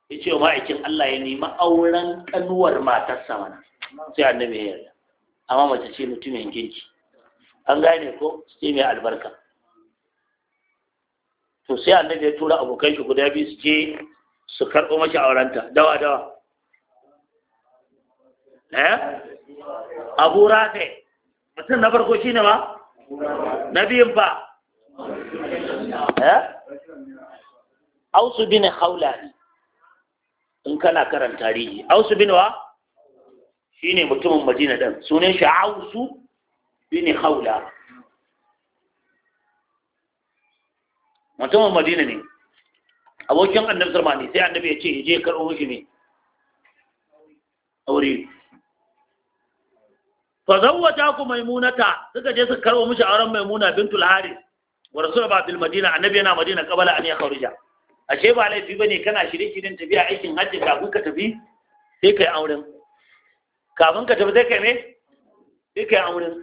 ya ce wa ma'aikin Allah ya nemi auren kanuwar matarsa mana sai annabi ya yarda amma mace ce mutumin kirki an gane ko su sai mai albarka to sai annabi ya tura abokan shi guda biyu su je su karɓo mashi aurenta dawa dawa eh abu rafe mutum na farko shine ba na biyun fa eh? ausu bin haulani in kana karanta tarihi ausu bin wa shine mutumin madina ɗin sunan shi ausu bin haula mutumin madina ne abokin annabi sarmani sai annabi ya ce je karɓo mishi ne aure fa zawwaja ku maimunata suka je suka karwa mishi auren maimuna bintul haris wa rasul ba fil madina annabi yana madina qabala an yakhruja ashe ba laifi bane kana shiriki din tafiya aikin hajji kafin ka tafi sai kai auren kafin ka tafi sai kai ne? sai kai auren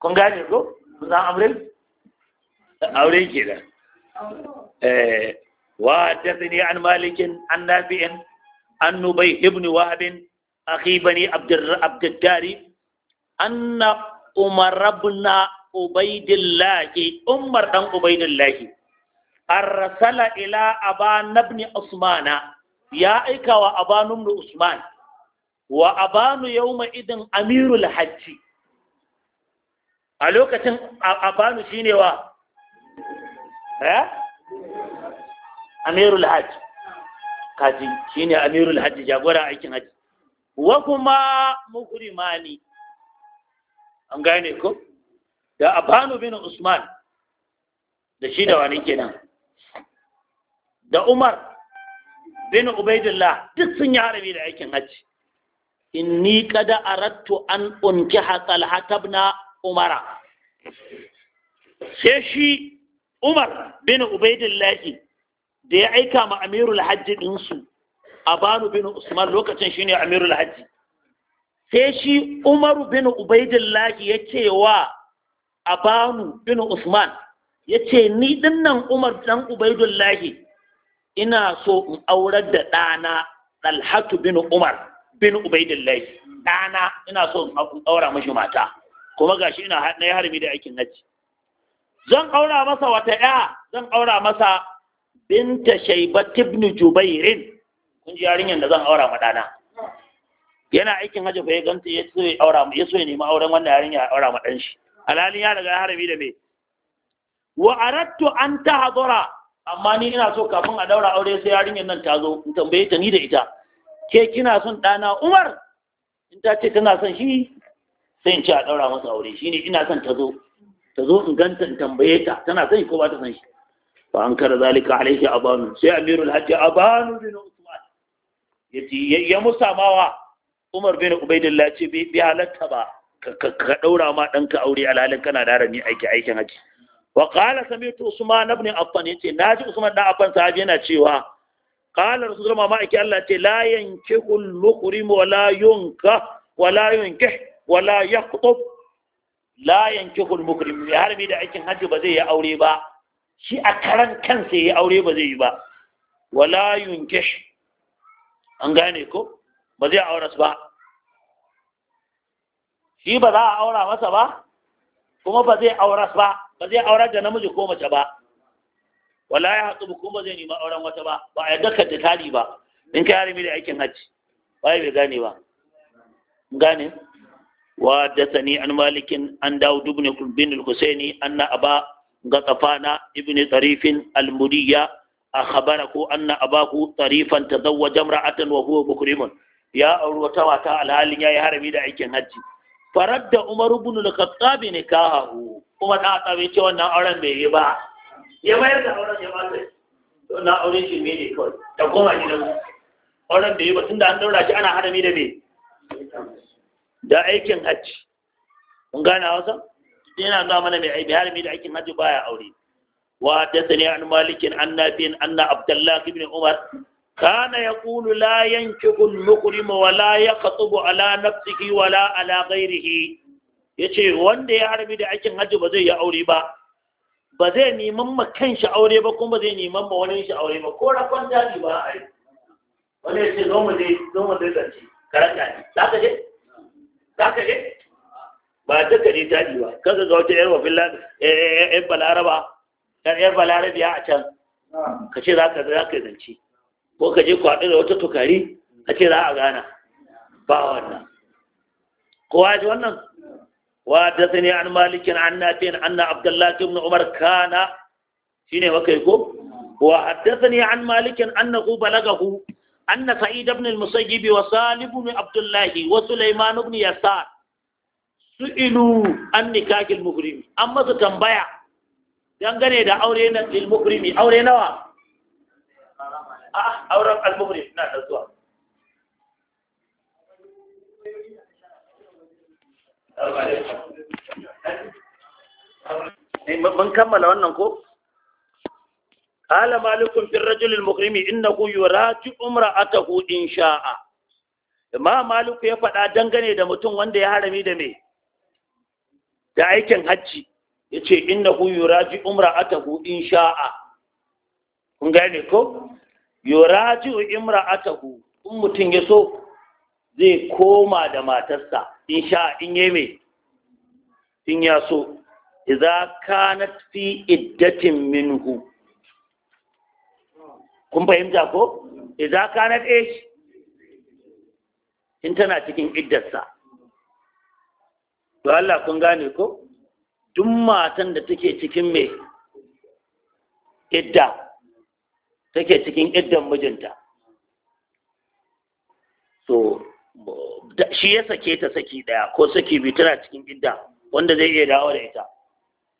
kun gane ko za san auren auren da eh wa hadathani an malikin an an nubay ibn wahab أخي بني عبد عبد الداري أن عمر بن عبيد الله عمر بن عبيد الله أرسل إلى أبان بن عثمان يا إيكا وأبان بن عثمان وأبان يومئذ أمير الحج a lokacin abanu shi ne wa amirul hajj kaji shi ne amirul hajji jagora aikin hajji wa kuma muhrimani an gane da abanu bin usman da shi da wani kenan da umar bin ubaidullah duk sun yi harami da aikin hajji inni kada arattu an unki talhata "Hatabna umara sai shi umar bin ubaidillahi da ya aika ma amirul hajji ɗinsu abanu bin usman lokacin shine amirul hajji sai shi umaru bin ubaidillahi ya ce wa abanu bin usman ya ce ni dinnan umar dan ubaidillahi ina so in aurar da ɗana dalhatu bin umar bin ubaidillahi ɗana ina so in aura mashi mata kuma gashi ina na harbi da aikin hajji zan aura masa wata ya zan aura masa binta shaibat ibn jubairin kun ji yarinyar da zan aura ma ɗana yana aikin hajji fa ya ganta ya so aura nemi auren wannan yarinya ya aura ma ɗan shi alhalin ya daga harami da me wa aradtu an tahdura amma ni ina so kafin a daura aure sai yarinyar nan ta zo in tambaye ta ni da ita ke kina son ɗana Umar in ta ce tana son shi sai in ce a daura masa aure shine ina son ta zo ta zo in ganta in tambaye ta tana son ko ba ta son shi fa an kara zalika alaihi abanu sai amirul hajji abanu ya musamawa umar bin ubaidillah ce bai halatta ba ka ɗaura ma ɗanka aure alhalin kana da harami aiki aikin haji wa qala sami'tu usman ibn affan yace naji usman dan affan sahabi yana cewa qala rasulullah ma aiki Allah ce la yankihu al wa la yunka wa la yunkih wa la yaqtub la ya harami da aikin haji ba zai yi aure ba shi a karan kansa yayi aure ba zai yi ba wala yunkish an gane ko ba zai aure su ba shi ba za a aura masa ba kuma ba zai aure su ba ba zai aure da namiji ko mace ba wala ya hatsu kuma ba zai nima auren wata ba ba a yadda ka tali ba in ka yarimi da aikin hajji ba ya bai gane ba gane wa da sani an malikin an dawo dubne bin al-husaini anna aba غطفان ابن al المدية akhbaraku anna abaku tarifan tazawwaja imra'atan wa huwa mukrimun ya auri wata mata alhalin yayi harami da aikin hajji faradda umar ibn al-khattab nikahahu kuma da ta ce wannan auren bai yi ba ya da auren na aure shi me ne kawai ta koma gidan auren bai yi ba tunda an daura shi ana harami da me da aikin hajji mun gane hausa yana zuwa mana mai harami da aikin hajji baya aure وحدثني عن مالك عن نافع أن عبد الله بن عمر كان يقول لا ينكح المكرم ولا يخطب على نفسه ولا على غيره yace wanda ya harbi da aikin hajji ba zai yi aure ba ba zai neman ma kanshi aure ba kuma zai neman ma wani shi aure ba ko rakon daji ba a yi wani ya ce zo mu dai zo mu dai zance karanta ne za ka je za ka je ba duka ne daji ba kaga ga wata yar wafin yan balaraba yar balarabiya a can ka ce za ka zance ko ka je kwaɗi da wata tukari ka ce za a gana ba wannan kowa ji wannan wa da sani an malikin an nafi an na abdullahi ibn umar kana shine wakai ko وحدثني عن مالك أنه بلغه أن سعيد بن المسيب وسالم بن عبد الله وسليمان بن يسار سئلوا عن نكاح an أما tambaya. dangane da aure na ilmuhrimi aure nawa a auren almuhrim na da zuwa mun kammala wannan ko qala malikun fi rajul almuhrimi innahu yuraju umra'atahu in sha'a ma maliku ya faɗa dangane da mutum wanda ya harami da me da aikin hajji yace ce inna hu yuraji imra'atahu in sha'a kun gane ko yuraji imra'atahu in mutum ya so zai koma da matarsa in sha'a in yeme in ya so idza kanat fi iddatin minhu kun fahimta ko idza kanat eh in tana cikin iddarsa to Allah kun gane ko duk matan da take cikin mai idda take cikin iddan mijinta so shi ya sake ta saki daya ko saki biyu tana cikin idda wanda zai iya dawo da ita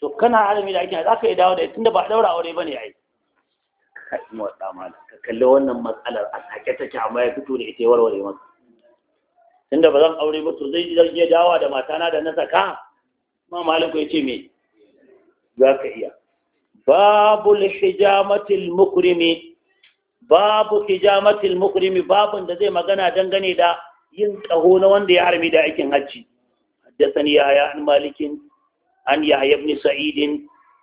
to kana alami da ake za ka iya dawo da ita tunda ba a daura aure ba ne a yi ka yi mawaɗa ka kalli wannan matsalar a sake take amma ya fito da ita ya warware maka tunda ba zan aure ba to zai iya dawa da matana da na saka ma maliku ya ce me za ka iya babu lishijamatil mukrimi babu hijamatil mukrimi babun da zai magana dangane da yin ƙaho na wanda ya harbi da aikin hajji da sani yaya an malikin an yahya ibn Sa'id,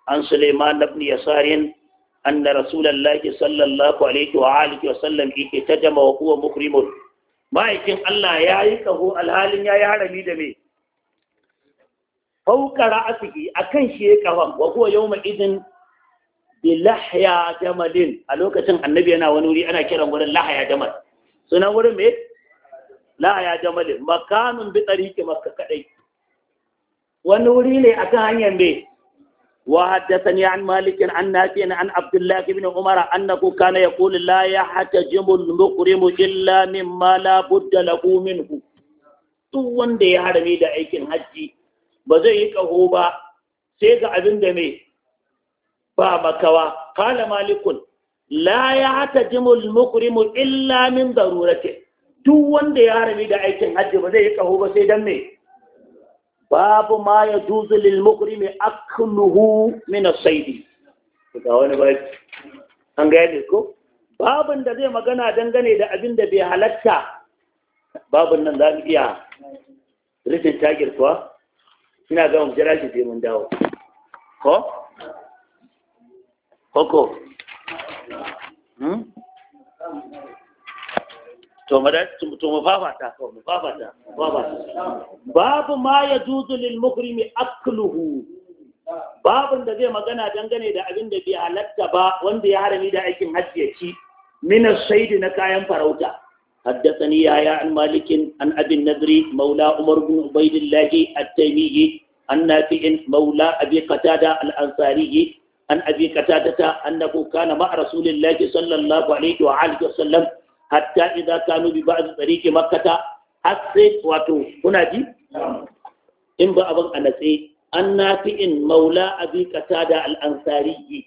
an suleiman ibn yasarin anna rasulullahi sallallahu alaihi wa alihi wa sallam yake tajama wa huwa mukrimun ma'aikin Allah yayi kaho alhalin yayi harami da me fauka ra'asihi akan shi ya kafan wa huwa yawma idin bi lahya jamalin a lokacin annabi yana wani wuri ana kiran wurin lahya jamal sunan wurin me lahya jamalin makanun bi tariqi makka kadai wani wuri ne akan hanyar me وحدثني عن مالك an نافع عن عبد الله بن عمر انه كان يقول لا يحتجم المقرم الا مما لا بد له منه duk wanda ya harami da aikin hajji ba zai yi ƙaho ba sai ga abin da mai ba makawa kala malikun la ya ta jimul mukurimu illa min darurati duk wanda ya rami da aikin hajji ba zai yi ƙaho ba sai dan mai babu ma ya juzu lil mukurimi akunuhu min saidi wani ba an ga yadda ko babin da zai magana dangane da abin da bai halatta babin nan za mu iya rikin tagirkuwa ina ga mu jira shi sai mun dawo ko koko hmm to madar to mu ko mu fafata babu ma yajuzu lil muhrimi akluhu babun da zai magana dangane da abin da bai halatta ba wanda ya harami da aikin hajji ya ci min saidi na kayan farauta حدثني يحيى عن مالك عن ابي النضر مولى عمر بن عبيد الله التيمي an na fi'in maula abi qatada al ansari an abi qatada ta annahu kana ma rasulillahi sallallahu alaihi wa alihi wasallam hatta idha kanu bi ba'd tariqi makkah hasse wato kuna ji in ba abin anatse an na fi'in maula abi qatada al ansari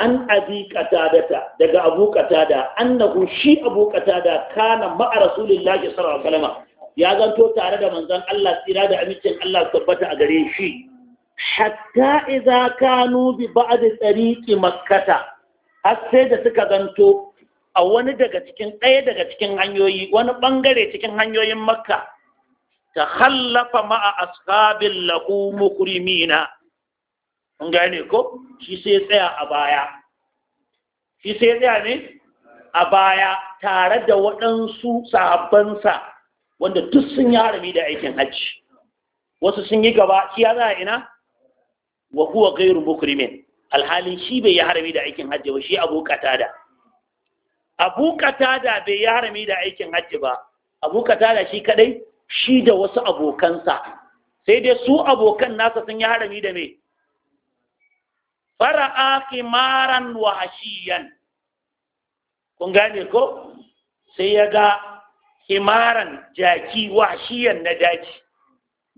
an abi qatada ta daga abu an annahu shi abu qatada kana ma rasulillahi sallallahu alaihi wa ya zanto tare da manzon Allah tsira da amincin Allah tabbata a gare shi hatta idza kanu bi ba'd tariqi makkata har sai da suka zanto a wani daga cikin ɗaya daga cikin hanyoyi wani bangare cikin hanyoyin makka ta khallafa ma'a ashabil lahu mukrimina an gane ko shi sai tsaya a baya shi sai tsaya ne a baya tare da waɗansu sahabbansa wanda duk sun yi harami da aikin hajji wasu sun yi gaba shi ya za ina wa kuwa gairu mukrimin alhalin shi bai yi harami da aikin hajji ba shi abu katada abu katada bai yi harami da aikin hajji ba abu katada shi kadai shi da wasu abokansa sai dai su abokan nasa sun yi harami da me fara'a kimaran wa hashiyan kun gane ko sai ya ga kimaran jaki washiyan na daji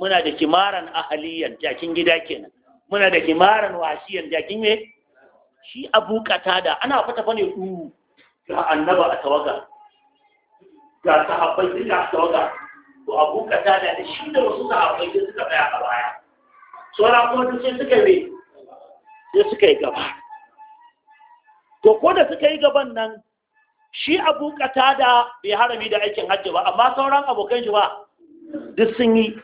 muna da kimaran ahaliyan jakin gida kenan muna da kimaran washiyan jakin me shi abu da ana fata fa ne u ga annaba a tawaga ga sahabbai din a tawaga to abu katada da shi da wasu sahabbai din suka tsaya a baya sauran kuma duk sai suka yi sai suka yi gaba to ko da suka yi gaban nan shi abu da bai harami da aikin hajji ba amma sauran abokan shi ba duk sun yi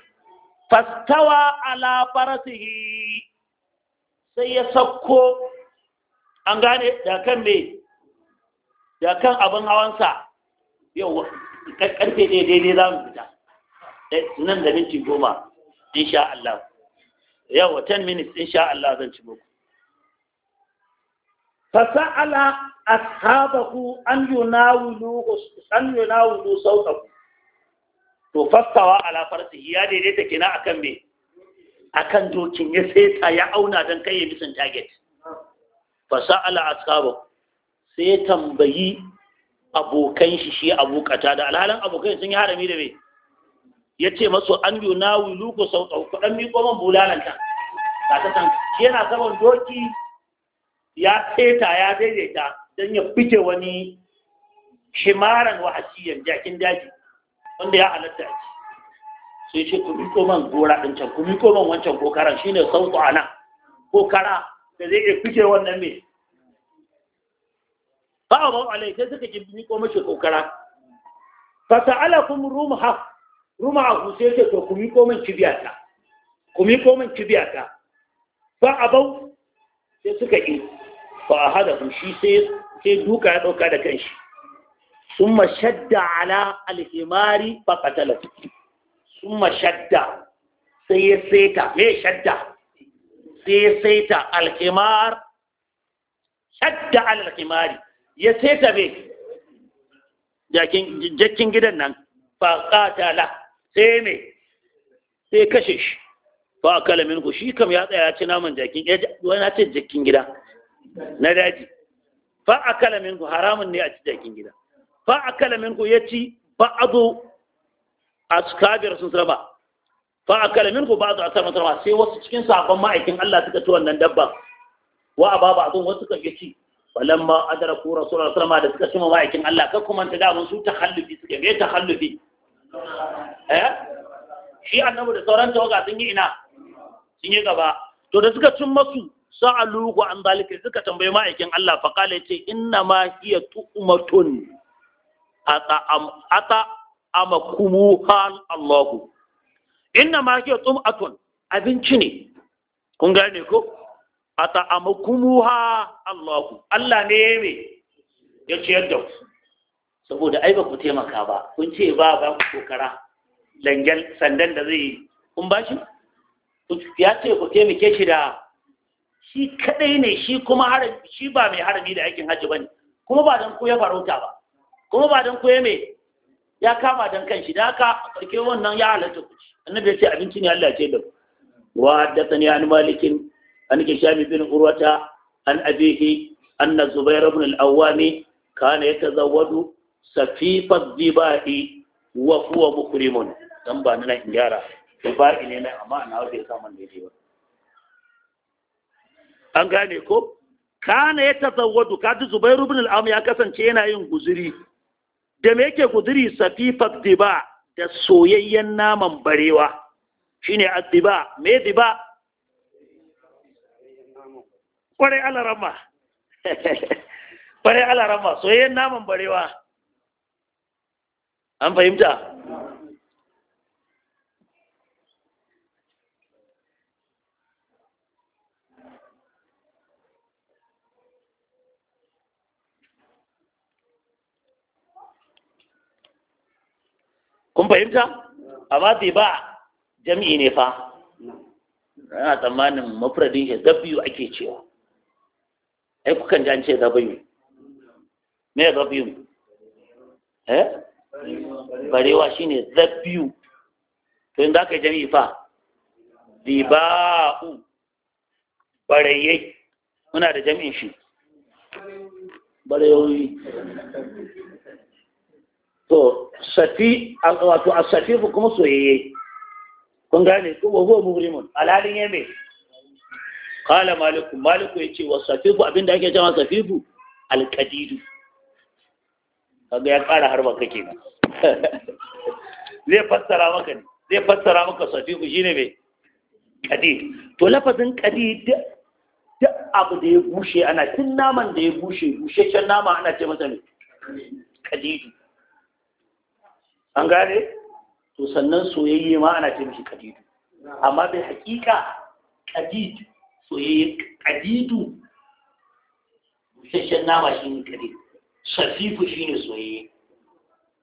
fastawa ala farasihi sai ya sako an gane da kan me da kan abin hawansa yau karfe ne daidai za mu fita eh, nan da minti goma insha Allah yau 10 minutes insha Allah zan ci muku fasa'ala ashabahu an yunawilu an yunawilu sautahu to fastawa ala farsihi ya daidaita kina akan me akan dokin ya saita ya auna dan kai ya bisan target fa sa'ala ashabahu sai ya tambayi abokan shi shi abokata da alhalin abokan sun yi harami da me ya ce masu an yunawilu ku sautahu ku dan miƙo man bulalanta ka ta san yana saman doki ya saita ya daidaita don ya fice wani shimaran wahashiyan jakin daji wanda ya halatta shi sai ce ku miƙo man gora ɗin can ku miƙo man wancan ko karan shine sautu a nan ko kara da zai iya fice wannan mai ba a alai sai suka ki miƙo mashi ko kara fa sa'ala kum rumha ruma a sai ce to ku miƙo man kibiyata ku miƙo man kibiyata fa abau sai suka ki fa ahadahum shi sai duka ya ɗauka da kanshi summa shadda ala alhimari fa qatala summa shadda sai ya saita me shadda sai ya saita alhimar shadda alhimari ya saita me jakin gidan nan fa qatala sai me sai kashe shi ba a kalamin ku shi kam ya tsaya ya ci naman jakin ya ce jakin gida na daji fa akala minku haramun ne a cikin gida fa akala minku ya ci ba'adu ashabiyar sun sarba fa akala minku ba'adu ashabiyar sun sarba sai wasu cikin sakon ma'aikin Allah suka ci wannan dabban wa babu abin wasu suka ci falamma adraku rasulullah sallallahu alaihi da suka cima ma'aikin Allah ka kuma ta damun su tahallufi suka ga tahallufi eh shi annabi da sauran tawaga sun yi ina sun yi gaba to da suka cin masu sa'aluhu an zalika suka tambayi ma'aikin Allah fa ce yace inna ma hiya tu'matun ata am ata amakumu hal Allah inna ma hiya tu'matun abinci ne kun gane ko ata amakumu ha Allah Allah ne me ya ce yadda ku saboda ai ba ku taimaka ba kun ce ba ba ku kokara langal sandan da zai kun ba shi ya ce ku taimake shi da shi kadai ne shi kuma harami shi ba mai harami da aikin hajji bane kuma ba dan koya farauta ba kuma ba dan koya mai ya kama dan kanshi da haka farke wannan ya halatta ku annabi ya ce abinci ne Allah ce da wa haddathani an malikin an kishami bin urwata an abihi anna zubair ibn al-awwami kana yatazawwadu safifa dhibahi wa huwa mukrimun dan ba na in gyara dhibahi ne na amma na hawo bai daidai ba an gane ko kana ya tazawwadu kaji Zubairu bin al ya kasance yana yin guzuri da me yake guzuri safifat diba da soyayyen naman barewa shine addiba me diba kwarai alarama kwarai alarama soyayyen naman barewa an fahimta kun fahimta amma bai ba jami'i ne fa ana tsammanin mafradin shi zabiyu ake cewa ai kukan ji an ce zabiyu me zabiyu eh barewa shine zabiyu to in kai jami'i fa dibau bareye muna da jami'in shi bareyoyi to safi wato asafifu kuma soyayye kun gane ko wa huwa muhrimun alhalin yame kala maliku maliku ce wa safifu abinda ake cewa safifu alkadidu kaga ya kara harba kake na zai fassara maka ne zai fassara maka safifu shine me qadid to lafazin kadid duk abu da ya bushe ana tun naman da ya bushe bushe can nama ana ce masa ne kadidu an gane to sannan soyayye ma ana ce mishi kadidu amma bai hakika kadid soyayye kadidu isasshen nama shi ne kadidu shafifu shi ne soyayye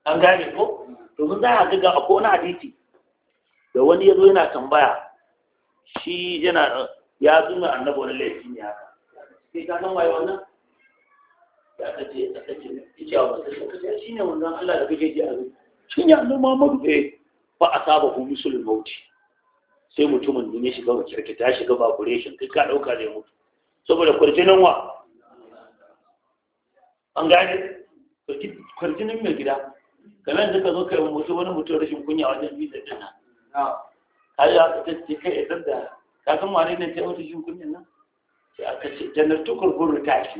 an gane ko domin za a ga akwai wani hadisi da wani ya zo yana tambaya shi yana ya zuna annabi wani laifi ne haka sai ka san waye wannan da aka ce aka ce ita wa shi ne wannan Allah da kake ji a zuciya shin ya annabi Muhammadu eh, ba ba saba hu musulun mauti sai mutumin da ya shiga wa kirki ta shiga vibration kai ka dauka ne mutu saboda kwarjinan wa an gane kwarjinan mai gida kamar da ka zo kai mutu wani mutu rashin kunya wajen bi da dana kai ya ta ce kai idan da ka san wane ne sai mutu shin kunyan nan sai aka ce janar tukur gurru ta shi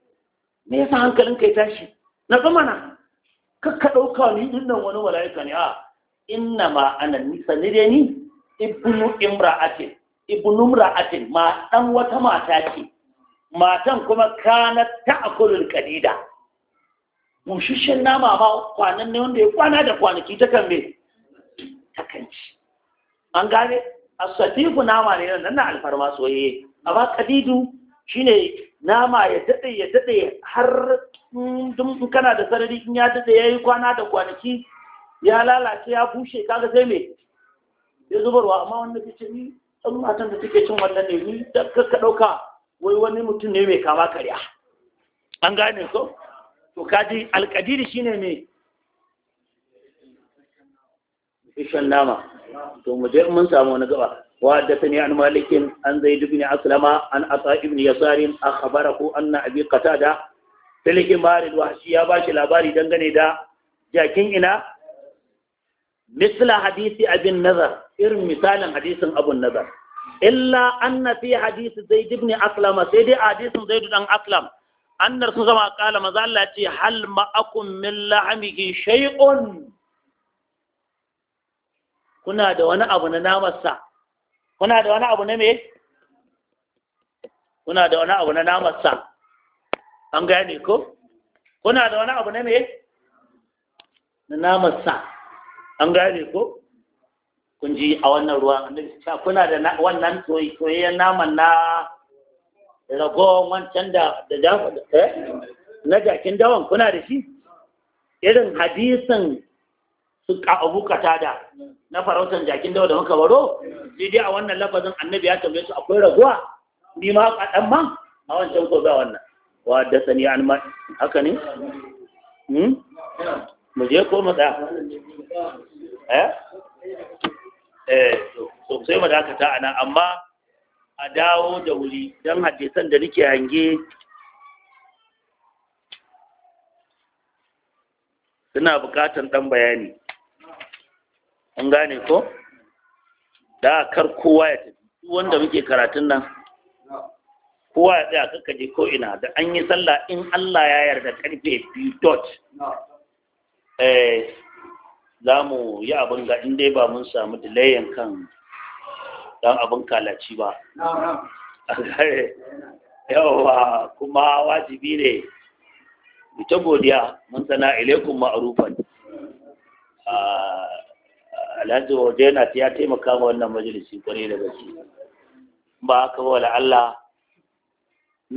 me yasa hankalin kai tashi na zamana kakka ɗauka ni dinnan wani mala'ika ne a inna ma ana nisa ni dai ni ibnu imra'atin ibnu imra'atin ma dan wata mata ce matan kuma kana ta'kulul qadida mushishin nama ba kwanan ne wanda ya kwana da kwanaki ta kan me ta kan ci an gane asatifu nama ne nan na alfarma soyayye amma qadidu shine nama ya daɗe ya daɗe har in kana da sarari in ya daɗe ya yi kwana da kwanaki ya lalace ya bushe kaga sai me ya zubarwa amma wanda ke ce ni ɗan matan da take cin wannan ne ni da ka ɗauka wai wani mutum ne mai kama karya an gane ko to kaji alƙadiri shine ne fishan nama to mu je mun samu wani gaba وحدثني عن مالك عن زيد بن أسلم عن عطاء بن يسار أخبره أن أبي قتادة في الحمار الوحشي باش الأباري دنغني دا جاكين إنا مثل حديث أبي النذر إر مثالا حديث أبو النذر إلا أن في حديث زيد بن أسلم سيدي حديث زيد بن أسلم أن رسول الله قال ما زال هل معكم من لحمه شيء كنا دون أبو نامسا kuna da wani abu na me kuna da wani abu na namarsa an gane ko kuna da wani abu na me na namarsa an gane ko kun ji a wannan ruwa ah, kuna da wannan soyayyen naman na ragon wancan da eh, na jakin dawan kuna da shi irin hadisin su abu da na farautan jakin dawa da muka baro sai dai a wannan lafazin annabi ya tambaye su akwai raguwa ni ma a dan man a wancan ko ba wannan wa da sani an ma haka ne hm mu je ko mu tsaya eh eh to sai mu dakata anan amma a dawo da wuri don hadisan da nake hange suna buƙatar ɗan bayani an gane ko da kar kowa ya tafi wanda muke karatun nan kowa ya tsaya kakka je ko ina da an yi sallah in Allah ya yarda karfe biyu dot eh za mu yi abin ga in dai ba mun samu dalayen kan dan abin kalaci ba yawa kuma wajibi ne Mu ta godiya mun sana ilaikum ma'rufan ah, alhaji waje yana ta ya taimaka ma wannan majalisi kwarai da gaske ba haka wala Allah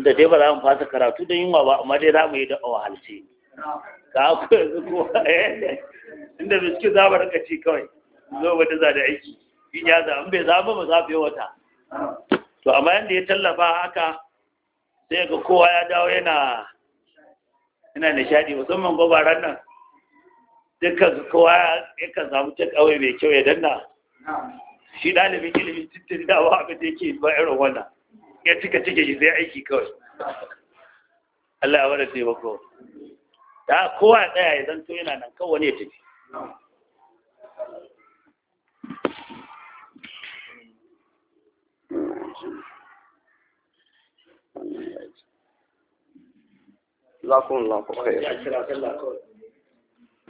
da dai ba za mu fasa karatu don yunwa ba amma dai za mu yi da wahalce ka ku yanzu ko eh, inda biski za mu rika ci kawai zo ba ta za da aiki in ya za in bai za ba ba za fiye wata to amma yadda ya tallafa haka sai ga kowa ya dawo yana yana nishadi musamman gwabaran nan Dukkan kowa ya kan samu ta kawai mai kyau ya danna shi ɗalibin ilimin cikin da wa abin da yake ba irin wannan ya cika cike shi zai aiki kawai Allah ya wada taimako da kowa ya tsaya ya zanto yana nan kawai ne ya tafi Zakon lakon